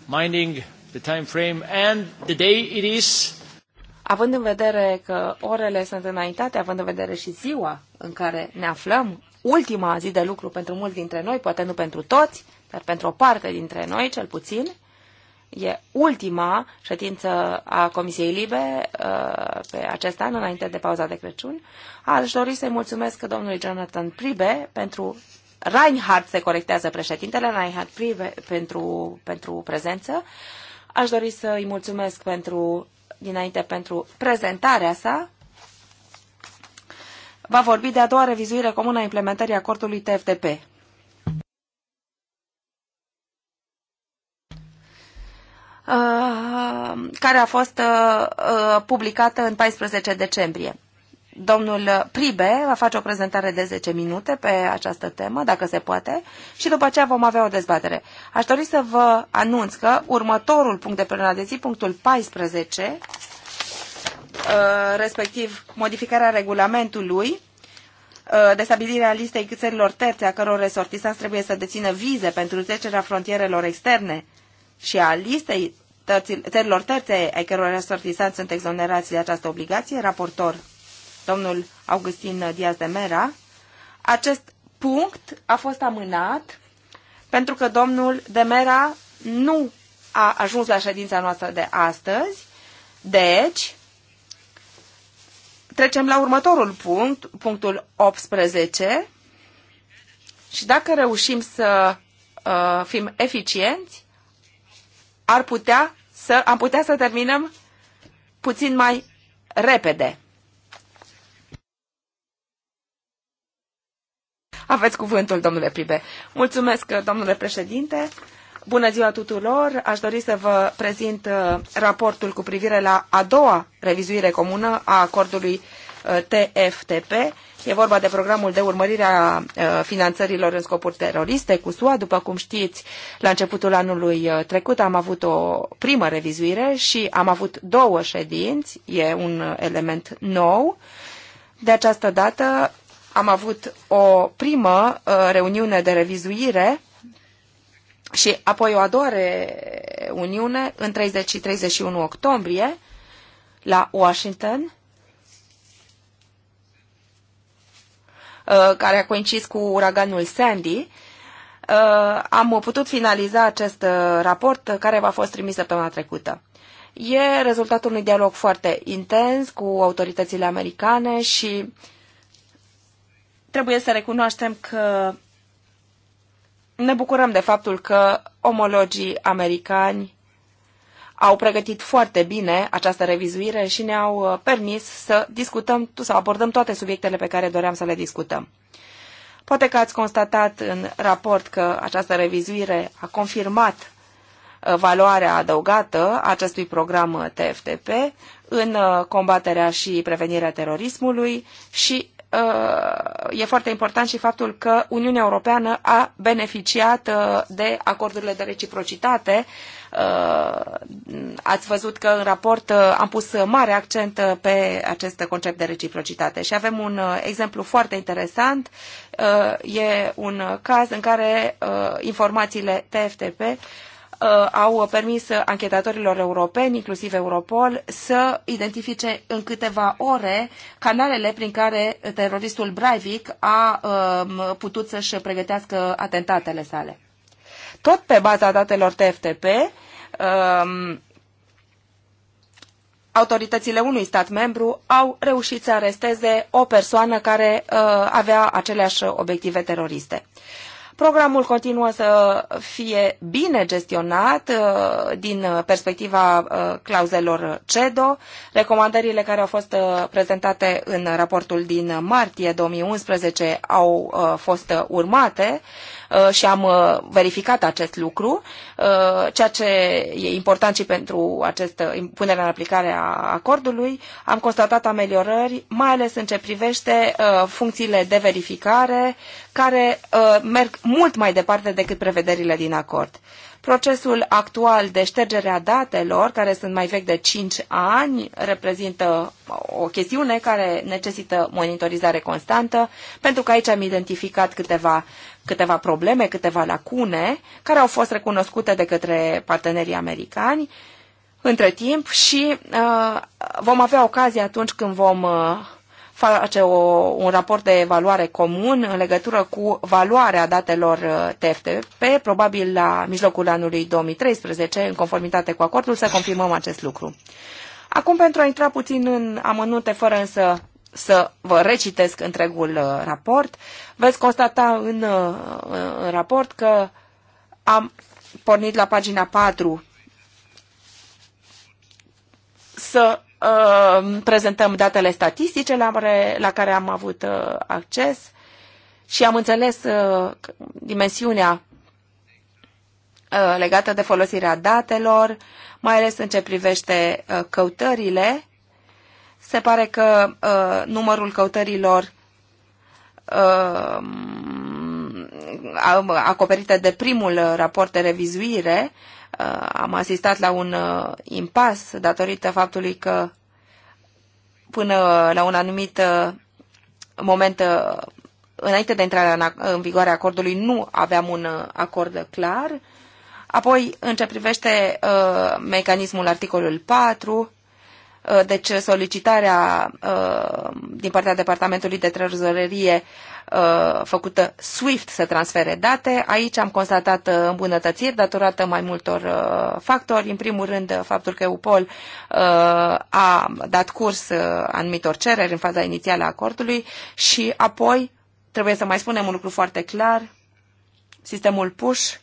Speaker 1: minding the time frame and the day it is,
Speaker 2: având în vedere că orele sunt înaintate, având în vedere și ziua în care ne aflăm, ultima zi de lucru pentru mulți dintre noi, poate nu pentru toți, dar pentru o parte dintre noi, cel puțin, e ultima ședință a Comisiei Libe uh, pe acest an, înainte de pauza de Crăciun. Aș dori să-i mulțumesc domnului Jonathan Pribe pentru Reinhardt se corectează președintele, Reinhardt Pribe pentru, pentru prezență. Aș dori să i mulțumesc pentru dinainte pentru prezentarea sa, va vorbi de a doua revizuire comună a implementării acordului TFTP. Uh, care a fost uh, uh, publicată în 14 decembrie. Domnul Pribe va face o prezentare de 10 minute pe această temă, dacă se poate, și după aceea vom avea o dezbatere. Aș dori să vă anunț că următorul punct de pe de zi, punctul 14, uh, respectiv modificarea regulamentului uh, de stabilire a listei țărilor terțe a căror resortisanți trebuie să dețină vize pentru trecerea frontierelor externe și a listei țărilor terțe ai căror resortisanți sunt exonerați de această obligație, raportor domnul Augustin Diaz de Mera, acest punct a fost amânat pentru că domnul de Mera nu a ajuns la ședința noastră de astăzi, deci trecem la următorul punct, punctul 18, și dacă reușim să uh, fim eficienți, ar putea să, am putea să terminăm puțin mai repede. Aveți cuvântul, domnule Pribe. Mulțumesc, domnule președinte. Bună ziua tuturor! Aș dori să vă prezint uh, raportul cu privire la a doua revizuire comună a acordului uh, TFTP. E vorba de programul de urmărire a uh, finanțărilor în scopuri teroriste cu SUA. După cum știți, la începutul anului trecut am avut o primă revizuire și am avut două ședinți. E un element nou. De această dată am avut o primă uh, reuniune de revizuire și apoi o a doua reuniune în 30 și 31 octombrie la Washington, uh, care a coincis cu uraganul Sandy. Uh, am putut finaliza acest raport care v-a fost trimis săptămâna trecută. E rezultatul unui dialog foarte intens cu autoritățile americane și trebuie să recunoaștem că ne bucurăm de faptul că omologii americani au pregătit foarte bine această revizuire și ne-au uh, permis să discutăm, să abordăm toate subiectele pe care doream să le discutăm. Poate că ați constatat în raport că această revizuire a confirmat uh, valoarea adăugată a acestui program uh, TFTP în combaterea și prevenirea terorismului și Uh, e foarte important și faptul că Uniunea Europeană a beneficiat uh, de acordurile de reciprocitate. Uh, ați văzut că în raport am pus mare accent pe acest concept de reciprocitate și avem un exemplu foarte interesant. E un caz în care informațiile TFTP Uh, au permis anchetatorilor europeni, inclusiv Europol, să identifice în câteva ore canalele prin care teroristul Breivik a um, putut să-și pregătească atentatele sale. Tot pe baza datelor TFTP, um, autoritățile unui stat membru au reușit să aresteze o persoană care uh, avea aceleași obiective teroriste. Programul continuă să fie bine gestionat uh, din perspectiva uh, clauzelor CEDO. Recomandările care au fost uh, prezentate în raportul din martie 2011 au fost urmate Uh, și am uh, verificat acest lucru, uh, ceea ce e important și pentru acest, punerea în aplicare a acordului. Am constatat ameliorări, mai ales în ce privește funcțiile de verificare, care merg mult mai departe decât prevederile din acord. Procesul actual de ștergere a datelor, care sunt mai vechi de 5 ani, reprezintă o chestiune care necesită monitorizare constantă, pentru că aici am identificat câteva, câteva probleme, câteva lacune, care au fost recunoscute de către partenerii americani între timp și uh, vom avea ocazie atunci când vom uh, face o, un raport de evaluare comun în legătură cu valoarea datelor uh, TFTP, probabil la mijlocul anului 2013, în conformitate cu acordul, să confirmăm acest lucru. Acum, pentru a intra puțin în amănunte, fără însă să vă recitesc întregul uh, raport, veți constata în, uh, în raport că am pornit la pagina 4 să Uh, prezentăm datele statistice la, la care am avut uh, acces și am înțeles uh, dimensiunea uh, legată de folosirea datelor, mai ales în ce privește uh, căutările. Se pare că uh, numărul căutărilor uh, acoperite de primul raport de revizuire uh, Uh, am asistat la un uh, impas datorită faptului că până la un anumit uh, moment înainte de intrarea în vigoare a acordului nu aveam un acord clar. Apoi, în ce privește mecanismul articolul 4, Uh, deci solicitarea uh, din partea Departamentului de Trezorerie uh, făcută SWIFT să transfere date. Aici am constatat îmbunătățiri datorată mai multor factori. În primul rând, faptul că UPOL a dat curs anumitor cereri în faza inițială a acordului și apoi, trebuie să mai spunem un lucru foarte clar, sistemul PUSH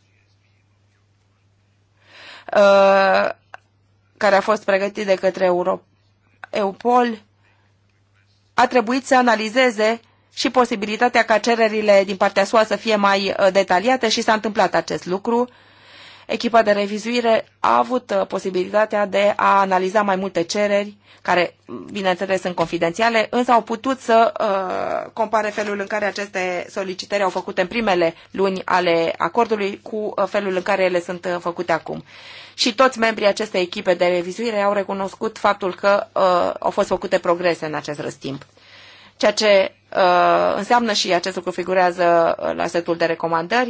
Speaker 2: care a fost pregătit de către Europa EUPOL a trebuit să analizeze și posibilitatea ca cererile din partea SUA să fie mai uh, detaliate și s-a întâmplat acest lucru. Echipa de revizuire a avut uh, posibilitatea de a analiza mai multe cereri, care, bineînțeles, sunt confidențiale, însă au putut să uh, compare felul în care aceste solicitări au făcut în primele luni ale acordului cu uh, felul în care ele sunt făcute acum și toți membrii acestei echipe de revizuire au recunoscut faptul că uh, au fost făcute progrese în acest răstimp. Ceea ce uh, înseamnă și acest lucru figurează uh, la setul de recomandări,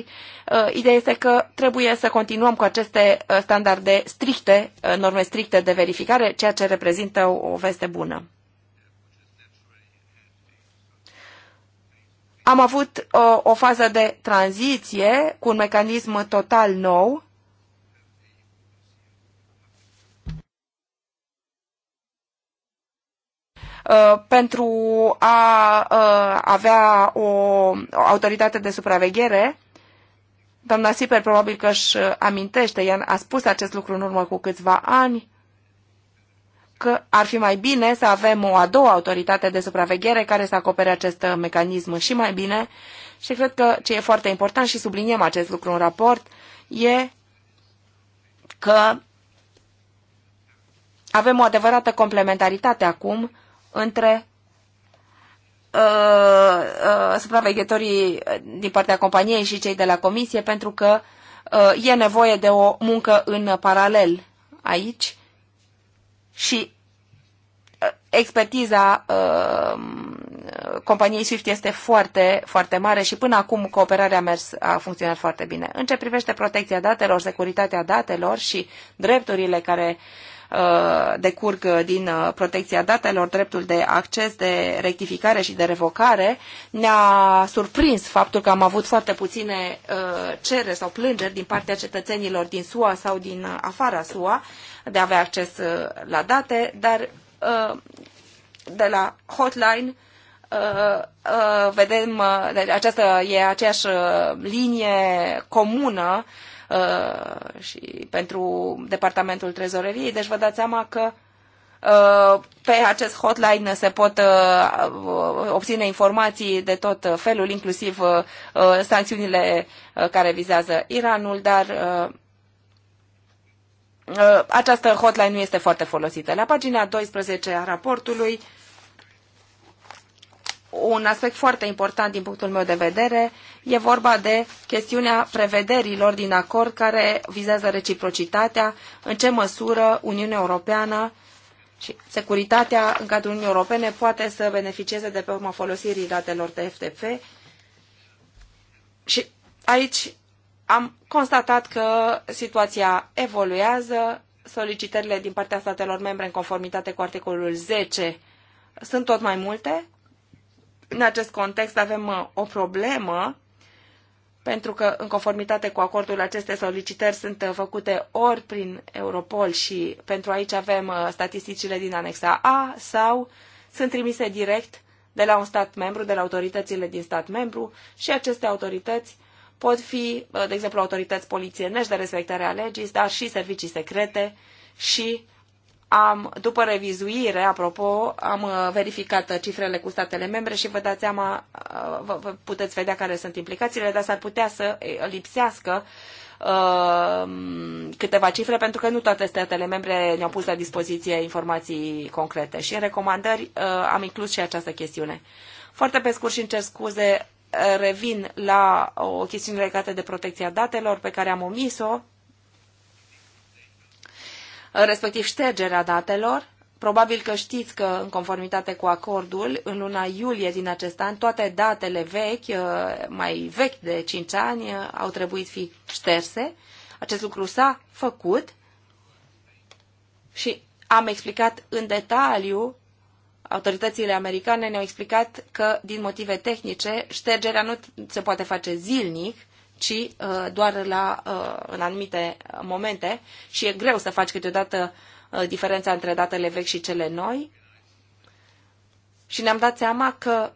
Speaker 2: uh, ideea este că trebuie să continuăm cu aceste uh, standarde stricte, uh, norme stricte de verificare, ceea ce reprezintă o, o veste bună. Am avut uh, o fază de tranziție cu un mecanism total nou Uh, pentru a uh, avea o autoritate de supraveghere. Doamna Siper probabil că își amintește, ea a spus acest lucru în urmă cu câțiva ani, că ar fi mai bine să avem o a doua autoritate de supraveghere care să acopere acest uh, mecanism și mai bine. Și cred că ce e foarte important și subliniem acest lucru în raport e că avem o adevărată complementaritate acum între uh, uh, supraveghetorii din partea companiei și cei de la comisie, pentru că uh, e nevoie de o muncă în paralel aici și uh, expertiza uh, companiei Swift este foarte, foarte mare și până acum cooperarea a, mers, a funcționat foarte bine. În ce privește protecția datelor, securitatea datelor și drepturile care uh, Uh, decurg uh, din uh, protecția datelor, dreptul de acces, de rectificare și de revocare, ne-a surprins faptul că am avut foarte puține cere sau plângeri din partea cetățenilor din SUA sau din afara SUA de a avea acces la date, dar de la hotline vedem, această, aceasta e aceeași linie comună Uh, și pentru Departamentul Trezoreriei, deci vă dați seama că uh, pe acest hotline se pot uh, obține informații de tot felul, inclusiv sancțiunile care vizează Iranul, dar această hotline nu este foarte folosită. La pagina 12 a raportului un aspect foarte important din punctul meu de vedere. E vorba de chestiunea prevederilor din acord care vizează reciprocitatea, în ce măsură Uniunea Europeană și securitatea în cadrul Uniunii Europene poate să beneficieze de pe urma folosirii datelor de FTP. Și aici am constatat că situația evoluează, solicitările din partea statelor membre în conformitate cu articolul 10 sunt tot mai multe, în acest context avem uh, o problemă pentru că, în conformitate cu acordul, aceste solicitări sunt uh, făcute ori prin Europol și pentru aici avem uh, statisticile din anexa A sau sunt trimise direct de la un stat membru, de la autoritățile din stat membru și aceste autorități pot fi, de exemplu, autorități polițienești de respectare a legii, dar și servicii secrete și am, după revizuire, apropo, am uh, verificat uh, cifrele cu statele membre și vă dați seama, uh, vă puteți vedea care sunt implicațiile, dar s-ar putea să lipsească câteva cifre, pentru că nu toate statele membre ne-au pus la dispoziție informații concrete. Și în recomandări am inclus și această chestiune. Foarte pe scurt și încerc scuze, revin la o chestiune legată de protecția datelor pe care am omis-o respectiv ștergerea datelor. Probabil că știți că, în conformitate cu acordul, în luna iulie din acest an, toate datele vechi, uh, mai vechi de 5 ani, uh, au trebuit fi șterse. Acest lucru s-a făcut și am explicat în detaliu, autoritățile americane ne-au explicat că, din motive tehnice, ștergerea nu se poate face zilnic, ci uh, doar la, uh, în anumite uh, momente și e greu să faci câteodată uh, diferența între datele vechi și cele noi. Și ne-am dat seama că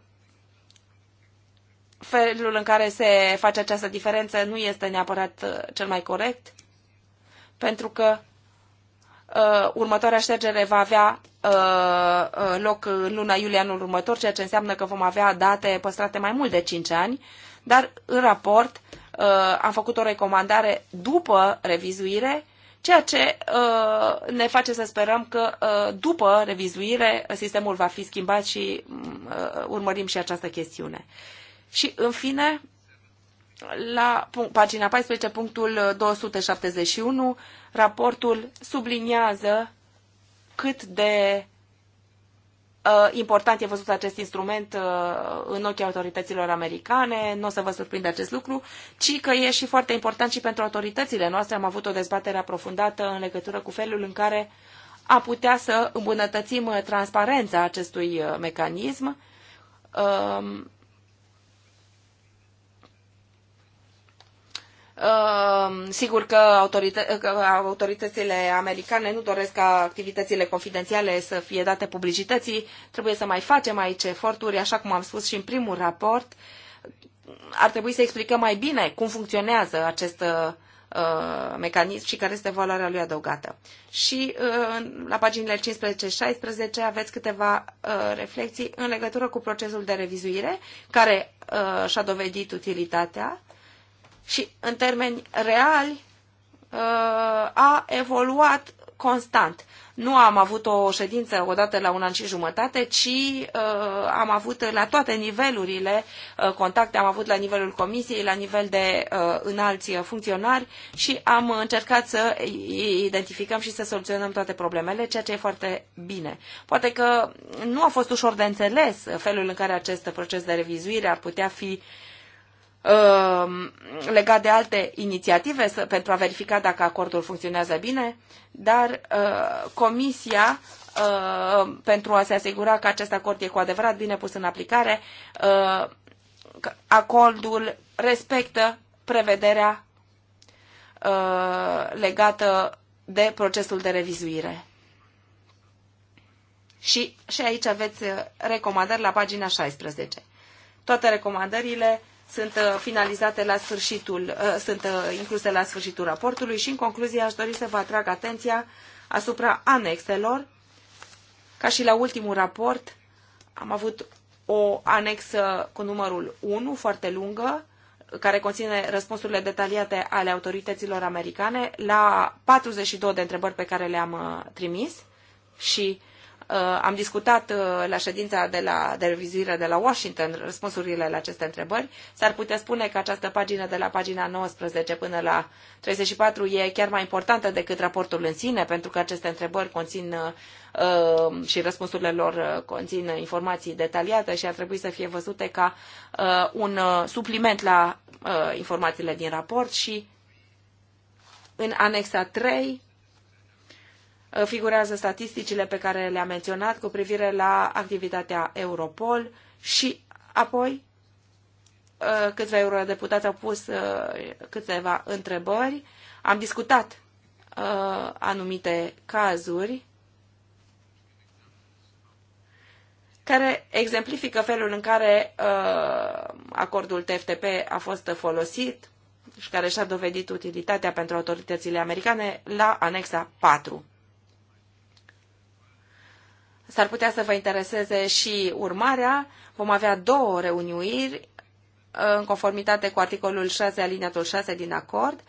Speaker 2: felul în care se face această diferență nu este neapărat uh, cel mai corect, pentru că uh, următoarea ștergere va avea uh, uh, loc în luna iulie anul următor, ceea ce înseamnă că vom avea date păstrate mai mult de 5 ani, dar în raport am făcut o recomandare după revizuire, ceea ce uh, ne face să sperăm că uh, după revizuire sistemul va fi schimbat și uh, urmărim și această chestiune. Și, în fine, la pagina 14, punctul 271, raportul subliniază cât de Uh, important e văzut acest instrument uh, în ochii autorităților americane, nu o să vă surprinde acest lucru, ci că e și foarte important și pentru autoritățile noastre. Am avut o dezbatere aprofundată în legătură cu felul în care a putea să îmbunătățim uh, transparența acestui mecanism. Ehm, sigur că, autorită- că autoritățile americane nu doresc ca activitățile confidențiale să fie date publicității. Trebuie să mai facem aici eforturi, așa cum am spus și în primul raport. Ar trebui să explicăm mai bine cum funcționează acest uh, uh mecanism și care este valoarea lui adăugată. Și uh, la paginile 15-16 aveți câteva uh, reflexii în legătură cu procesul de revizuire care uh, și-a dovedit utilitatea și în termeni reali uh, a evoluat constant. Nu am avut o ședință odată la un an și jumătate, ci uh, am avut la toate nivelurile uh, contacte, am avut la nivelul comisiei, la nivel de uh, înalți funcționari și am încercat să identificăm și să soluționăm toate problemele, ceea ce e foarte bine. Poate că nu a fost ușor de înțeles felul în care acest proces de revizuire ar putea fi uh, Um, legat de alte inițiative pentru a verifica dacă acordul funcționează bine, dar uh, Comisia uh, pentru a se asigura că acest acord e cu adevărat bine pus în aplicare, uh, acordul respectă prevederea legată de procesul de revizuire. Și, și aici aveți recomandări la pagina 16. Toate recomandările uh, sunt uh, finalizate la sfârșitul, uh, sunt uh, incluse la sfârșitul raportului și în concluzie aș dori să vă atrag atenția asupra anexelor. Ca și la ultimul raport, am avut o anexă cu numărul 1 foarte lungă, care conține răspunsurile detaliate ale autorităților americane la 42 de întrebări pe care le-am trimis și uh, Uh, am discutat uh, la ședința de, la, de revizuire de la Washington răspunsurile la aceste întrebări. S-ar putea spune că această pagină de la pagina 19 până la 34 e chiar mai importantă decât raportul în sine, pentru că aceste întrebări conțin uh, și răspunsurile lor conțin informații detaliate și ar trebui să fie văzute ca un supliment la informațiile din raport și în anexa 3 Uh, figurează statisticile pe care le-am menționat cu privire la activitatea Europol și apoi uh, câțiva eurodeputați au pus uh, câteva întrebări. Am discutat anumite cazuri care exemplifică felul în care acordul TFTP a fost folosit și care și-a dovedit utilitatea pentru autoritățile americane la anexa 4. S-ar putea să vă intereseze și urmarea. Vom avea două reuniuni uh, în conformitate cu articolul 6 aliniatul 6 din acord.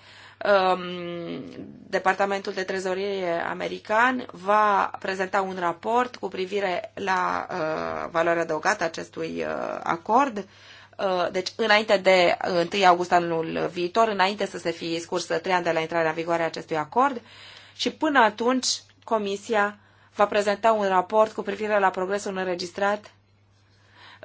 Speaker 2: Um, Departamentul de Trezorie american va prezenta un raport cu privire la uh, valoarea adăugată acestui uh, acord. Deci, înainte de 1 august anul viitor, înainte să se fi scurs trei ani de la intrarea în vigoare a acestui acord și până atunci Comisia va prezenta un raport cu privire la progresul înregistrat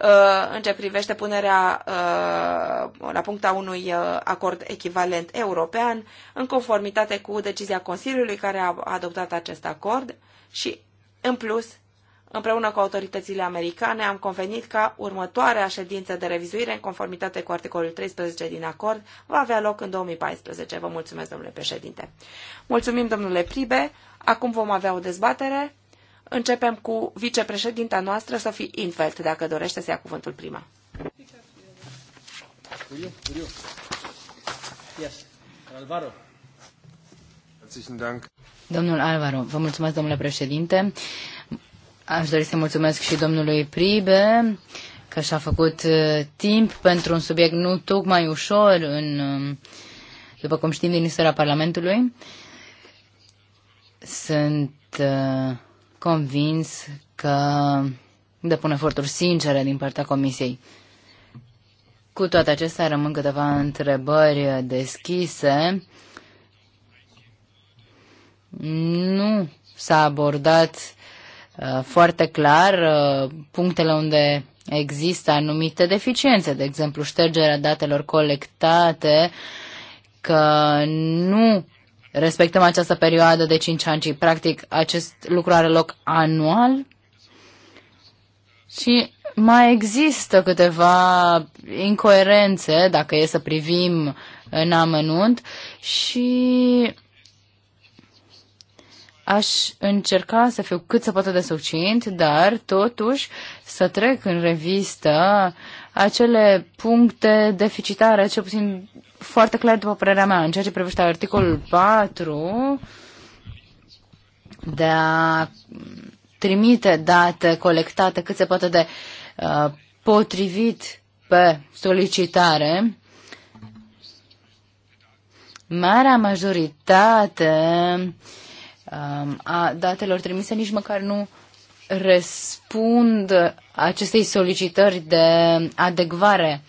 Speaker 2: uh, în ce privește punerea uh, la punct a unui uh, acord echivalent european în conformitate cu decizia Consiliului care a adoptat acest acord și, în plus, împreună cu autoritățile americane am convenit ca următoarea ședință de revizuire în conformitate cu articolul 13 din acord va avea loc în 2014. Vă mulțumesc, domnule președinte. Mulțumim, domnule Pribe. Acum vom avea o dezbatere Începem cu vicepreședinta noastră, Sophie Infeld, dacă dorește să ia cuvântul prima.
Speaker 3: Domnul Alvaro, vă mulțumesc, domnule președinte. Aș dori să mulțumesc și domnului Pribe că și-a făcut uh, timp pentru un subiect nu tocmai ușor, în, um, după cum știm din istoria Parlamentului. Sunt uh, convins că depun eforturi sincere din partea Comisiei. Cu toate acestea, rămân câteva întrebări deschise. Nu s-a abordat uh, foarte clar uh, punctele unde există anumite deficiențe, de exemplu ștergerea datelor colectate, că nu respectăm această perioadă de 5 ani, ci practic acest lucru are loc anual. Și mai există câteva incoerențe, dacă e să privim în amănunt, și aș încerca să fiu cât se poate de succint, dar totuși să trec în revistă acele puncte deficitare, cel puțin foarte clar, după părerea mea, în ceea ce privește articolul 4, de a trimite date colectate cât se poate de uh, potrivit pe solicitare, marea majoritate uh, a datelor trimise nici măcar nu răspund acestei solicitări de adecvare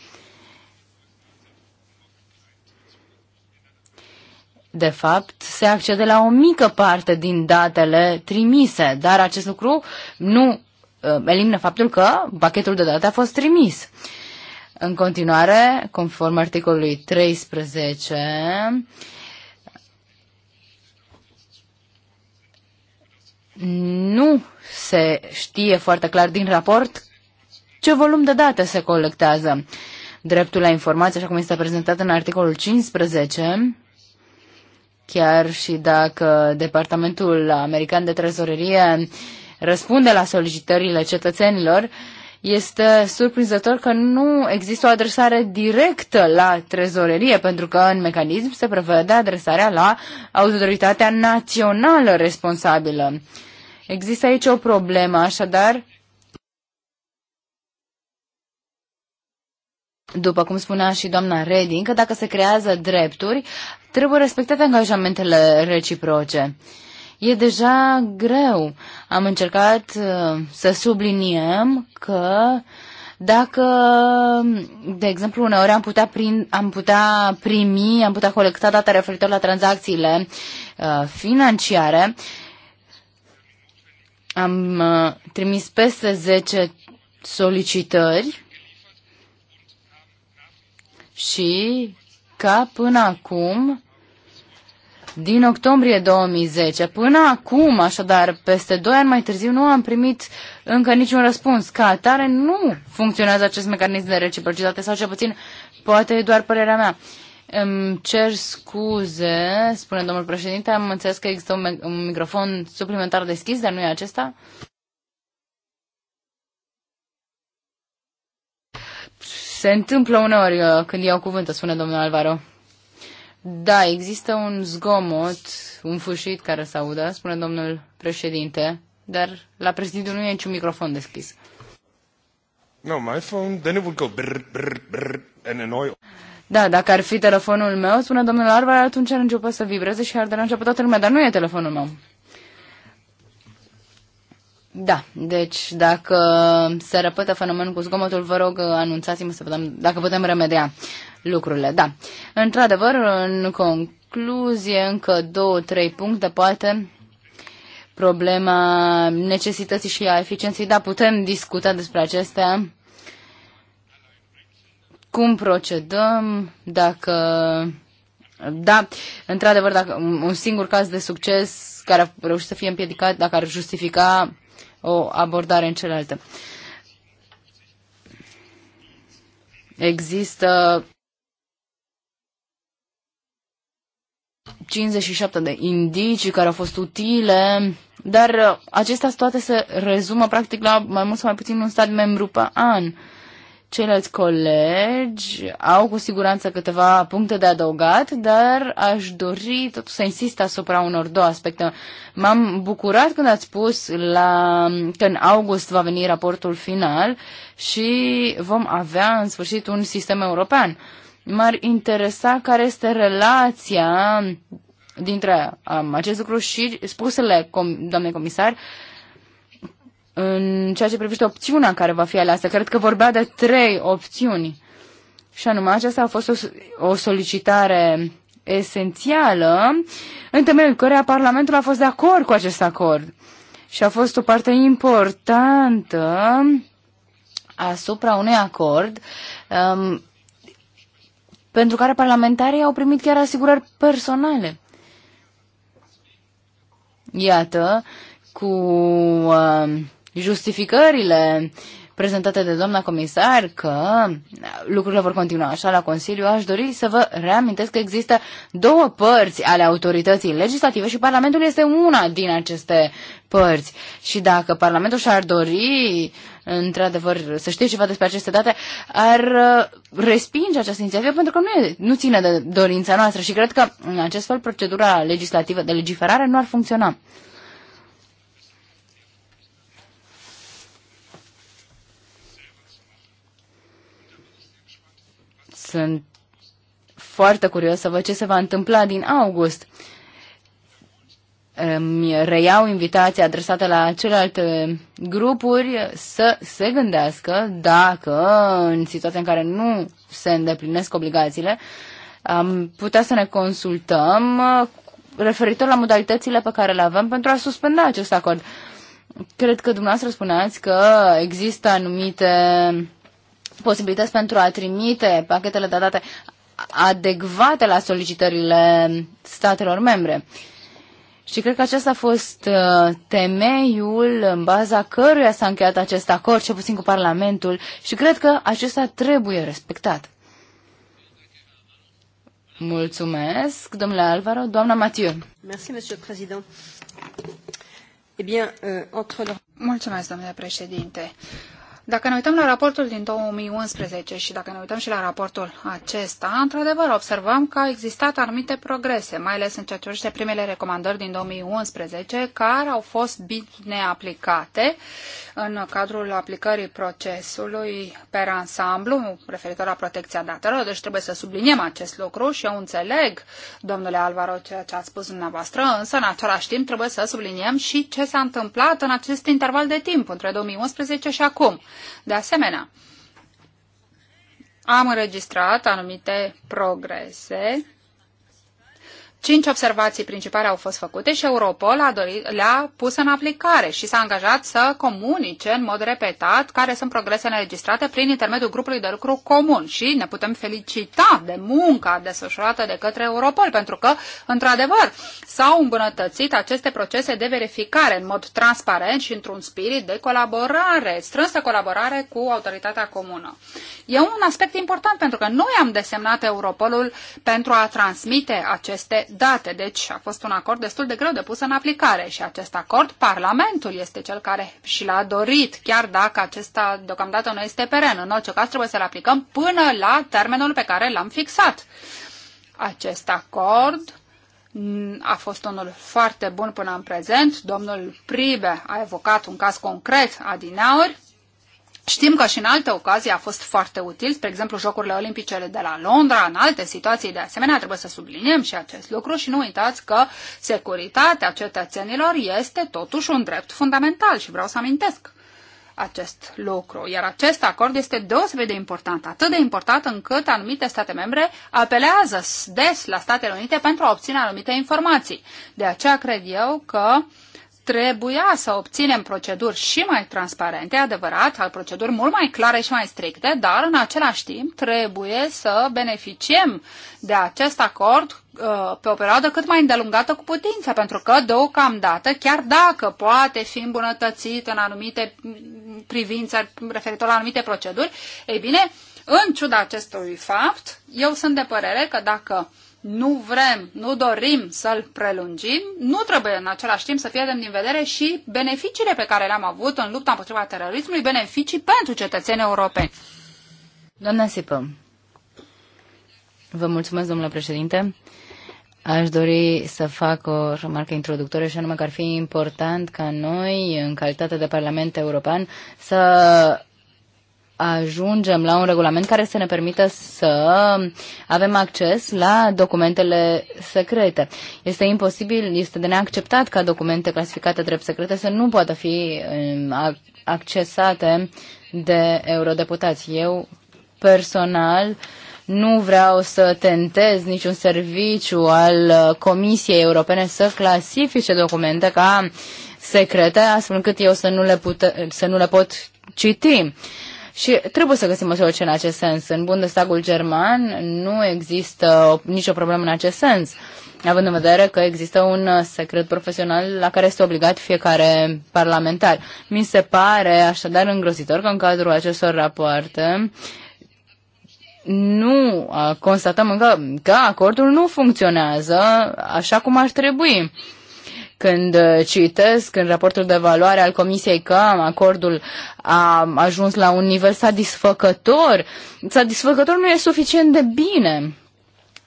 Speaker 3: de fapt, se accede la o mică parte din datele trimise, dar acest lucru nu uh, elimină faptul că pachetul de date a fost trimis. În continuare, conform articolului 13, nu se știe foarte clar din raport ce volum de date se colectează. Dreptul la informație, așa cum este prezentat în articolul 15, Chiar și dacă Departamentul American de Trezorerie răspunde la solicitările cetățenilor, este surprinzător că nu există o adresare directă la trezorerie, pentru că în mecanism se prevede adresarea la autoritatea națională responsabilă. Există aici o problemă, așadar, după cum spunea și doamna Reding, că dacă se creează drepturi, trebuie respectate angajamentele reciproce. E deja greu. Am încercat uh, să subliniem că dacă, de exemplu, uneori am putea, prin, am putea primi, am putea colecta date referitor la tranzacțiile uh, financiare, am uh, trimis peste 10 solicitări și ca până acum, din octombrie 2010, până acum, așadar, peste doi ani mai târziu, nu am primit încă niciun răspuns. Ca atare nu funcționează acest mecanism de reciprocitate sau cel puțin poate e doar părerea mea. Îmi cer scuze, spune domnul președinte, am înțeles că există un, un microfon suplimentar deschis, dar nu e acesta. Se întâmplă uneori uh, când iau cuvântul, spune domnul Alvaro. Da, există un zgomot, un fâșit care se audă, spune domnul președinte, dar la prezidiu nu e niciun microfon deschis. No, my phone, then it would go brr, brr, brr, and annoy. Da, dacă ar fi telefonul meu, spune domnul Alvaro, atunci ar începe să vibreze și ar deranja pe toată lumea, dar nu e telefonul meu. Da, deci dacă se repetă fenomenul cu zgomotul, vă rog anunțați-mă să vedem dacă putem remedia lucrurile. Da, într-adevăr, în concluzie, încă două, trei puncte, poate problema necesității și a eficienței. Da, putem discuta despre acestea. Cum procedăm, dacă da, într-adevăr, dacă un singur caz de succes care a reușit să fie împiedicat, dacă ar justifica o abordare în cealaltă. Există 57 de indicii care au fost utile, dar acestea toate se rezumă practic la mai mult sau mai puțin un stat membru pe an. Uh, Ceilalți colegi au cu siguranță câteva puncte de adăugat, dar aș dori tot să insist asupra unor două aspecte. M-am bucurat când ați spus la, că în august va veni raportul final și vom avea în sfârșit un sistem european. M-ar interesa care este relația dintre um, acest lucru și spusele com- comisar uh, în ceea ce privește opțiunea care va fi aleasă. Cred că vorbea de trei opțiuni. Și anume, aceasta a fost o, o solicitare esențială, în temelul căreia Parlamentul a fost de acord cu acest acord. Și a fost o parte importantă asupra unui acord um, pentru care parlamentarii au primit chiar asigurări personale. Iată, cu Um, justificările prezentate de doamna comisar că lucrurile vor continua așa la Consiliu, aș dori să vă reamintesc că există două părți ale autorității legislative și Parlamentul este una din aceste părți. Și dacă Parlamentul și-ar dori, într-adevăr, să știe ceva despre aceste date, ar uh, respinge această inițiativă pentru că nu, e, nu ține de dorința noastră și cred că în acest fel procedura legislativă de legiferare nu ar funcționa. Sunt foarte curios să văd ce se va întâmpla din august. Îmi reiau invitația adresată la celelalte grupuri să se gândească dacă, în situația în care nu se îndeplinesc obligațiile, am putea să ne consultăm referitor la modalitățile pe care le avem pentru a suspenda acest acord. Cred că dumneavoastră spuneați că există anumite posibilități pentru a trimite pachetele de date adecvate la solicitările statelor membre. Și cred că acesta a fost uh, temeiul în baza căruia s-a încheiat acest acord, cel puțin cu Parlamentul, și cred că acesta trebuie respectat. Mulțumesc, domnule Alvaro. Doamna Mathieu.
Speaker 1: Merci, monsieur président. Eh bien, euh, entre... Mulțumesc, domnule președinte. Dacă ne uităm la raportul din 2011 și dacă ne uităm și la raportul acesta, într-adevăr observăm că au existat anumite progrese, mai ales în ceea ce privește primele recomandări din 2011, care au fost bine aplicate în cadrul aplicării procesului per ansamblu, referitor la protecția datelor, deci trebuie să subliniem acest lucru și eu înțeleg, domnule Alvaro, ceea ce ați spus dumneavoastră, însă în același timp trebuie să subliniem și ce s-a întâmplat în acest interval de timp, între 2011 și acum. De asemenea, am înregistrat anumite progrese Cinci observații principale au fost făcute și Europol le-a pus în aplicare și s-a angajat să comunice în mod repetat care sunt progresele înregistrate prin intermediul grupului de lucru comun și ne putem felicita de munca desfășurată de către Europol pentru că, într-adevăr, s-au îmbunătățit aceste procese de verificare în mod transparent și într-un spirit de colaborare, strânsă colaborare cu autoritatea comună. E un aspect important pentru că noi am desemnat Europolul pentru a transmite aceste date, deci a fost un acord destul de greu de pus în aplicare și acest acord, Parlamentul este cel care și l-a dorit, chiar dacă acesta deocamdată nu este peren. În orice caz trebuie să-l aplicăm până la termenul pe care l-am fixat. Acest acord a fost unul foarte bun până în prezent. Domnul Pribe a evocat un caz concret adineauri Știm că și în alte ocazii a fost foarte util, spre exemplu Jocurile Olimpice de la Londra, în alte situații de asemenea, trebuie să subliniem și acest lucru și nu uitați că securitatea cetățenilor este totuși un drept fundamental și vreau să amintesc acest lucru. Iar acest acord este deosebit de important, atât de important încât anumite state membre apelează des la Statele Unite pentru a obține anumite informații. De aceea cred eu că uh, trebuia să obținem proceduri și mai transparente, adevărat, al proceduri mult mai clare și mai stricte, dar în același timp trebuie să beneficiem de acest acord uh, pe o perioadă cât mai îndelungată cu putință, pentru că deocamdată, chiar dacă poate fi îmbunătățit în anumite privințe referitor la anumite proceduri, ei bine, în ciuda acestui fapt, eu sunt de părere că dacă uh, nu vrem, nu dorim să-l prelungim, nu trebuie în același timp să pierdem din vedere și beneficiile pe care le-am avut în lupta împotriva terorismului, beneficii pentru cetățenii europeni.
Speaker 3: Doamna Sipă, vă mulțumesc, domnule președinte. Aș dori să fac o remarcă introductoră și anume că ar fi important ca noi, în calitate de Parlament European, să ajungem la un regulament care să ne permită să avem acces la documentele secrete. Este imposibil, este de neacceptat ca documente clasificate drept secrete să nu poată fi um, accesate de eurodeputați. Eu personal nu vreau să tentez niciun serviciu al uh, Comisiei Europene să clasifice documente ca secrete, astfel încât eu să nu le, pute- să nu le pot citi. Uh, și trebuie să găsim o soluție în acest sens. În Bundestagul german nu există nicio problemă în acest sens, având în vedere că există un secret profesional la care este obligat fiecare parlamentar. Mi se pare așadar îngrozitor că în cadrul acestor rapoarte nu constatăm încă că acordul nu funcționează așa cum ar trebui. Când uh, citesc în raportul de valoare al Comisiei că acordul a ajuns la un nivel satisfăcător, satisfăcător nu e suficient de bine.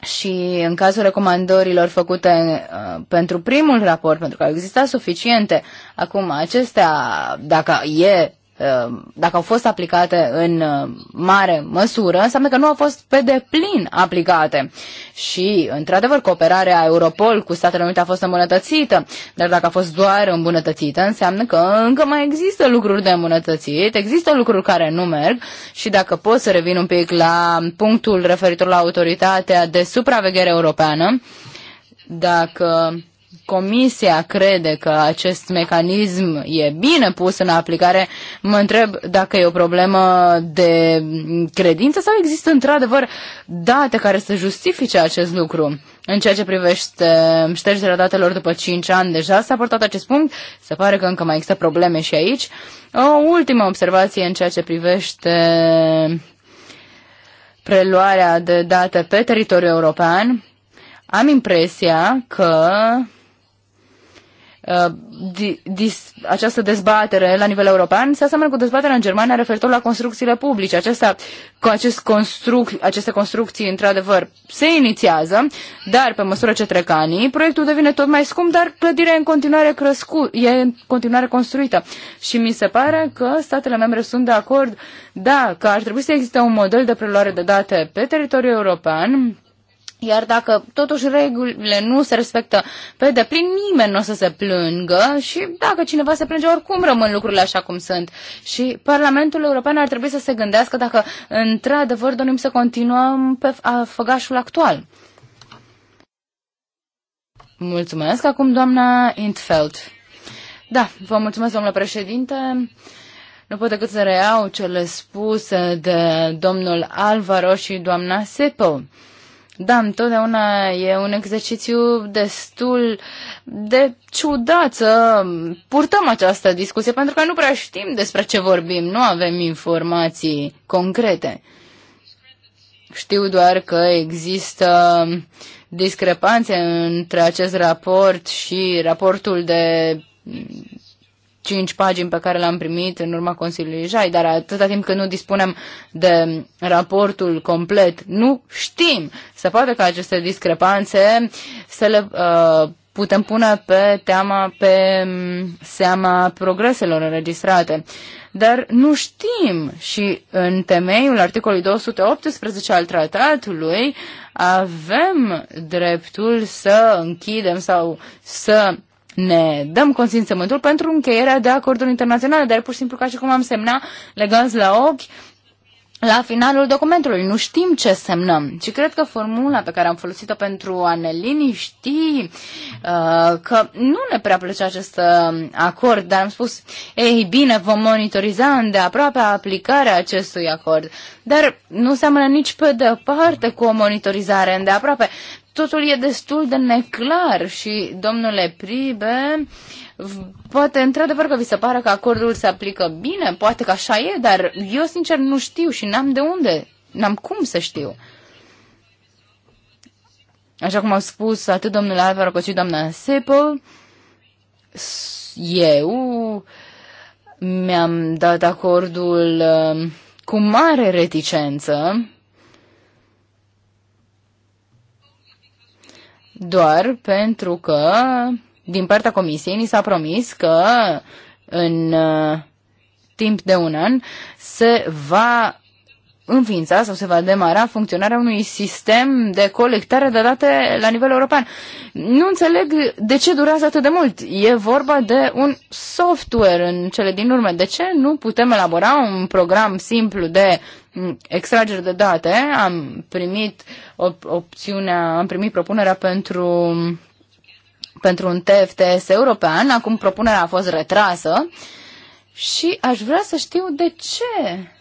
Speaker 3: Și în cazul recomandărilor făcute uh, pentru primul raport, pentru că au existat suficiente, acum acestea, dacă e Ehm, dacă au fost aplicate în ehm, mare măsură, înseamnă că nu au fost pe deplin aplicate. Și, într-adevăr, cooperarea Europol cu Statele Unite a fost îmbunătățită, dar dacă a fost doar îmbunătățită, înseamnă că încă mai există lucruri de îmbunătățit, există lucruri care nu merg și dacă pot să revin un pic la punctul referitor la autoritatea de supraveghere europeană, dacă Comisia crede că acest mecanism e bine pus în aplicare, mă întreb dacă e o problemă de credință sau există într-adevăr date care să justifice acest lucru. În ceea ce privește ștergerea datelor după 5 ani, deja s-a portat acest punct, se pare că încă mai există probleme și aici. O ultimă observație în ceea ce privește preluarea de date pe teritoriul european. Am impresia că Uh, di, dis, această dezbatere la nivel european se aseamănă cu dezbaterea în Germania referitor la construcțiile publice. Acestea, cu acest construc, aceste construcții, într-adevăr, se inițiază, dar pe măsură ce trec anii, proiectul devine tot mai scump, dar clădirea în continuare, crescu, e în continuare construită. Și mi se pare că statele membre sunt de acord, da, că ar trebui să existe un model de preluare de date pe teritoriul european, iar dacă totuși regulile nu se respectă pe deplin, nimeni nu o să se plângă și dacă cineva se plânge, oricum rămân lucrurile așa cum sunt. Și Parlamentul European ar trebui să se gândească dacă într-adevăr dorim să continuăm pe făgașul actual. Mulțumesc. Acum doamna Intfeld. Da, vă mulțumesc, domnule președinte. Nu pot decât să reiau cele spuse de domnul Alvaro și doamna Sepo. Da, întotdeauna e un exercițiu destul de ciudat să purtăm această discuție, pentru că nu prea știm despre ce vorbim, nu avem informații concrete. Știu doar că există discrepanțe între acest raport și raportul de cinci pagini pe care le-am primit în urma Consiliului Jai, dar atâta timp când nu dispunem de raportul complet, nu știm. Se poate că aceste discrepanțe să le uh, putem pune pe, teama, pe mm, seama progreselor înregistrate. Dar nu știm și în temeiul articolului 218 al tratatului avem dreptul să închidem sau să ne dăm consimțământul pentru încheierea de acorduri internaționale, dar pur și simplu ca și cum am semna legați la ochi la finalul documentului. Nu știm ce semnăm. Și cred că formula pe care am folosit-o pentru a ne liniști uh, că nu ne prea plăcea acest uh, acord, dar am spus, ei bine, vom monitoriza îndeaproape aplicarea acestui acord. Dar nu seamănă nici pe departe cu o monitorizare îndeaproape. Totul e destul de neclar și, domnule Pribe, uh, Poate într-adevăr că vi se pare că acordul se aplică bine, poate că așa e, dar eu sincer nu știu și n-am de unde, n-am cum să știu. Așa cum au spus atât domnul Alvaro cât și doamna Seppel, eu mi-am dat acordul um, cu mare reticență, doar pentru că din partea comisiei ni s-a promis că în uh, timp de un an se va înființa sau se va demara funcționarea unui sistem de colectare de date la nivel european. Nu înțeleg de ce durează atât de mult. E vorba de un software în cele din urmă. De ce nu putem elabora un program simplu de mm, extragere de date? Am primit op- opțiunea, am primit propunerea pentru pentru un TFTS european, acum propunerea a fost retrasă și aș vrea să știu de ce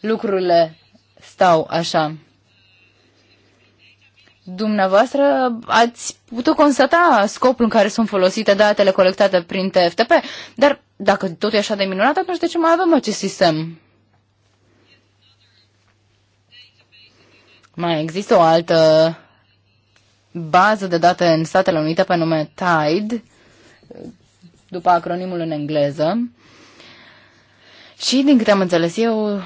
Speaker 3: lucrurile stau așa. Dumneavoastră ați putut constata scopul în care sunt folosite datele colectate prin TFTP, dar dacă tot e așa de minunat, atunci de ce mai avem acest sistem? Mai există o altă bază de date în Statele Unite pe nume TIDE, după acronimul în engleză. Și, din câte am înțeles eu,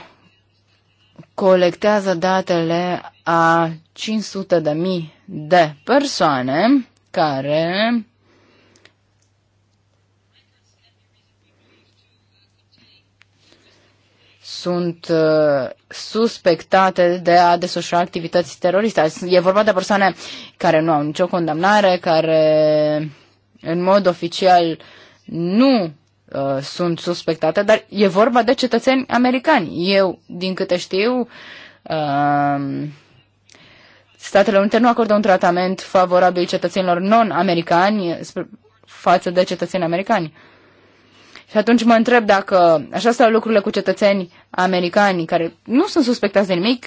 Speaker 3: colectează datele a 500.000 de persoane care sunt uh, suspectate de a desfășura activități teroriste. E vorba de persoane care nu au nicio condamnare, care în mod oficial nu uh, sunt suspectate, dar e vorba de cetățeni americani. Eu, din câte știu, uh, Statele Unite nu acordă un tratament favorabil cetățenilor non-americani față de cetățeni americani. Și atunci mă întreb dacă așa stau lucrurile cu cetățeni americanii, care nu sunt suspectați de nimic,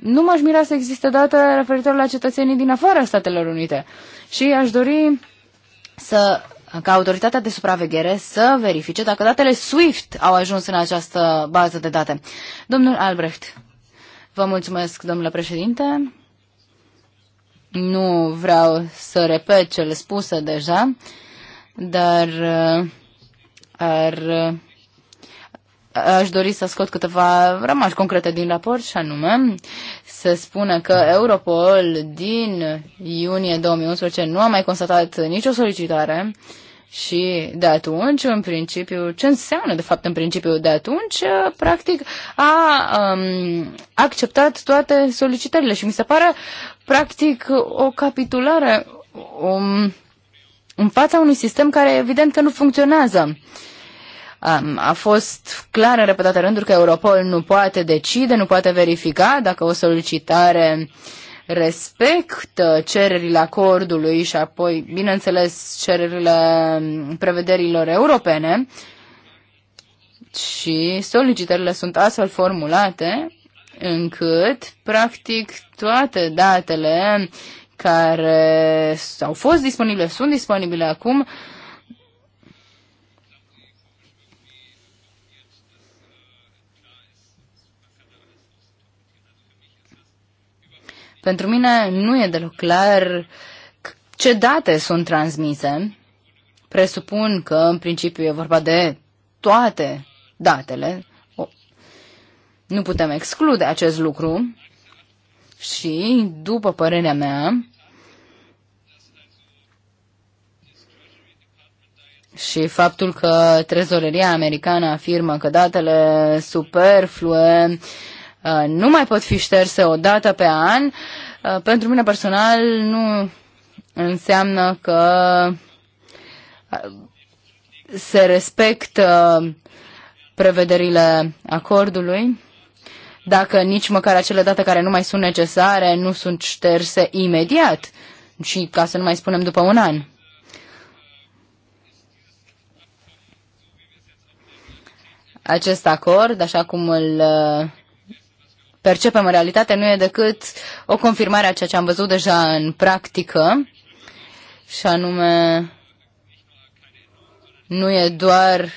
Speaker 3: nu m-aș mira să existe dată referitor la cetățenii din afara Statelor Unite. Și aș dori să ca autoritatea de supraveghere să verifice dacă datele SWIFT au ajuns în această bază de date. Domnul Albrecht, vă mulțumesc, domnule președinte. Nu vreau să repet cele spuse deja, dar uh, ar aș dori să scot câteva rămași concrete din raport și anume se spune că Europol din iunie 2011 nu a mai constatat nicio solicitare și de atunci, în principiu, ce înseamnă de fapt în principiu de atunci, practic a um, acceptat toate solicitările și mi se pare practic o capitulare um, în fața unui sistem care evident că nu funcționează. Uh, a fost clar în repetate rânduri că Europol nu poate decide, nu poate verifica dacă o solicitare respectă cererile acordului și apoi, bineînțeles, cererile mm, prevederilor europene și solicitările sunt astfel formulate încât, practic, toate datele care au fost disponibile, sunt disponibile acum, uh, Pentru mine nu e deloc clar ce date sunt transmise. Presupun că, în principiu, e vorba de toate datele. Nu putem exclude acest lucru și, după părerea mea, Și faptul că trezoreria americană afirmă că datele superflue Uh, nu mai pot fi șterse o dată pe an, uh, pentru mine personal nu înseamnă că uh, se respectă prevederile acordului dacă nici măcar acele date care nu mai sunt necesare nu sunt șterse imediat și ca să nu mai spunem după un an. Acest acord, așa cum îl percepem în realitate nu e decât o confirmare a ceea ce am văzut deja în practică, și anume nu e doar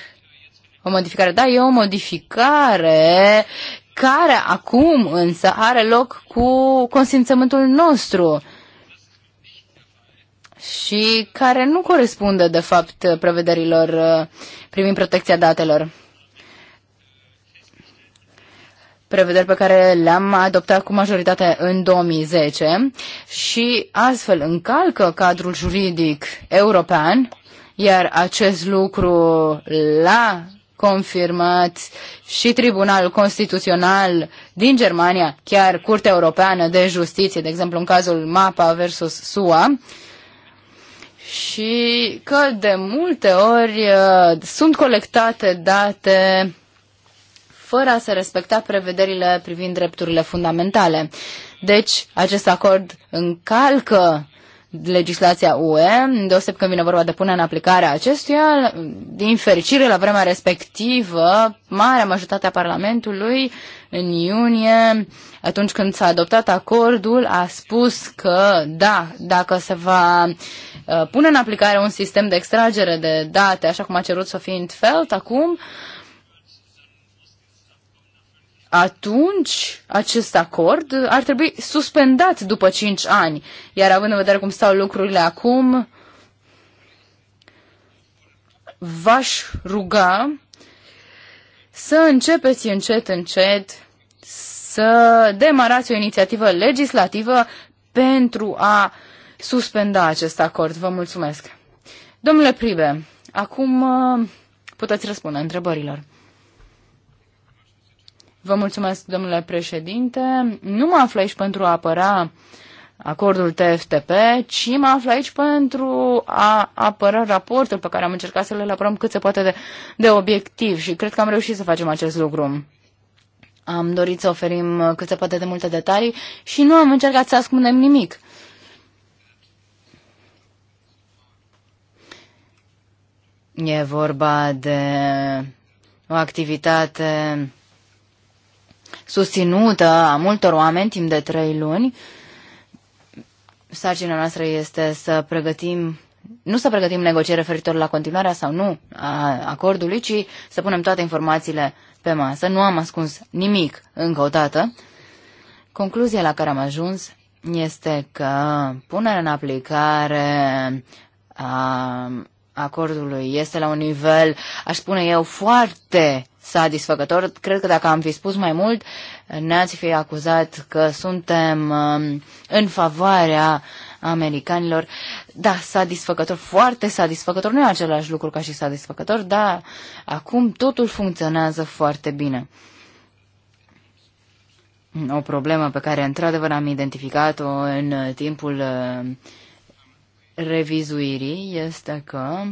Speaker 3: o modificare, da, e o modificare care acum însă are loc cu consimțământul nostru și care nu corespunde, de fapt, prevederilor uh, privind protecția datelor. prevederi pe care le-am adoptat cu majoritate în 2010 și astfel încalcă cadrul juridic european, iar acest lucru l-a confirmat și Tribunalul Constituțional din Germania, chiar Curtea Europeană de Justiție, de exemplu în cazul MAPA versus SUA, și că de multe ori uh, sunt colectate date fără a se respecta prevederile privind drepturile fundamentale. Deci, acest acord încalcă legislația UE, deoseb când vine vorba de punerea în aplicare a acestuia, din fericire, la vremea respectivă, marea majoritate a Parlamentului, în iunie, atunci când s-a adoptat acordul, a spus că, da, dacă se va uh, pune în aplicare un sistem de extragere de date, așa cum a cerut Sofie Intfeld acum, uh, atunci acest acord ar trebui suspendat după cinci ani. Iar având în vedere cum stau lucrurile acum, v-aș ruga să începeți încet, încet să demarați o inițiativă legislativă pentru a suspenda acest acord. Vă mulțumesc. Domnule Pribe, acum uh, puteți răspunde întrebărilor. Vă mulțumesc, domnule președinte. Nu mă aflu aici pentru a apăra acordul TFTP, ci mă aflu aici pentru a apăra raportul pe care am încercat să-l elaborăm cât se poate de, de obiectiv și cred că am reușit să facem acest lucru. Am dorit să oferim cât se poate de multe detalii și nu am încercat să ascundem nimic. E vorba de o activitate susținută a multor oameni timp de trei luni. Sarcina noastră este să pregătim nu să pregătim negocieri referitor la continuarea sau nu a acordului, ci să punem toate informațiile pe masă. Nu am ascuns nimic încă o dată. Concluzia la care am ajuns este că punerea în aplicare a acordului este la un nivel, aș spune eu, foarte satisfăcător. Cred că dacă am fi spus mai mult, ne-ați fi acuzat că suntem um, în favoarea americanilor. Da, satisfăcător, foarte satisfăcător, nu e același lucru ca și satisfăcător, dar acum totul funcționează foarte bine. O problemă pe care într-adevăr am identificat-o în timpul uh, revizuirii este că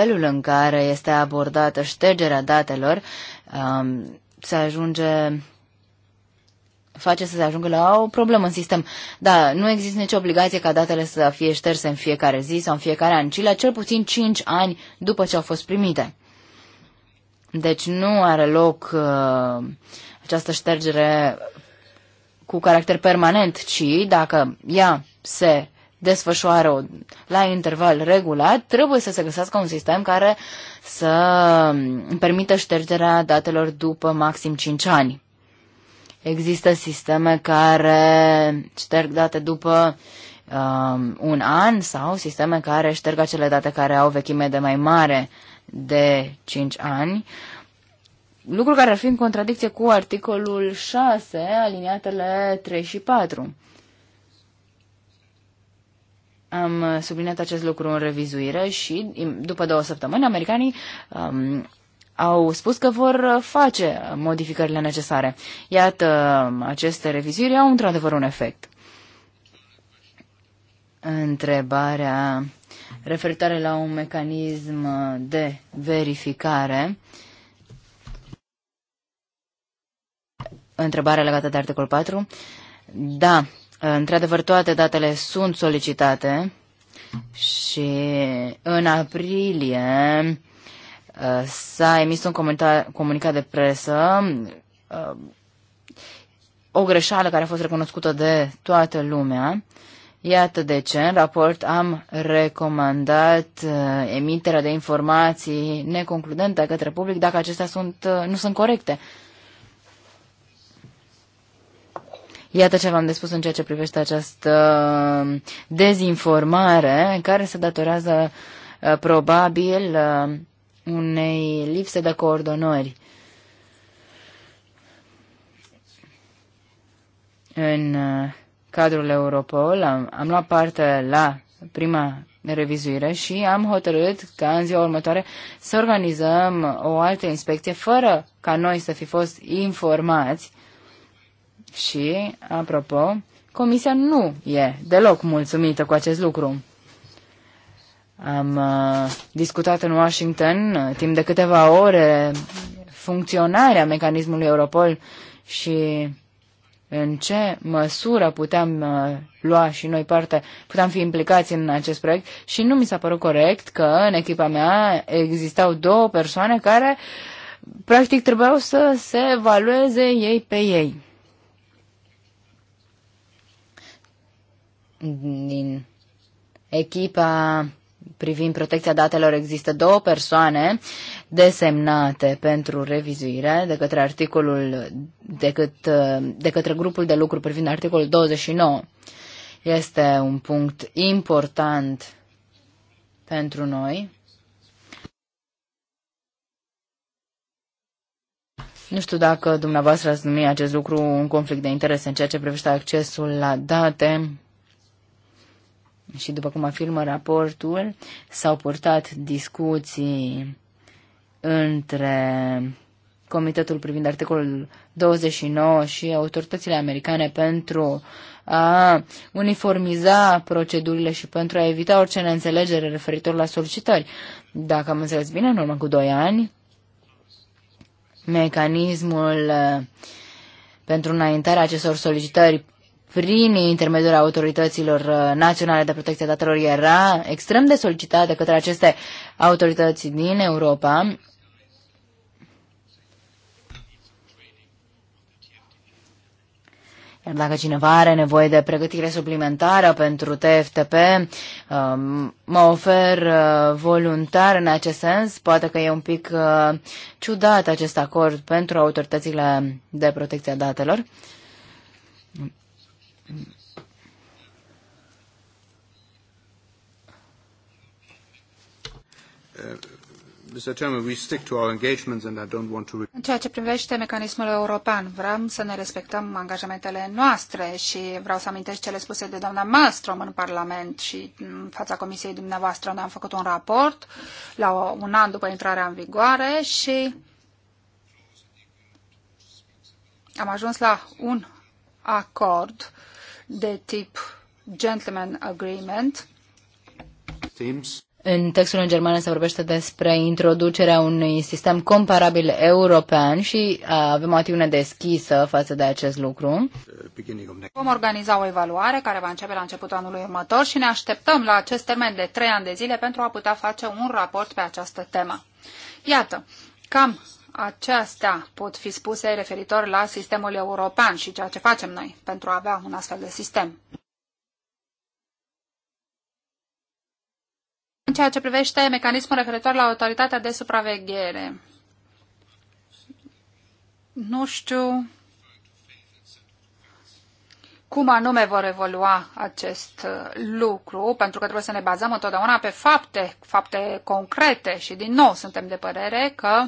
Speaker 3: felul în care este abordată ștergerea datelor um, se ajunge face să se ajungă la o problemă în sistem. Da, nu există nicio obligație ca datele să fie șterse în fiecare zi sau în fiecare an, ci la cel puțin 5 ani după ce au fost primite. Deci nu are loc uh, această ștergere cu caracter permanent, ci dacă ea se desfășoară la interval regulat, trebuie să se găsească un sistem care să permită ștergerea datelor după maxim 5 ani. Există sisteme care șterg date după um, un an sau sisteme care șterg acele date care au vechime de mai mare de 5 ani, lucru care ar fi în contradicție cu articolul 6, aliniatele 3 și 4. Am uh, subliniat acest lucru în revizuire și după două săptămâni americanii um, au spus că vor uh, face modificările necesare. Iată, um, aceste revizuiri au într-adevăr un efect. Întrebarea referitoare la un mecanism uh, de verificare. Întrebarea legată de articol 4. Da, Într-adevăr, toate datele sunt solicitate și în aprilie uh, s-a emis un comunicat de presă, uh, o greșeală care a fost recunoscută de toată lumea. Iată de ce, în raport am recomandat uh, emiterea de informații neconcludente către public dacă acestea sunt, nu sunt corecte. Iată ce v-am de spus în ceea ce privește această uh, dezinformare care se datorează uh, probabil uh, unei lipse de coordonări. În cadrul Europol am, am luat parte la prima revizuire și am hotărât ca în ziua următoare să organizăm o altă inspecție fără ca noi să fi fost informați și, apropo, Comisia nu e deloc mulțumită cu acest lucru. Am uh, discutat în Washington uh, timp de câteva ore funcționarea mecanismului Europol și în ce măsură puteam uh, lua și noi parte, puteam fi implicați în acest proiect și nu mi s-a părut corect că în echipa mea existau două persoane care practic trebuiau să se evalueze ei pe ei. din echipa privind protecția datelor există două persoane desemnate pentru revizuire de către articolul de, cât, de către grupul de lucru privind articolul 29. Este un punct important pentru noi. Nu știu dacă dumneavoastră ați numit acest lucru un conflict de interese în ceea ce privește accesul la date și după cum afirmă raportul, s-au purtat discuții între Comitetul privind articolul 29 și autoritățile americane pentru a uniformiza procedurile și pentru a evita orice neînțelegere referitor la solicitări. Dacă am înțeles bine, în urmă cu doi ani, mecanismul eh, pentru înaintarea acestor solicitări prin intermediul autorităților uh, naționale de protecție a datelor era extrem de solicitat de către aceste autorități din Europa. Iar dacă cineva are nevoie de pregătire suplimentară pentru TFTP, um, mă ofer uh, voluntar în acest sens. Poate că e un pic uh, ciudat acest acord pentru autoritățile de protecție a datelor. În ceea
Speaker 1: ce privește mecanismul european, vrem să ne respectăm angajamentele noastre și vreau să amintesc cele spuse de doamna Malmström în Parlament și în fața Comisiei dumneavoastră, unde am făcut un raport la un an după intrarea în vigoare și am ajuns la un acord de tip gentleman agreement.
Speaker 3: În textul în germană se vorbește despre introducerea unui sistem comparabil european și uh, avem o atitudine deschisă față de acest lucru.
Speaker 1: Vom organiza o evaluare care va începe la începutul anului următor și ne așteptăm la acest termen de trei ani de zile pentru a putea face un raport pe această temă. Iată, cam aceasta pot fi spuse referitor la sistemul european și ceea ce facem noi pentru a avea un astfel de sistem. În ceea ce privește mecanismul referitor la autoritatea de supraveghere, nu știu cum anume vor evolua acest uh, lucru, pentru că trebuie să ne bazăm întotdeauna pe fapte, fapte concrete și din nou suntem de părere că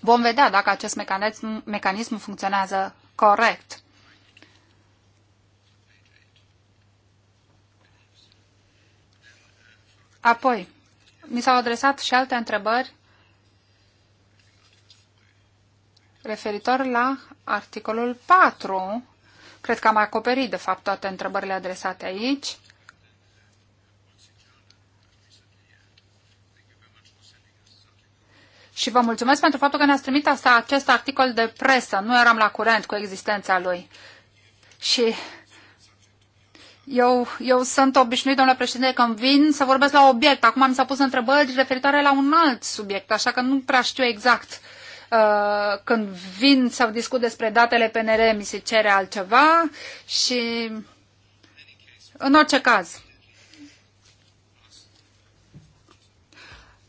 Speaker 1: Vom vedea dacă acest mecanism, mecanism funcționează corect. Apoi, mi s-au adresat și alte întrebări referitor la articolul 4. Cred că am acoperit, de fapt, toate întrebările adresate aici. Și vă mulțumesc pentru faptul că ne-ați trimit asta, acest articol de presă. Nu eram la curent cu existența lui. Și eu, eu sunt obișnuit, domnule președinte, când vin să vorbesc la obiect. Acum mi s a pus întrebări referitoare la un alt subiect, așa că nu prea știu exact uh, când vin să discut despre datele PNR, mi se cere altceva și în orice caz,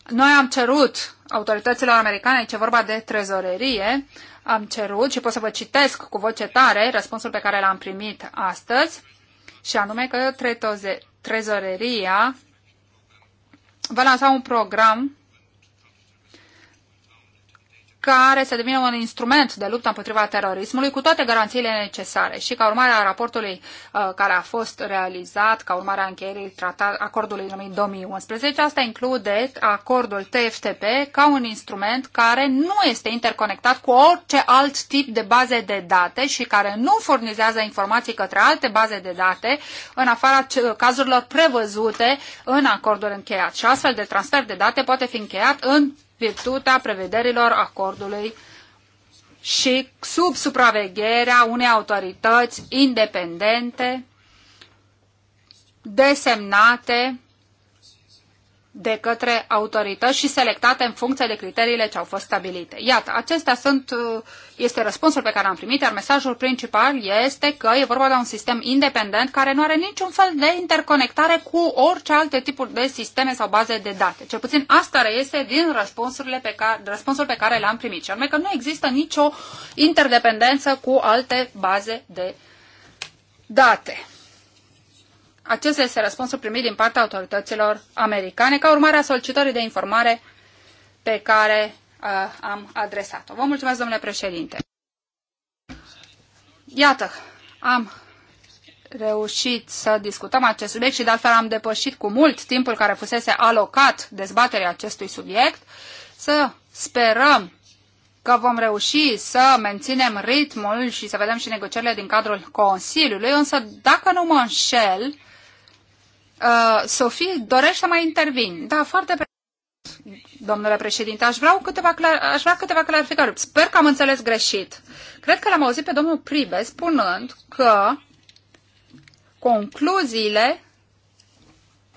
Speaker 1: Noi am cerut autorităților americane, ce vorba de trezorerie, am cerut și pot să vă citesc cu voce tare răspunsul pe care l-am primit astăzi, și anume că trezoreria va lansa un program care să devină un instrument de luptă împotriva terorismului cu toate garanțiile necesare și ca urmare a raportului uh, care a fost realizat ca urmare a încheierii tratat, acordului numit 2011, asta include acordul TFTP ca un instrument care nu este interconectat cu orice alt tip de baze de date și care nu furnizează informații către alte baze de date în afara cazurilor prevăzute în acordul încheiat. Și astfel de transfer de date poate fi încheiat în virtutea prevederilor acordului și sub supravegherea unei autorități independente desemnate de către autorități și selectate în funcție de criteriile ce au fost stabilite. Iată, acestea sunt, uh, este răspunsul pe care l-am primit, iar mesajul principal este că e vorba de un sistem independent care nu are niciun fel de interconectare cu orice alte tipuri de sisteme sau baze de date. Cel puțin asta reiese din răspunsurile pe care, răspunsul pe care l-am primit, și anume că nu există nicio interdependență cu alte baze de date. Acesta este răspunsul primit din partea autorităților americane ca urmare a solicitării de informare pe care uh, am adresat-o. Vă mulțumesc, domnule președinte. Iată, am reușit să discutăm acest subiect și de altfel am depășit cu mult timpul care fusese alocat dezbaterii acestui subiect. Să sperăm că vom reuși să menținem ritmul și să vedem și negocierile din cadrul Consiliului, însă dacă nu mă înșel, Uh, Sofie, dorește să mai intervin? Da, foarte pe... Domnule președinte, aș vrea, câteva clar... aș vrea câteva clarificări. Sper că am înțeles greșit. Cred că l-am auzit pe domnul Pribe spunând că concluziile...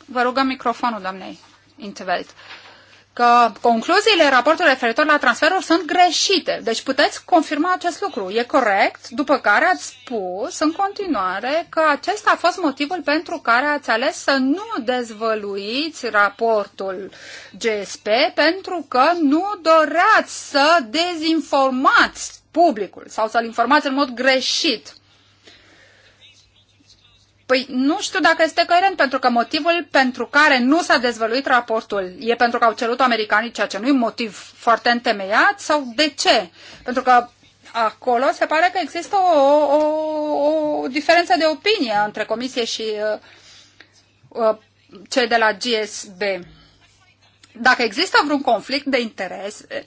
Speaker 1: Vă rugăm microfonul doamnei Intervelt. Uh, că concluziile raportului referitor la transferuri sunt greșite. Deci puteți confirma acest lucru. E corect, după care ați spus în continuare că acesta a fost motivul pentru care ați ales să nu dezvăluiți raportul GSP pentru că nu doreați să dezinformați publicul sau să-l informați în mod greșit. Păi nu știu dacă este coerent, pentru că motivul pentru care nu s-a dezvăluit raportul e pentru că au cerut americanii ceea ce nu e motiv foarte întemeiat sau de ce? Pentru că acolo se pare că există o, o, o diferență de opinie între comisie și uh, uh, cei de la GSB. Dacă există vreun conflict de interes, eh,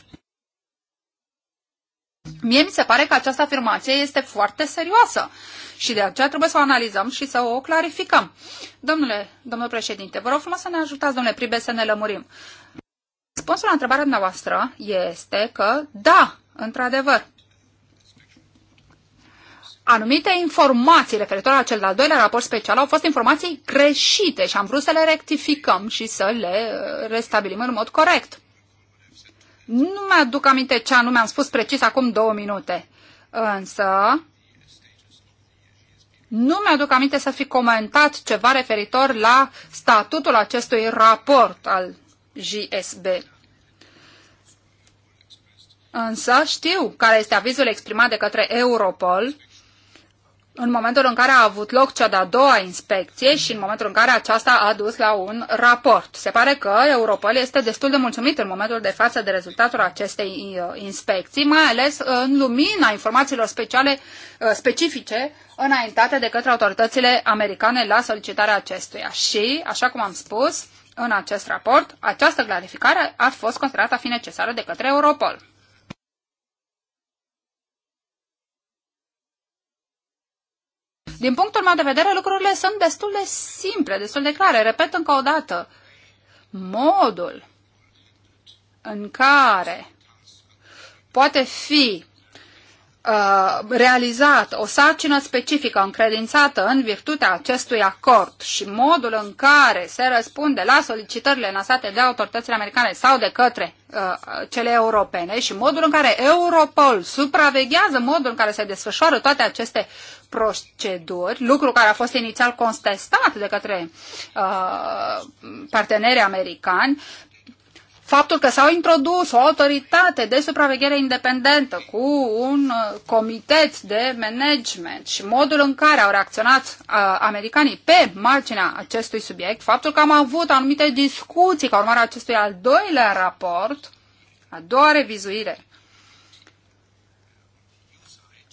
Speaker 1: mie mi se pare că această afirmație este foarte serioasă și de aceea trebuie să o analizăm și să o clarificăm. Domnule, domnule președinte, vă rog frumos să ne ajutați, domnule Pribe, să ne lămurim. Răspunsul la întrebarea dumneavoastră este că da, într-adevăr, anumite informații referitoare la cel de-al doilea raport special au fost informații greșite și am vrut să le rectificăm și să le uh, restabilim în mod corect. Nu mi-aduc aminte ce anume am spus precis acum două minute, însă nu mi-aduc aminte să fi comentat ceva referitor la statutul acestui raport al JSB. Însă știu care este avizul exprimat de către Europol în momentul în care a avut loc cea de-a doua inspecție și în momentul în care aceasta a dus la un raport. Se pare că Europol este destul de mulțumit în momentul de față de rezultatul acestei uh, inspecții, mai ales uh, în lumina informațiilor speciale, uh, specifice înaintate de către autoritățile americane la solicitarea acestuia. Și, așa cum am spus, în acest raport, această clarificare a fost considerată a fi necesară de către Europol. Din punctul meu de vedere, lucrurile sunt destul de simple, destul de clare. Repet încă o dată, modul în care poate fi uh, realizat o sarcină specifică încredințată în virtutea acestui acord și modul în care se răspunde la solicitările lansate de autoritățile americane sau de către uh, cele europene și modul în care Europol supraveghează modul în care se desfășoară toate aceste proceduri, lucru care a fost inițial contestat de către uh, partenerii americani, faptul că s-au introdus o autoritate de supraveghere independentă cu un uh, comitet de management și modul în care au reacționat uh, americanii pe marginea acestui subiect, faptul că am avut anumite discuții ca urmare a acestui al doilea raport, a doua revizuire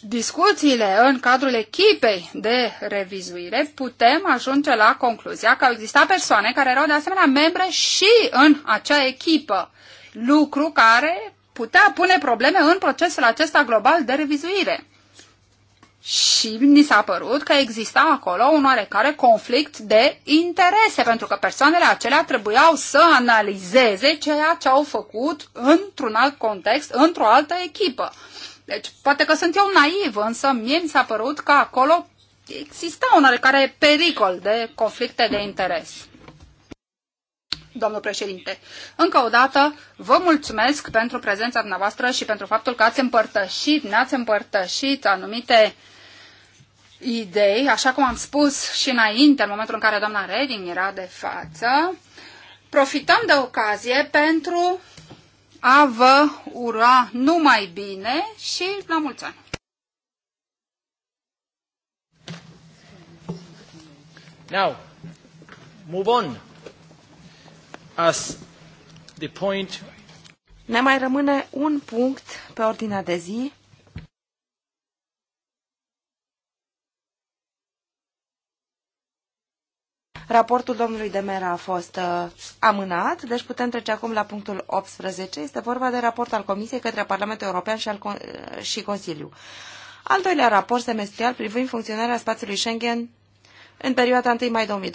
Speaker 1: discuțiile în cadrul echipei de revizuire, putem ajunge la concluzia că au existat persoane care erau de asemenea membre și în acea echipă, lucru care putea pune probleme în procesul acesta global de revizuire. Și ni s-a părut că exista acolo un oarecare conflict de interese, pentru că persoanele acelea trebuiau să analizeze ceea ce au făcut într-un alt context, într-o altă echipă. Deci, poate că sunt eu naiv, însă mie mi s-a părut că acolo exista un oarecare pericol de conflicte de interes. Domnul președinte, încă o dată vă mulțumesc pentru prezența dumneavoastră și pentru faptul că ați împărtășit, ne-ați împărtășit anumite idei, așa cum am spus și înainte, în momentul în care doamna Reding era de față. Profităm de ocazie pentru a vă ura numai bine și la mulți ani! Now,
Speaker 3: move on. As the point...
Speaker 2: Ne mai rămâne un punct pe ordinea de zi Raportul domnului Demera a fost uh, amânat, deci putem trece acum la punctul 18. Este vorba de raport al Comisiei către Parlamentul European și, al, uh, și Consiliu. Al doilea raport semestrial privind funcționarea spațiului Schengen în perioada 1 mai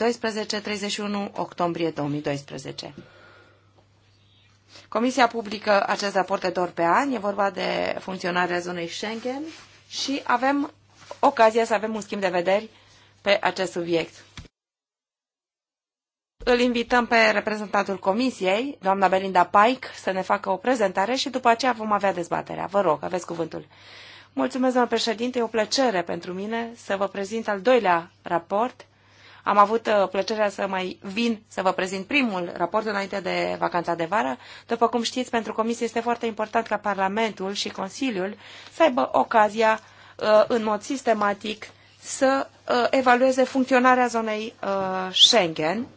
Speaker 2: 2012-31 octombrie 2012. Comisia publică acest raport de doar pe an, e vorba de funcționarea zonei Schengen și avem ocazia să avem un schimb de vederi pe acest subiect. Îl invităm pe reprezentantul comisiei, doamna Belinda Pike, să ne facă o prezentare și după aceea vom avea dezbaterea. Vă rog, aveți cuvântul. Mulțumesc, doamnă președinte, e o plăcere pentru mine să vă prezint al doilea raport. Am avut uh, plăcerea să mai vin să vă prezint primul raport înainte de vacanța de vară. După cum știți, pentru comisie este foarte important ca Parlamentul și Consiliul să aibă ocazia uh, în mod sistematic să uh, evalueze funcționarea zonei Schengen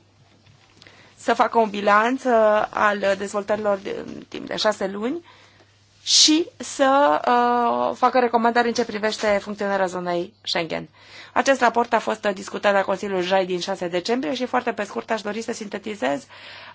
Speaker 2: să facă un bilanț uh, al dezvoltărilor de, în timp de șase luni și să uh, facă recomandări în ce privește funcționarea zonei Schengen. Acest raport a fost discutat la Consiliul JAI din 6 decembrie și foarte pe scurt aș dori să sintetizez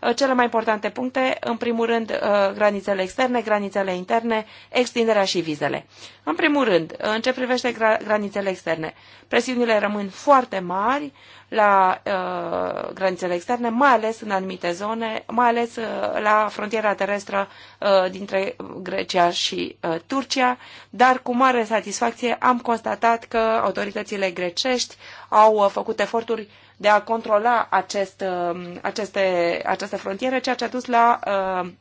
Speaker 2: uh, cele mai importante puncte, în primul rând uh, granițele externe, granițele interne, extinderea și vizele. În primul rând, uh, în ce privește granițele externe, presiunile rămân foarte mari la uh, granițele externe, mai ales în anumite zone, mai ales uh, la frontiera terestră uh, dintre Grecia și uh, Turcia, dar cu mare satisfacție am constatat că autoritățile grecești grecești au uh, făcut eforturi de a controla acest, uh, aceste, aceste frontiere, ceea ce a dus la uh,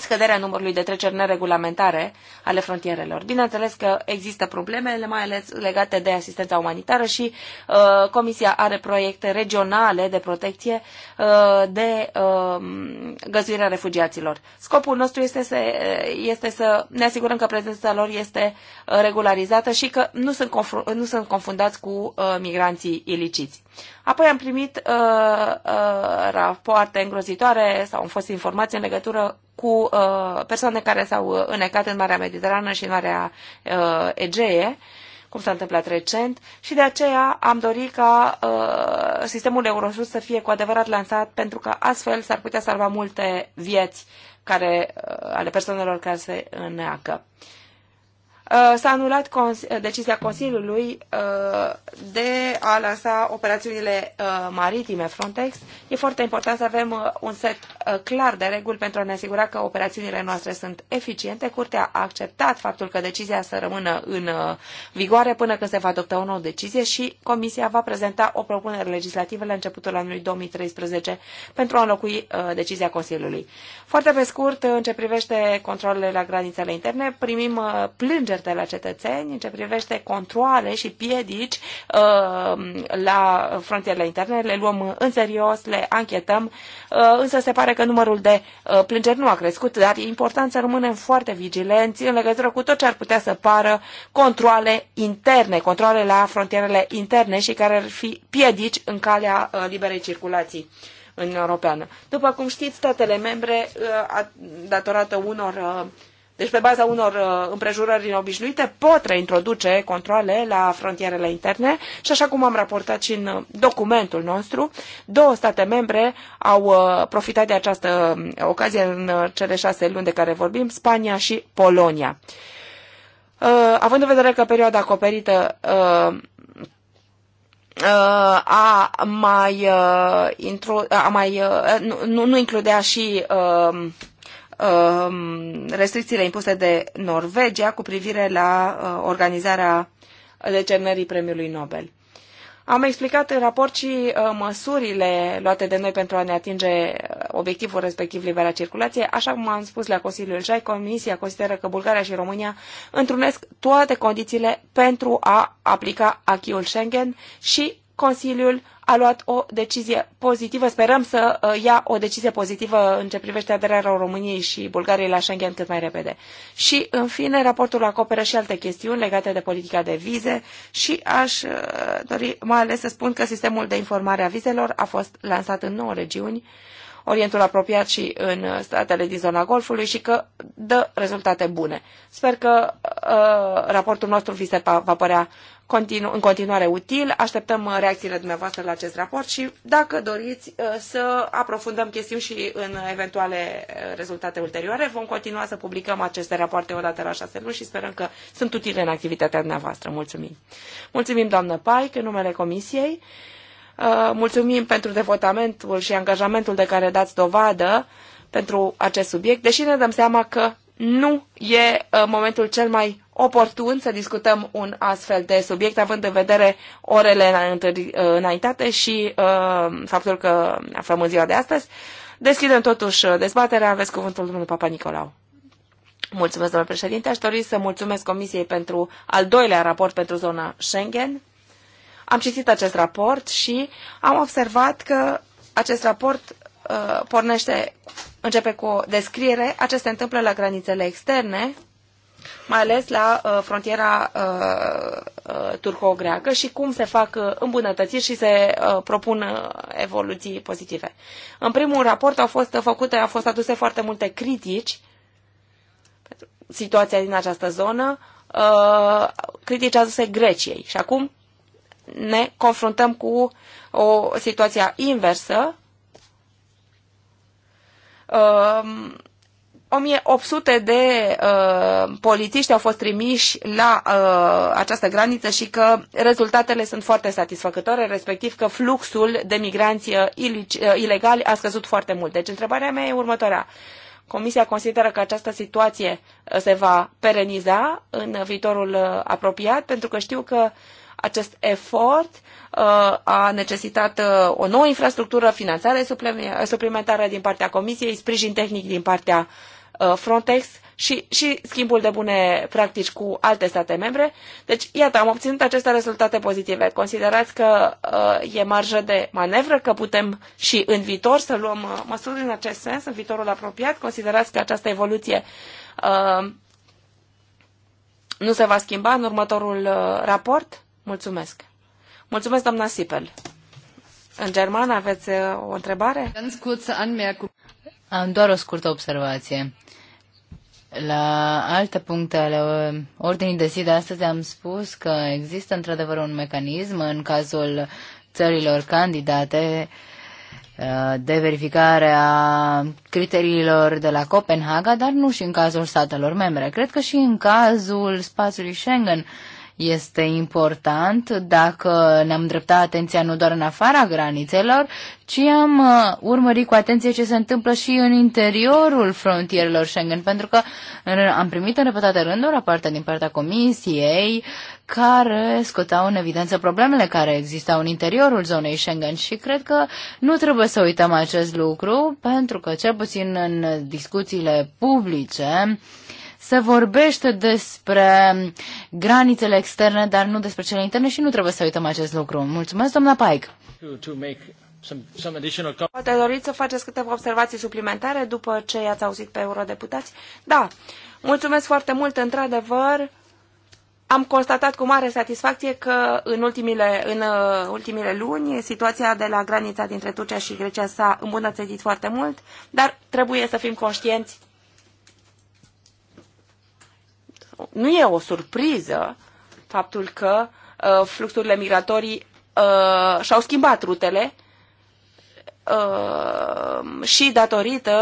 Speaker 2: scăderea numărului de treceri neregulamentare ale frontierelor. Bineînțeles că există probleme, mai ales legate de asistența umanitară și uh, Comisia are proiecte regionale de protecție uh, de uh, um, găzuirea refugiaților. Scopul nostru este să, uh, este să ne asigurăm că prezența lor este uh, regularizată și că nu sunt, nu sunt confundați cu uh, migranții iliciți. Apoi am primit uh, uh, rapoarte îngrozitoare sau au fost informații în legătură cu uh, persoane care s-au uh, înecat în Marea Mediterană și în Marea uh, Egee, cum s-a întâmplat recent, și de aceea am dorit ca uh, sistemul Eurojust să fie cu adevărat lansat, pentru că astfel s-ar putea salva multe vieți care, uh, ale persoanelor care se înneacă. Uh, Uh, s-a anulat cons decizia Consiliului uh, de a lansa operațiunile uh, maritime Frontex. E foarte important să avem un set clar de reguli pentru a ne asigura că operațiunile noastre sunt eficiente. Curtea a acceptat faptul că decizia să rămână în vigoare până când se va adopta o nouă decizie și Comisia va prezenta o propunere legislativă la începutul anului 2013 pentru a înlocui decizia Consiliului. Foarte pe scurt, în ce privește controlele la granițele interne, primim plângeri plângeri de la cetățeni în ce privește controle și piedici uh, la frontierele interne. Le luăm în serios, le anchetăm, uh, însă se pare că numărul de uh, plângeri nu a crescut, dar e important să rămânem foarte vigilenți în legătură cu tot ce ar putea să pară controle interne, controle la frontierele interne și care ar fi piedici în calea liberei circulații în Europeană. După cum știți, statele membre, datorată unor deci, pe baza unor uh, împrejurări obișnuite, pot reintroduce controle la frontierele interne și, așa cum am raportat și în uh, documentul nostru, două state membre au uh, profitat de această um, ocazie în cele șase luni de care vorbim, Spania și Polonia. Având în vedere că perioada acoperită a mai, a mai nu, nu includea și Um, restricțiile impuse de Norvegia cu privire la uh, organizarea decernării premiului Nobel. Am explicat în raport și uh, măsurile luate de noi pentru a ne atinge uh, obiectivul respectiv libera circulație. Așa cum am spus la Consiliul Jai, Comisia consideră că Bulgaria și România întrunesc toate condițiile pentru a aplica acquis Schengen și Consiliul a luat o decizie pozitivă. Sperăm să uh, ia o decizie pozitivă în ce privește aderarea României și Bulgariei la Schengen cât mai repede. Și, în fine, raportul acoperă și alte chestiuni legate de politica de vize și aș uh, dori mai ales să spun că sistemul de informare a vizelor a fost lansat în nouă regiuni, Orientul apropiat și în statele din zona Golfului și că dă rezultate bune. Sper că uh, raportul nostru vi se va părea continu- în continuare util. Așteptăm uh, reacțiile dumneavoastră la acest raport și, dacă doriți, uh, să aprofundăm chestiuni și în eventuale uh, rezultate ulterioare. Vom continua să publicăm aceste rapoarte odată la șase luni și sperăm că sunt utile în activitatea dumneavoastră. Mulțumim! Mulțumim, doamnă Paic, în numele Comisiei. Mulțumim pentru devotamentul și angajamentul de care dați dovadă pentru acest subiect, deși ne dăm seama că nu e momentul cel mai oportun să discutăm un astfel de subiect, având în vedere orele înaintate și uh, faptul că aflăm în ziua de astăzi. Deschidem totuși uh, dezbaterea. Aveți cuvântul domnul Papa Nicolau. Mulțumesc, domnule președinte. Aș dori să mulțumesc Comisiei pentru al doilea raport pentru zona Schengen. Am citit acest raport și am observat că acest raport uh, pornește, începe cu o descriere a ce se întâmplă la granițele externe mai ales la uh, frontiera uh, uh, turco-greacă și cum se fac îmbunătățiri și se propun evoluții pozitive. În primul raport au fost făcute, au fost aduse foarte multe critici pentru situația din această zonă, critici aduse Greciei și acum ne confruntăm cu o situație inversă, um, 1800 de uh, polițiști au fost trimiși la uh, această graniță și că rezultatele sunt foarte satisfăcătoare, respectiv că fluxul de migranți uh, uh, ilegali a scăzut foarte mult. Deci întrebarea mea e următoarea. Comisia consideră că această situație uh, se va pereniza în viitorul apropiat, pentru că știu că acest efort a necesitat o nouă infrastructură, finanțare suplimentară din partea Comisiei, sprijin tehnic din partea uh, Uh, Frontex și, și schimbul de bune practici cu alte state membre. Deci, iată, am obținut aceste rezultate pozitive. Considerați că uh, e marjă de manevră, că putem și în viitor să luăm uh, măsuri în acest sens, în viitorul apropiat? Considerați că această evoluție uh, nu se va schimba în următorul uh, raport? Mulțumesc! Mulțumesc, doamna Sipel! În germană aveți uh, o întrebare? Am doar o scurtă observație.
Speaker 3: La alte puncte ale ordinii de zi de astăzi am spus că există într-adevăr un mecanism în cazul țărilor candidate uh, de verificare a criteriilor de la Copenhaga, dar nu și în cazul statelor membre. Cred că și în cazul spațiului Schengen este important dacă ne-am dreptat atenția nu doar în afara granițelor, ci am uh, urmărit cu atenție ce se întâmplă și în interiorul frontierelor Schengen, pentru că am primit în repetate rânduri parte din partea Comisiei care scotau în evidență problemele care existau în interiorul zonei Schengen și cred că nu trebuie să uităm acest lucru, pentru că cel puțin în discuțiile publice, se vorbește despre granițele externe, dar nu despre cele interne și nu trebuie să uităm acest lucru. Mulțumesc, doamna Paik.
Speaker 2: Poate doriți să faceți câteva observații suplimentare după ce i-ați auzit pe eurodeputați? Da, mulțumesc foarte mult, într-adevăr. Am constatat cu mare satisfacție că în ultimile, în uh, ultimile luni situația de la granița dintre Turcia și Grecia s-a îmbunătățit foarte mult, dar trebuie să fim conștienți nu e o surpriză faptul că uh, fluxurile migratorii uh, și-au schimbat rutele uh, și datorită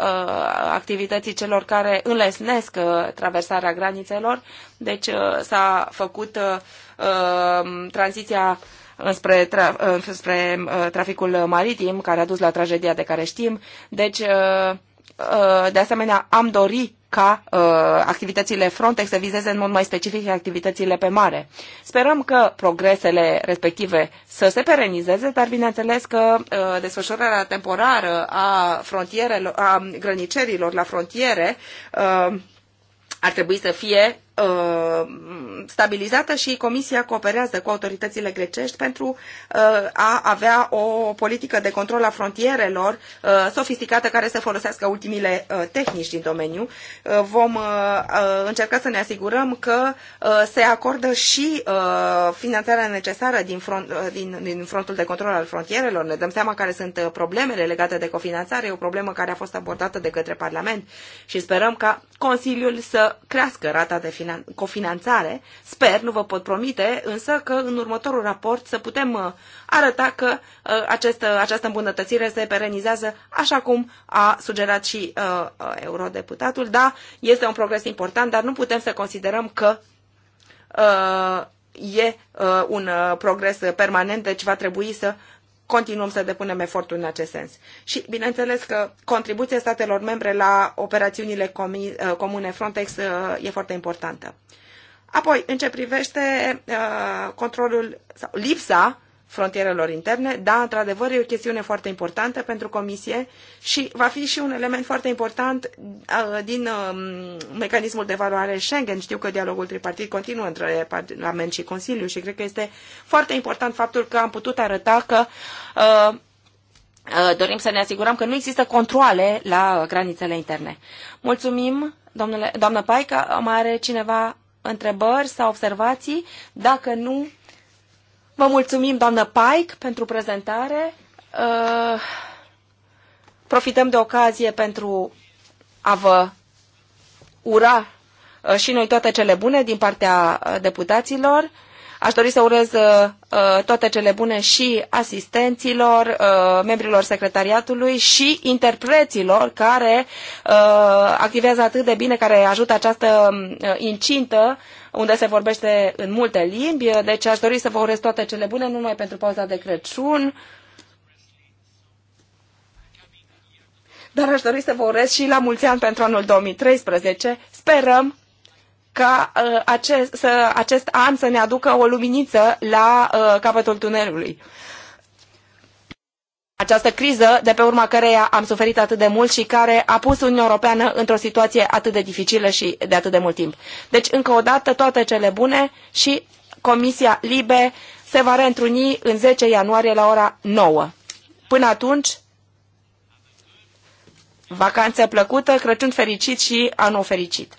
Speaker 2: uh, activității celor care înlesnesc uh, traversarea granițelor. Deci uh, s-a făcut uh, uh tranziția înspre, tra- uh, înspre uh, traficul maritim, care a dus la tragedia de care știm. Deci, uh, uh de asemenea, am dorit ca uh, activitățile Frontex să vizeze în mod mai specific activitățile pe mare. Sperăm că progresele respective să se perenizeze, dar bineînțeles că uh, desfășurarea temporară a, frontierelor, a grănicerilor la frontiere uh, ar trebui să fie Uh, stabilizată și Comisia cooperează cu autoritățile grecești pentru uh, a avea o politică de control a frontierelor uh, sofisticată care să folosească ultimile tehnici din domeniu. Vom încerca să ne asigurăm că se acordă și finanțarea necesară din, front, din, din frontul de control al frontierelor. Ne dăm seama care sunt problemele legate de cofinanțare, e o problemă care a fost abordată de către Parlament și sperăm ca Consiliul să crească rata de finanțare cofinanțare. Sper, nu vă pot promite, însă că în următorul raport să putem uh, arăta că uh, această, uh, această îmbunătățire se perenizează așa cum a sugerat și uh, eurodeputatul. Da, este un progres important, dar nu putem să considerăm că uh, e uh, un progres permanent, deci va trebui să continuăm să depunem eforturi în acest sens. Și, bineînțeles, că contribuția statelor membre la operațiunile uh, comune Frontex uh, e foarte importantă. Apoi, în ce privește uh, controlul sau lipsa frontierelor interne. Da, într-adevăr, e o chestiune foarte importantă pentru Comisie și va fi și un element foarte important uh, din um, mecanismul de evaluare Schengen. Știu că dialogul tripartit continuă între Parlament și Consiliu și cred că este foarte important faptul că am putut arăta că uh, uh dorim să ne asigurăm că nu există controle la granițele interne. Mulțumim, domnule, doamnă Paica. Mai are cineva întrebări sau observații? Dacă nu, Vă mulțumim, doamnă Pike, pentru prezentare. Uh, profităm de ocazie pentru a vă ura uh, și noi toate cele bune din partea uh, deputaților. Aș dori să urez toate cele bune și asistenților, membrilor secretariatului și interpreților care activează atât de bine, care ajută această incintă unde se vorbește în multe limbi, deci aș dori să vă urez toate cele bune, nu numai pentru pauza de Crăciun, dar aș dori să vă urez și la mulți ani pentru anul 2013. Sperăm ca uh, acest, să, acest an să ne aducă o luminiță la uh, capătul tunelului această criză de pe urma căreia am suferit atât de mult și care a pus Uniunea Europeană într-o situație atât de dificilă și de atât de mult timp. Deci, încă o dată, toate cele bune și Comisia Libe se va reîntruni în 10 ianuarie la ora 9. Până atunci, vacanță plăcută, Crăciun fericit și anul fericit!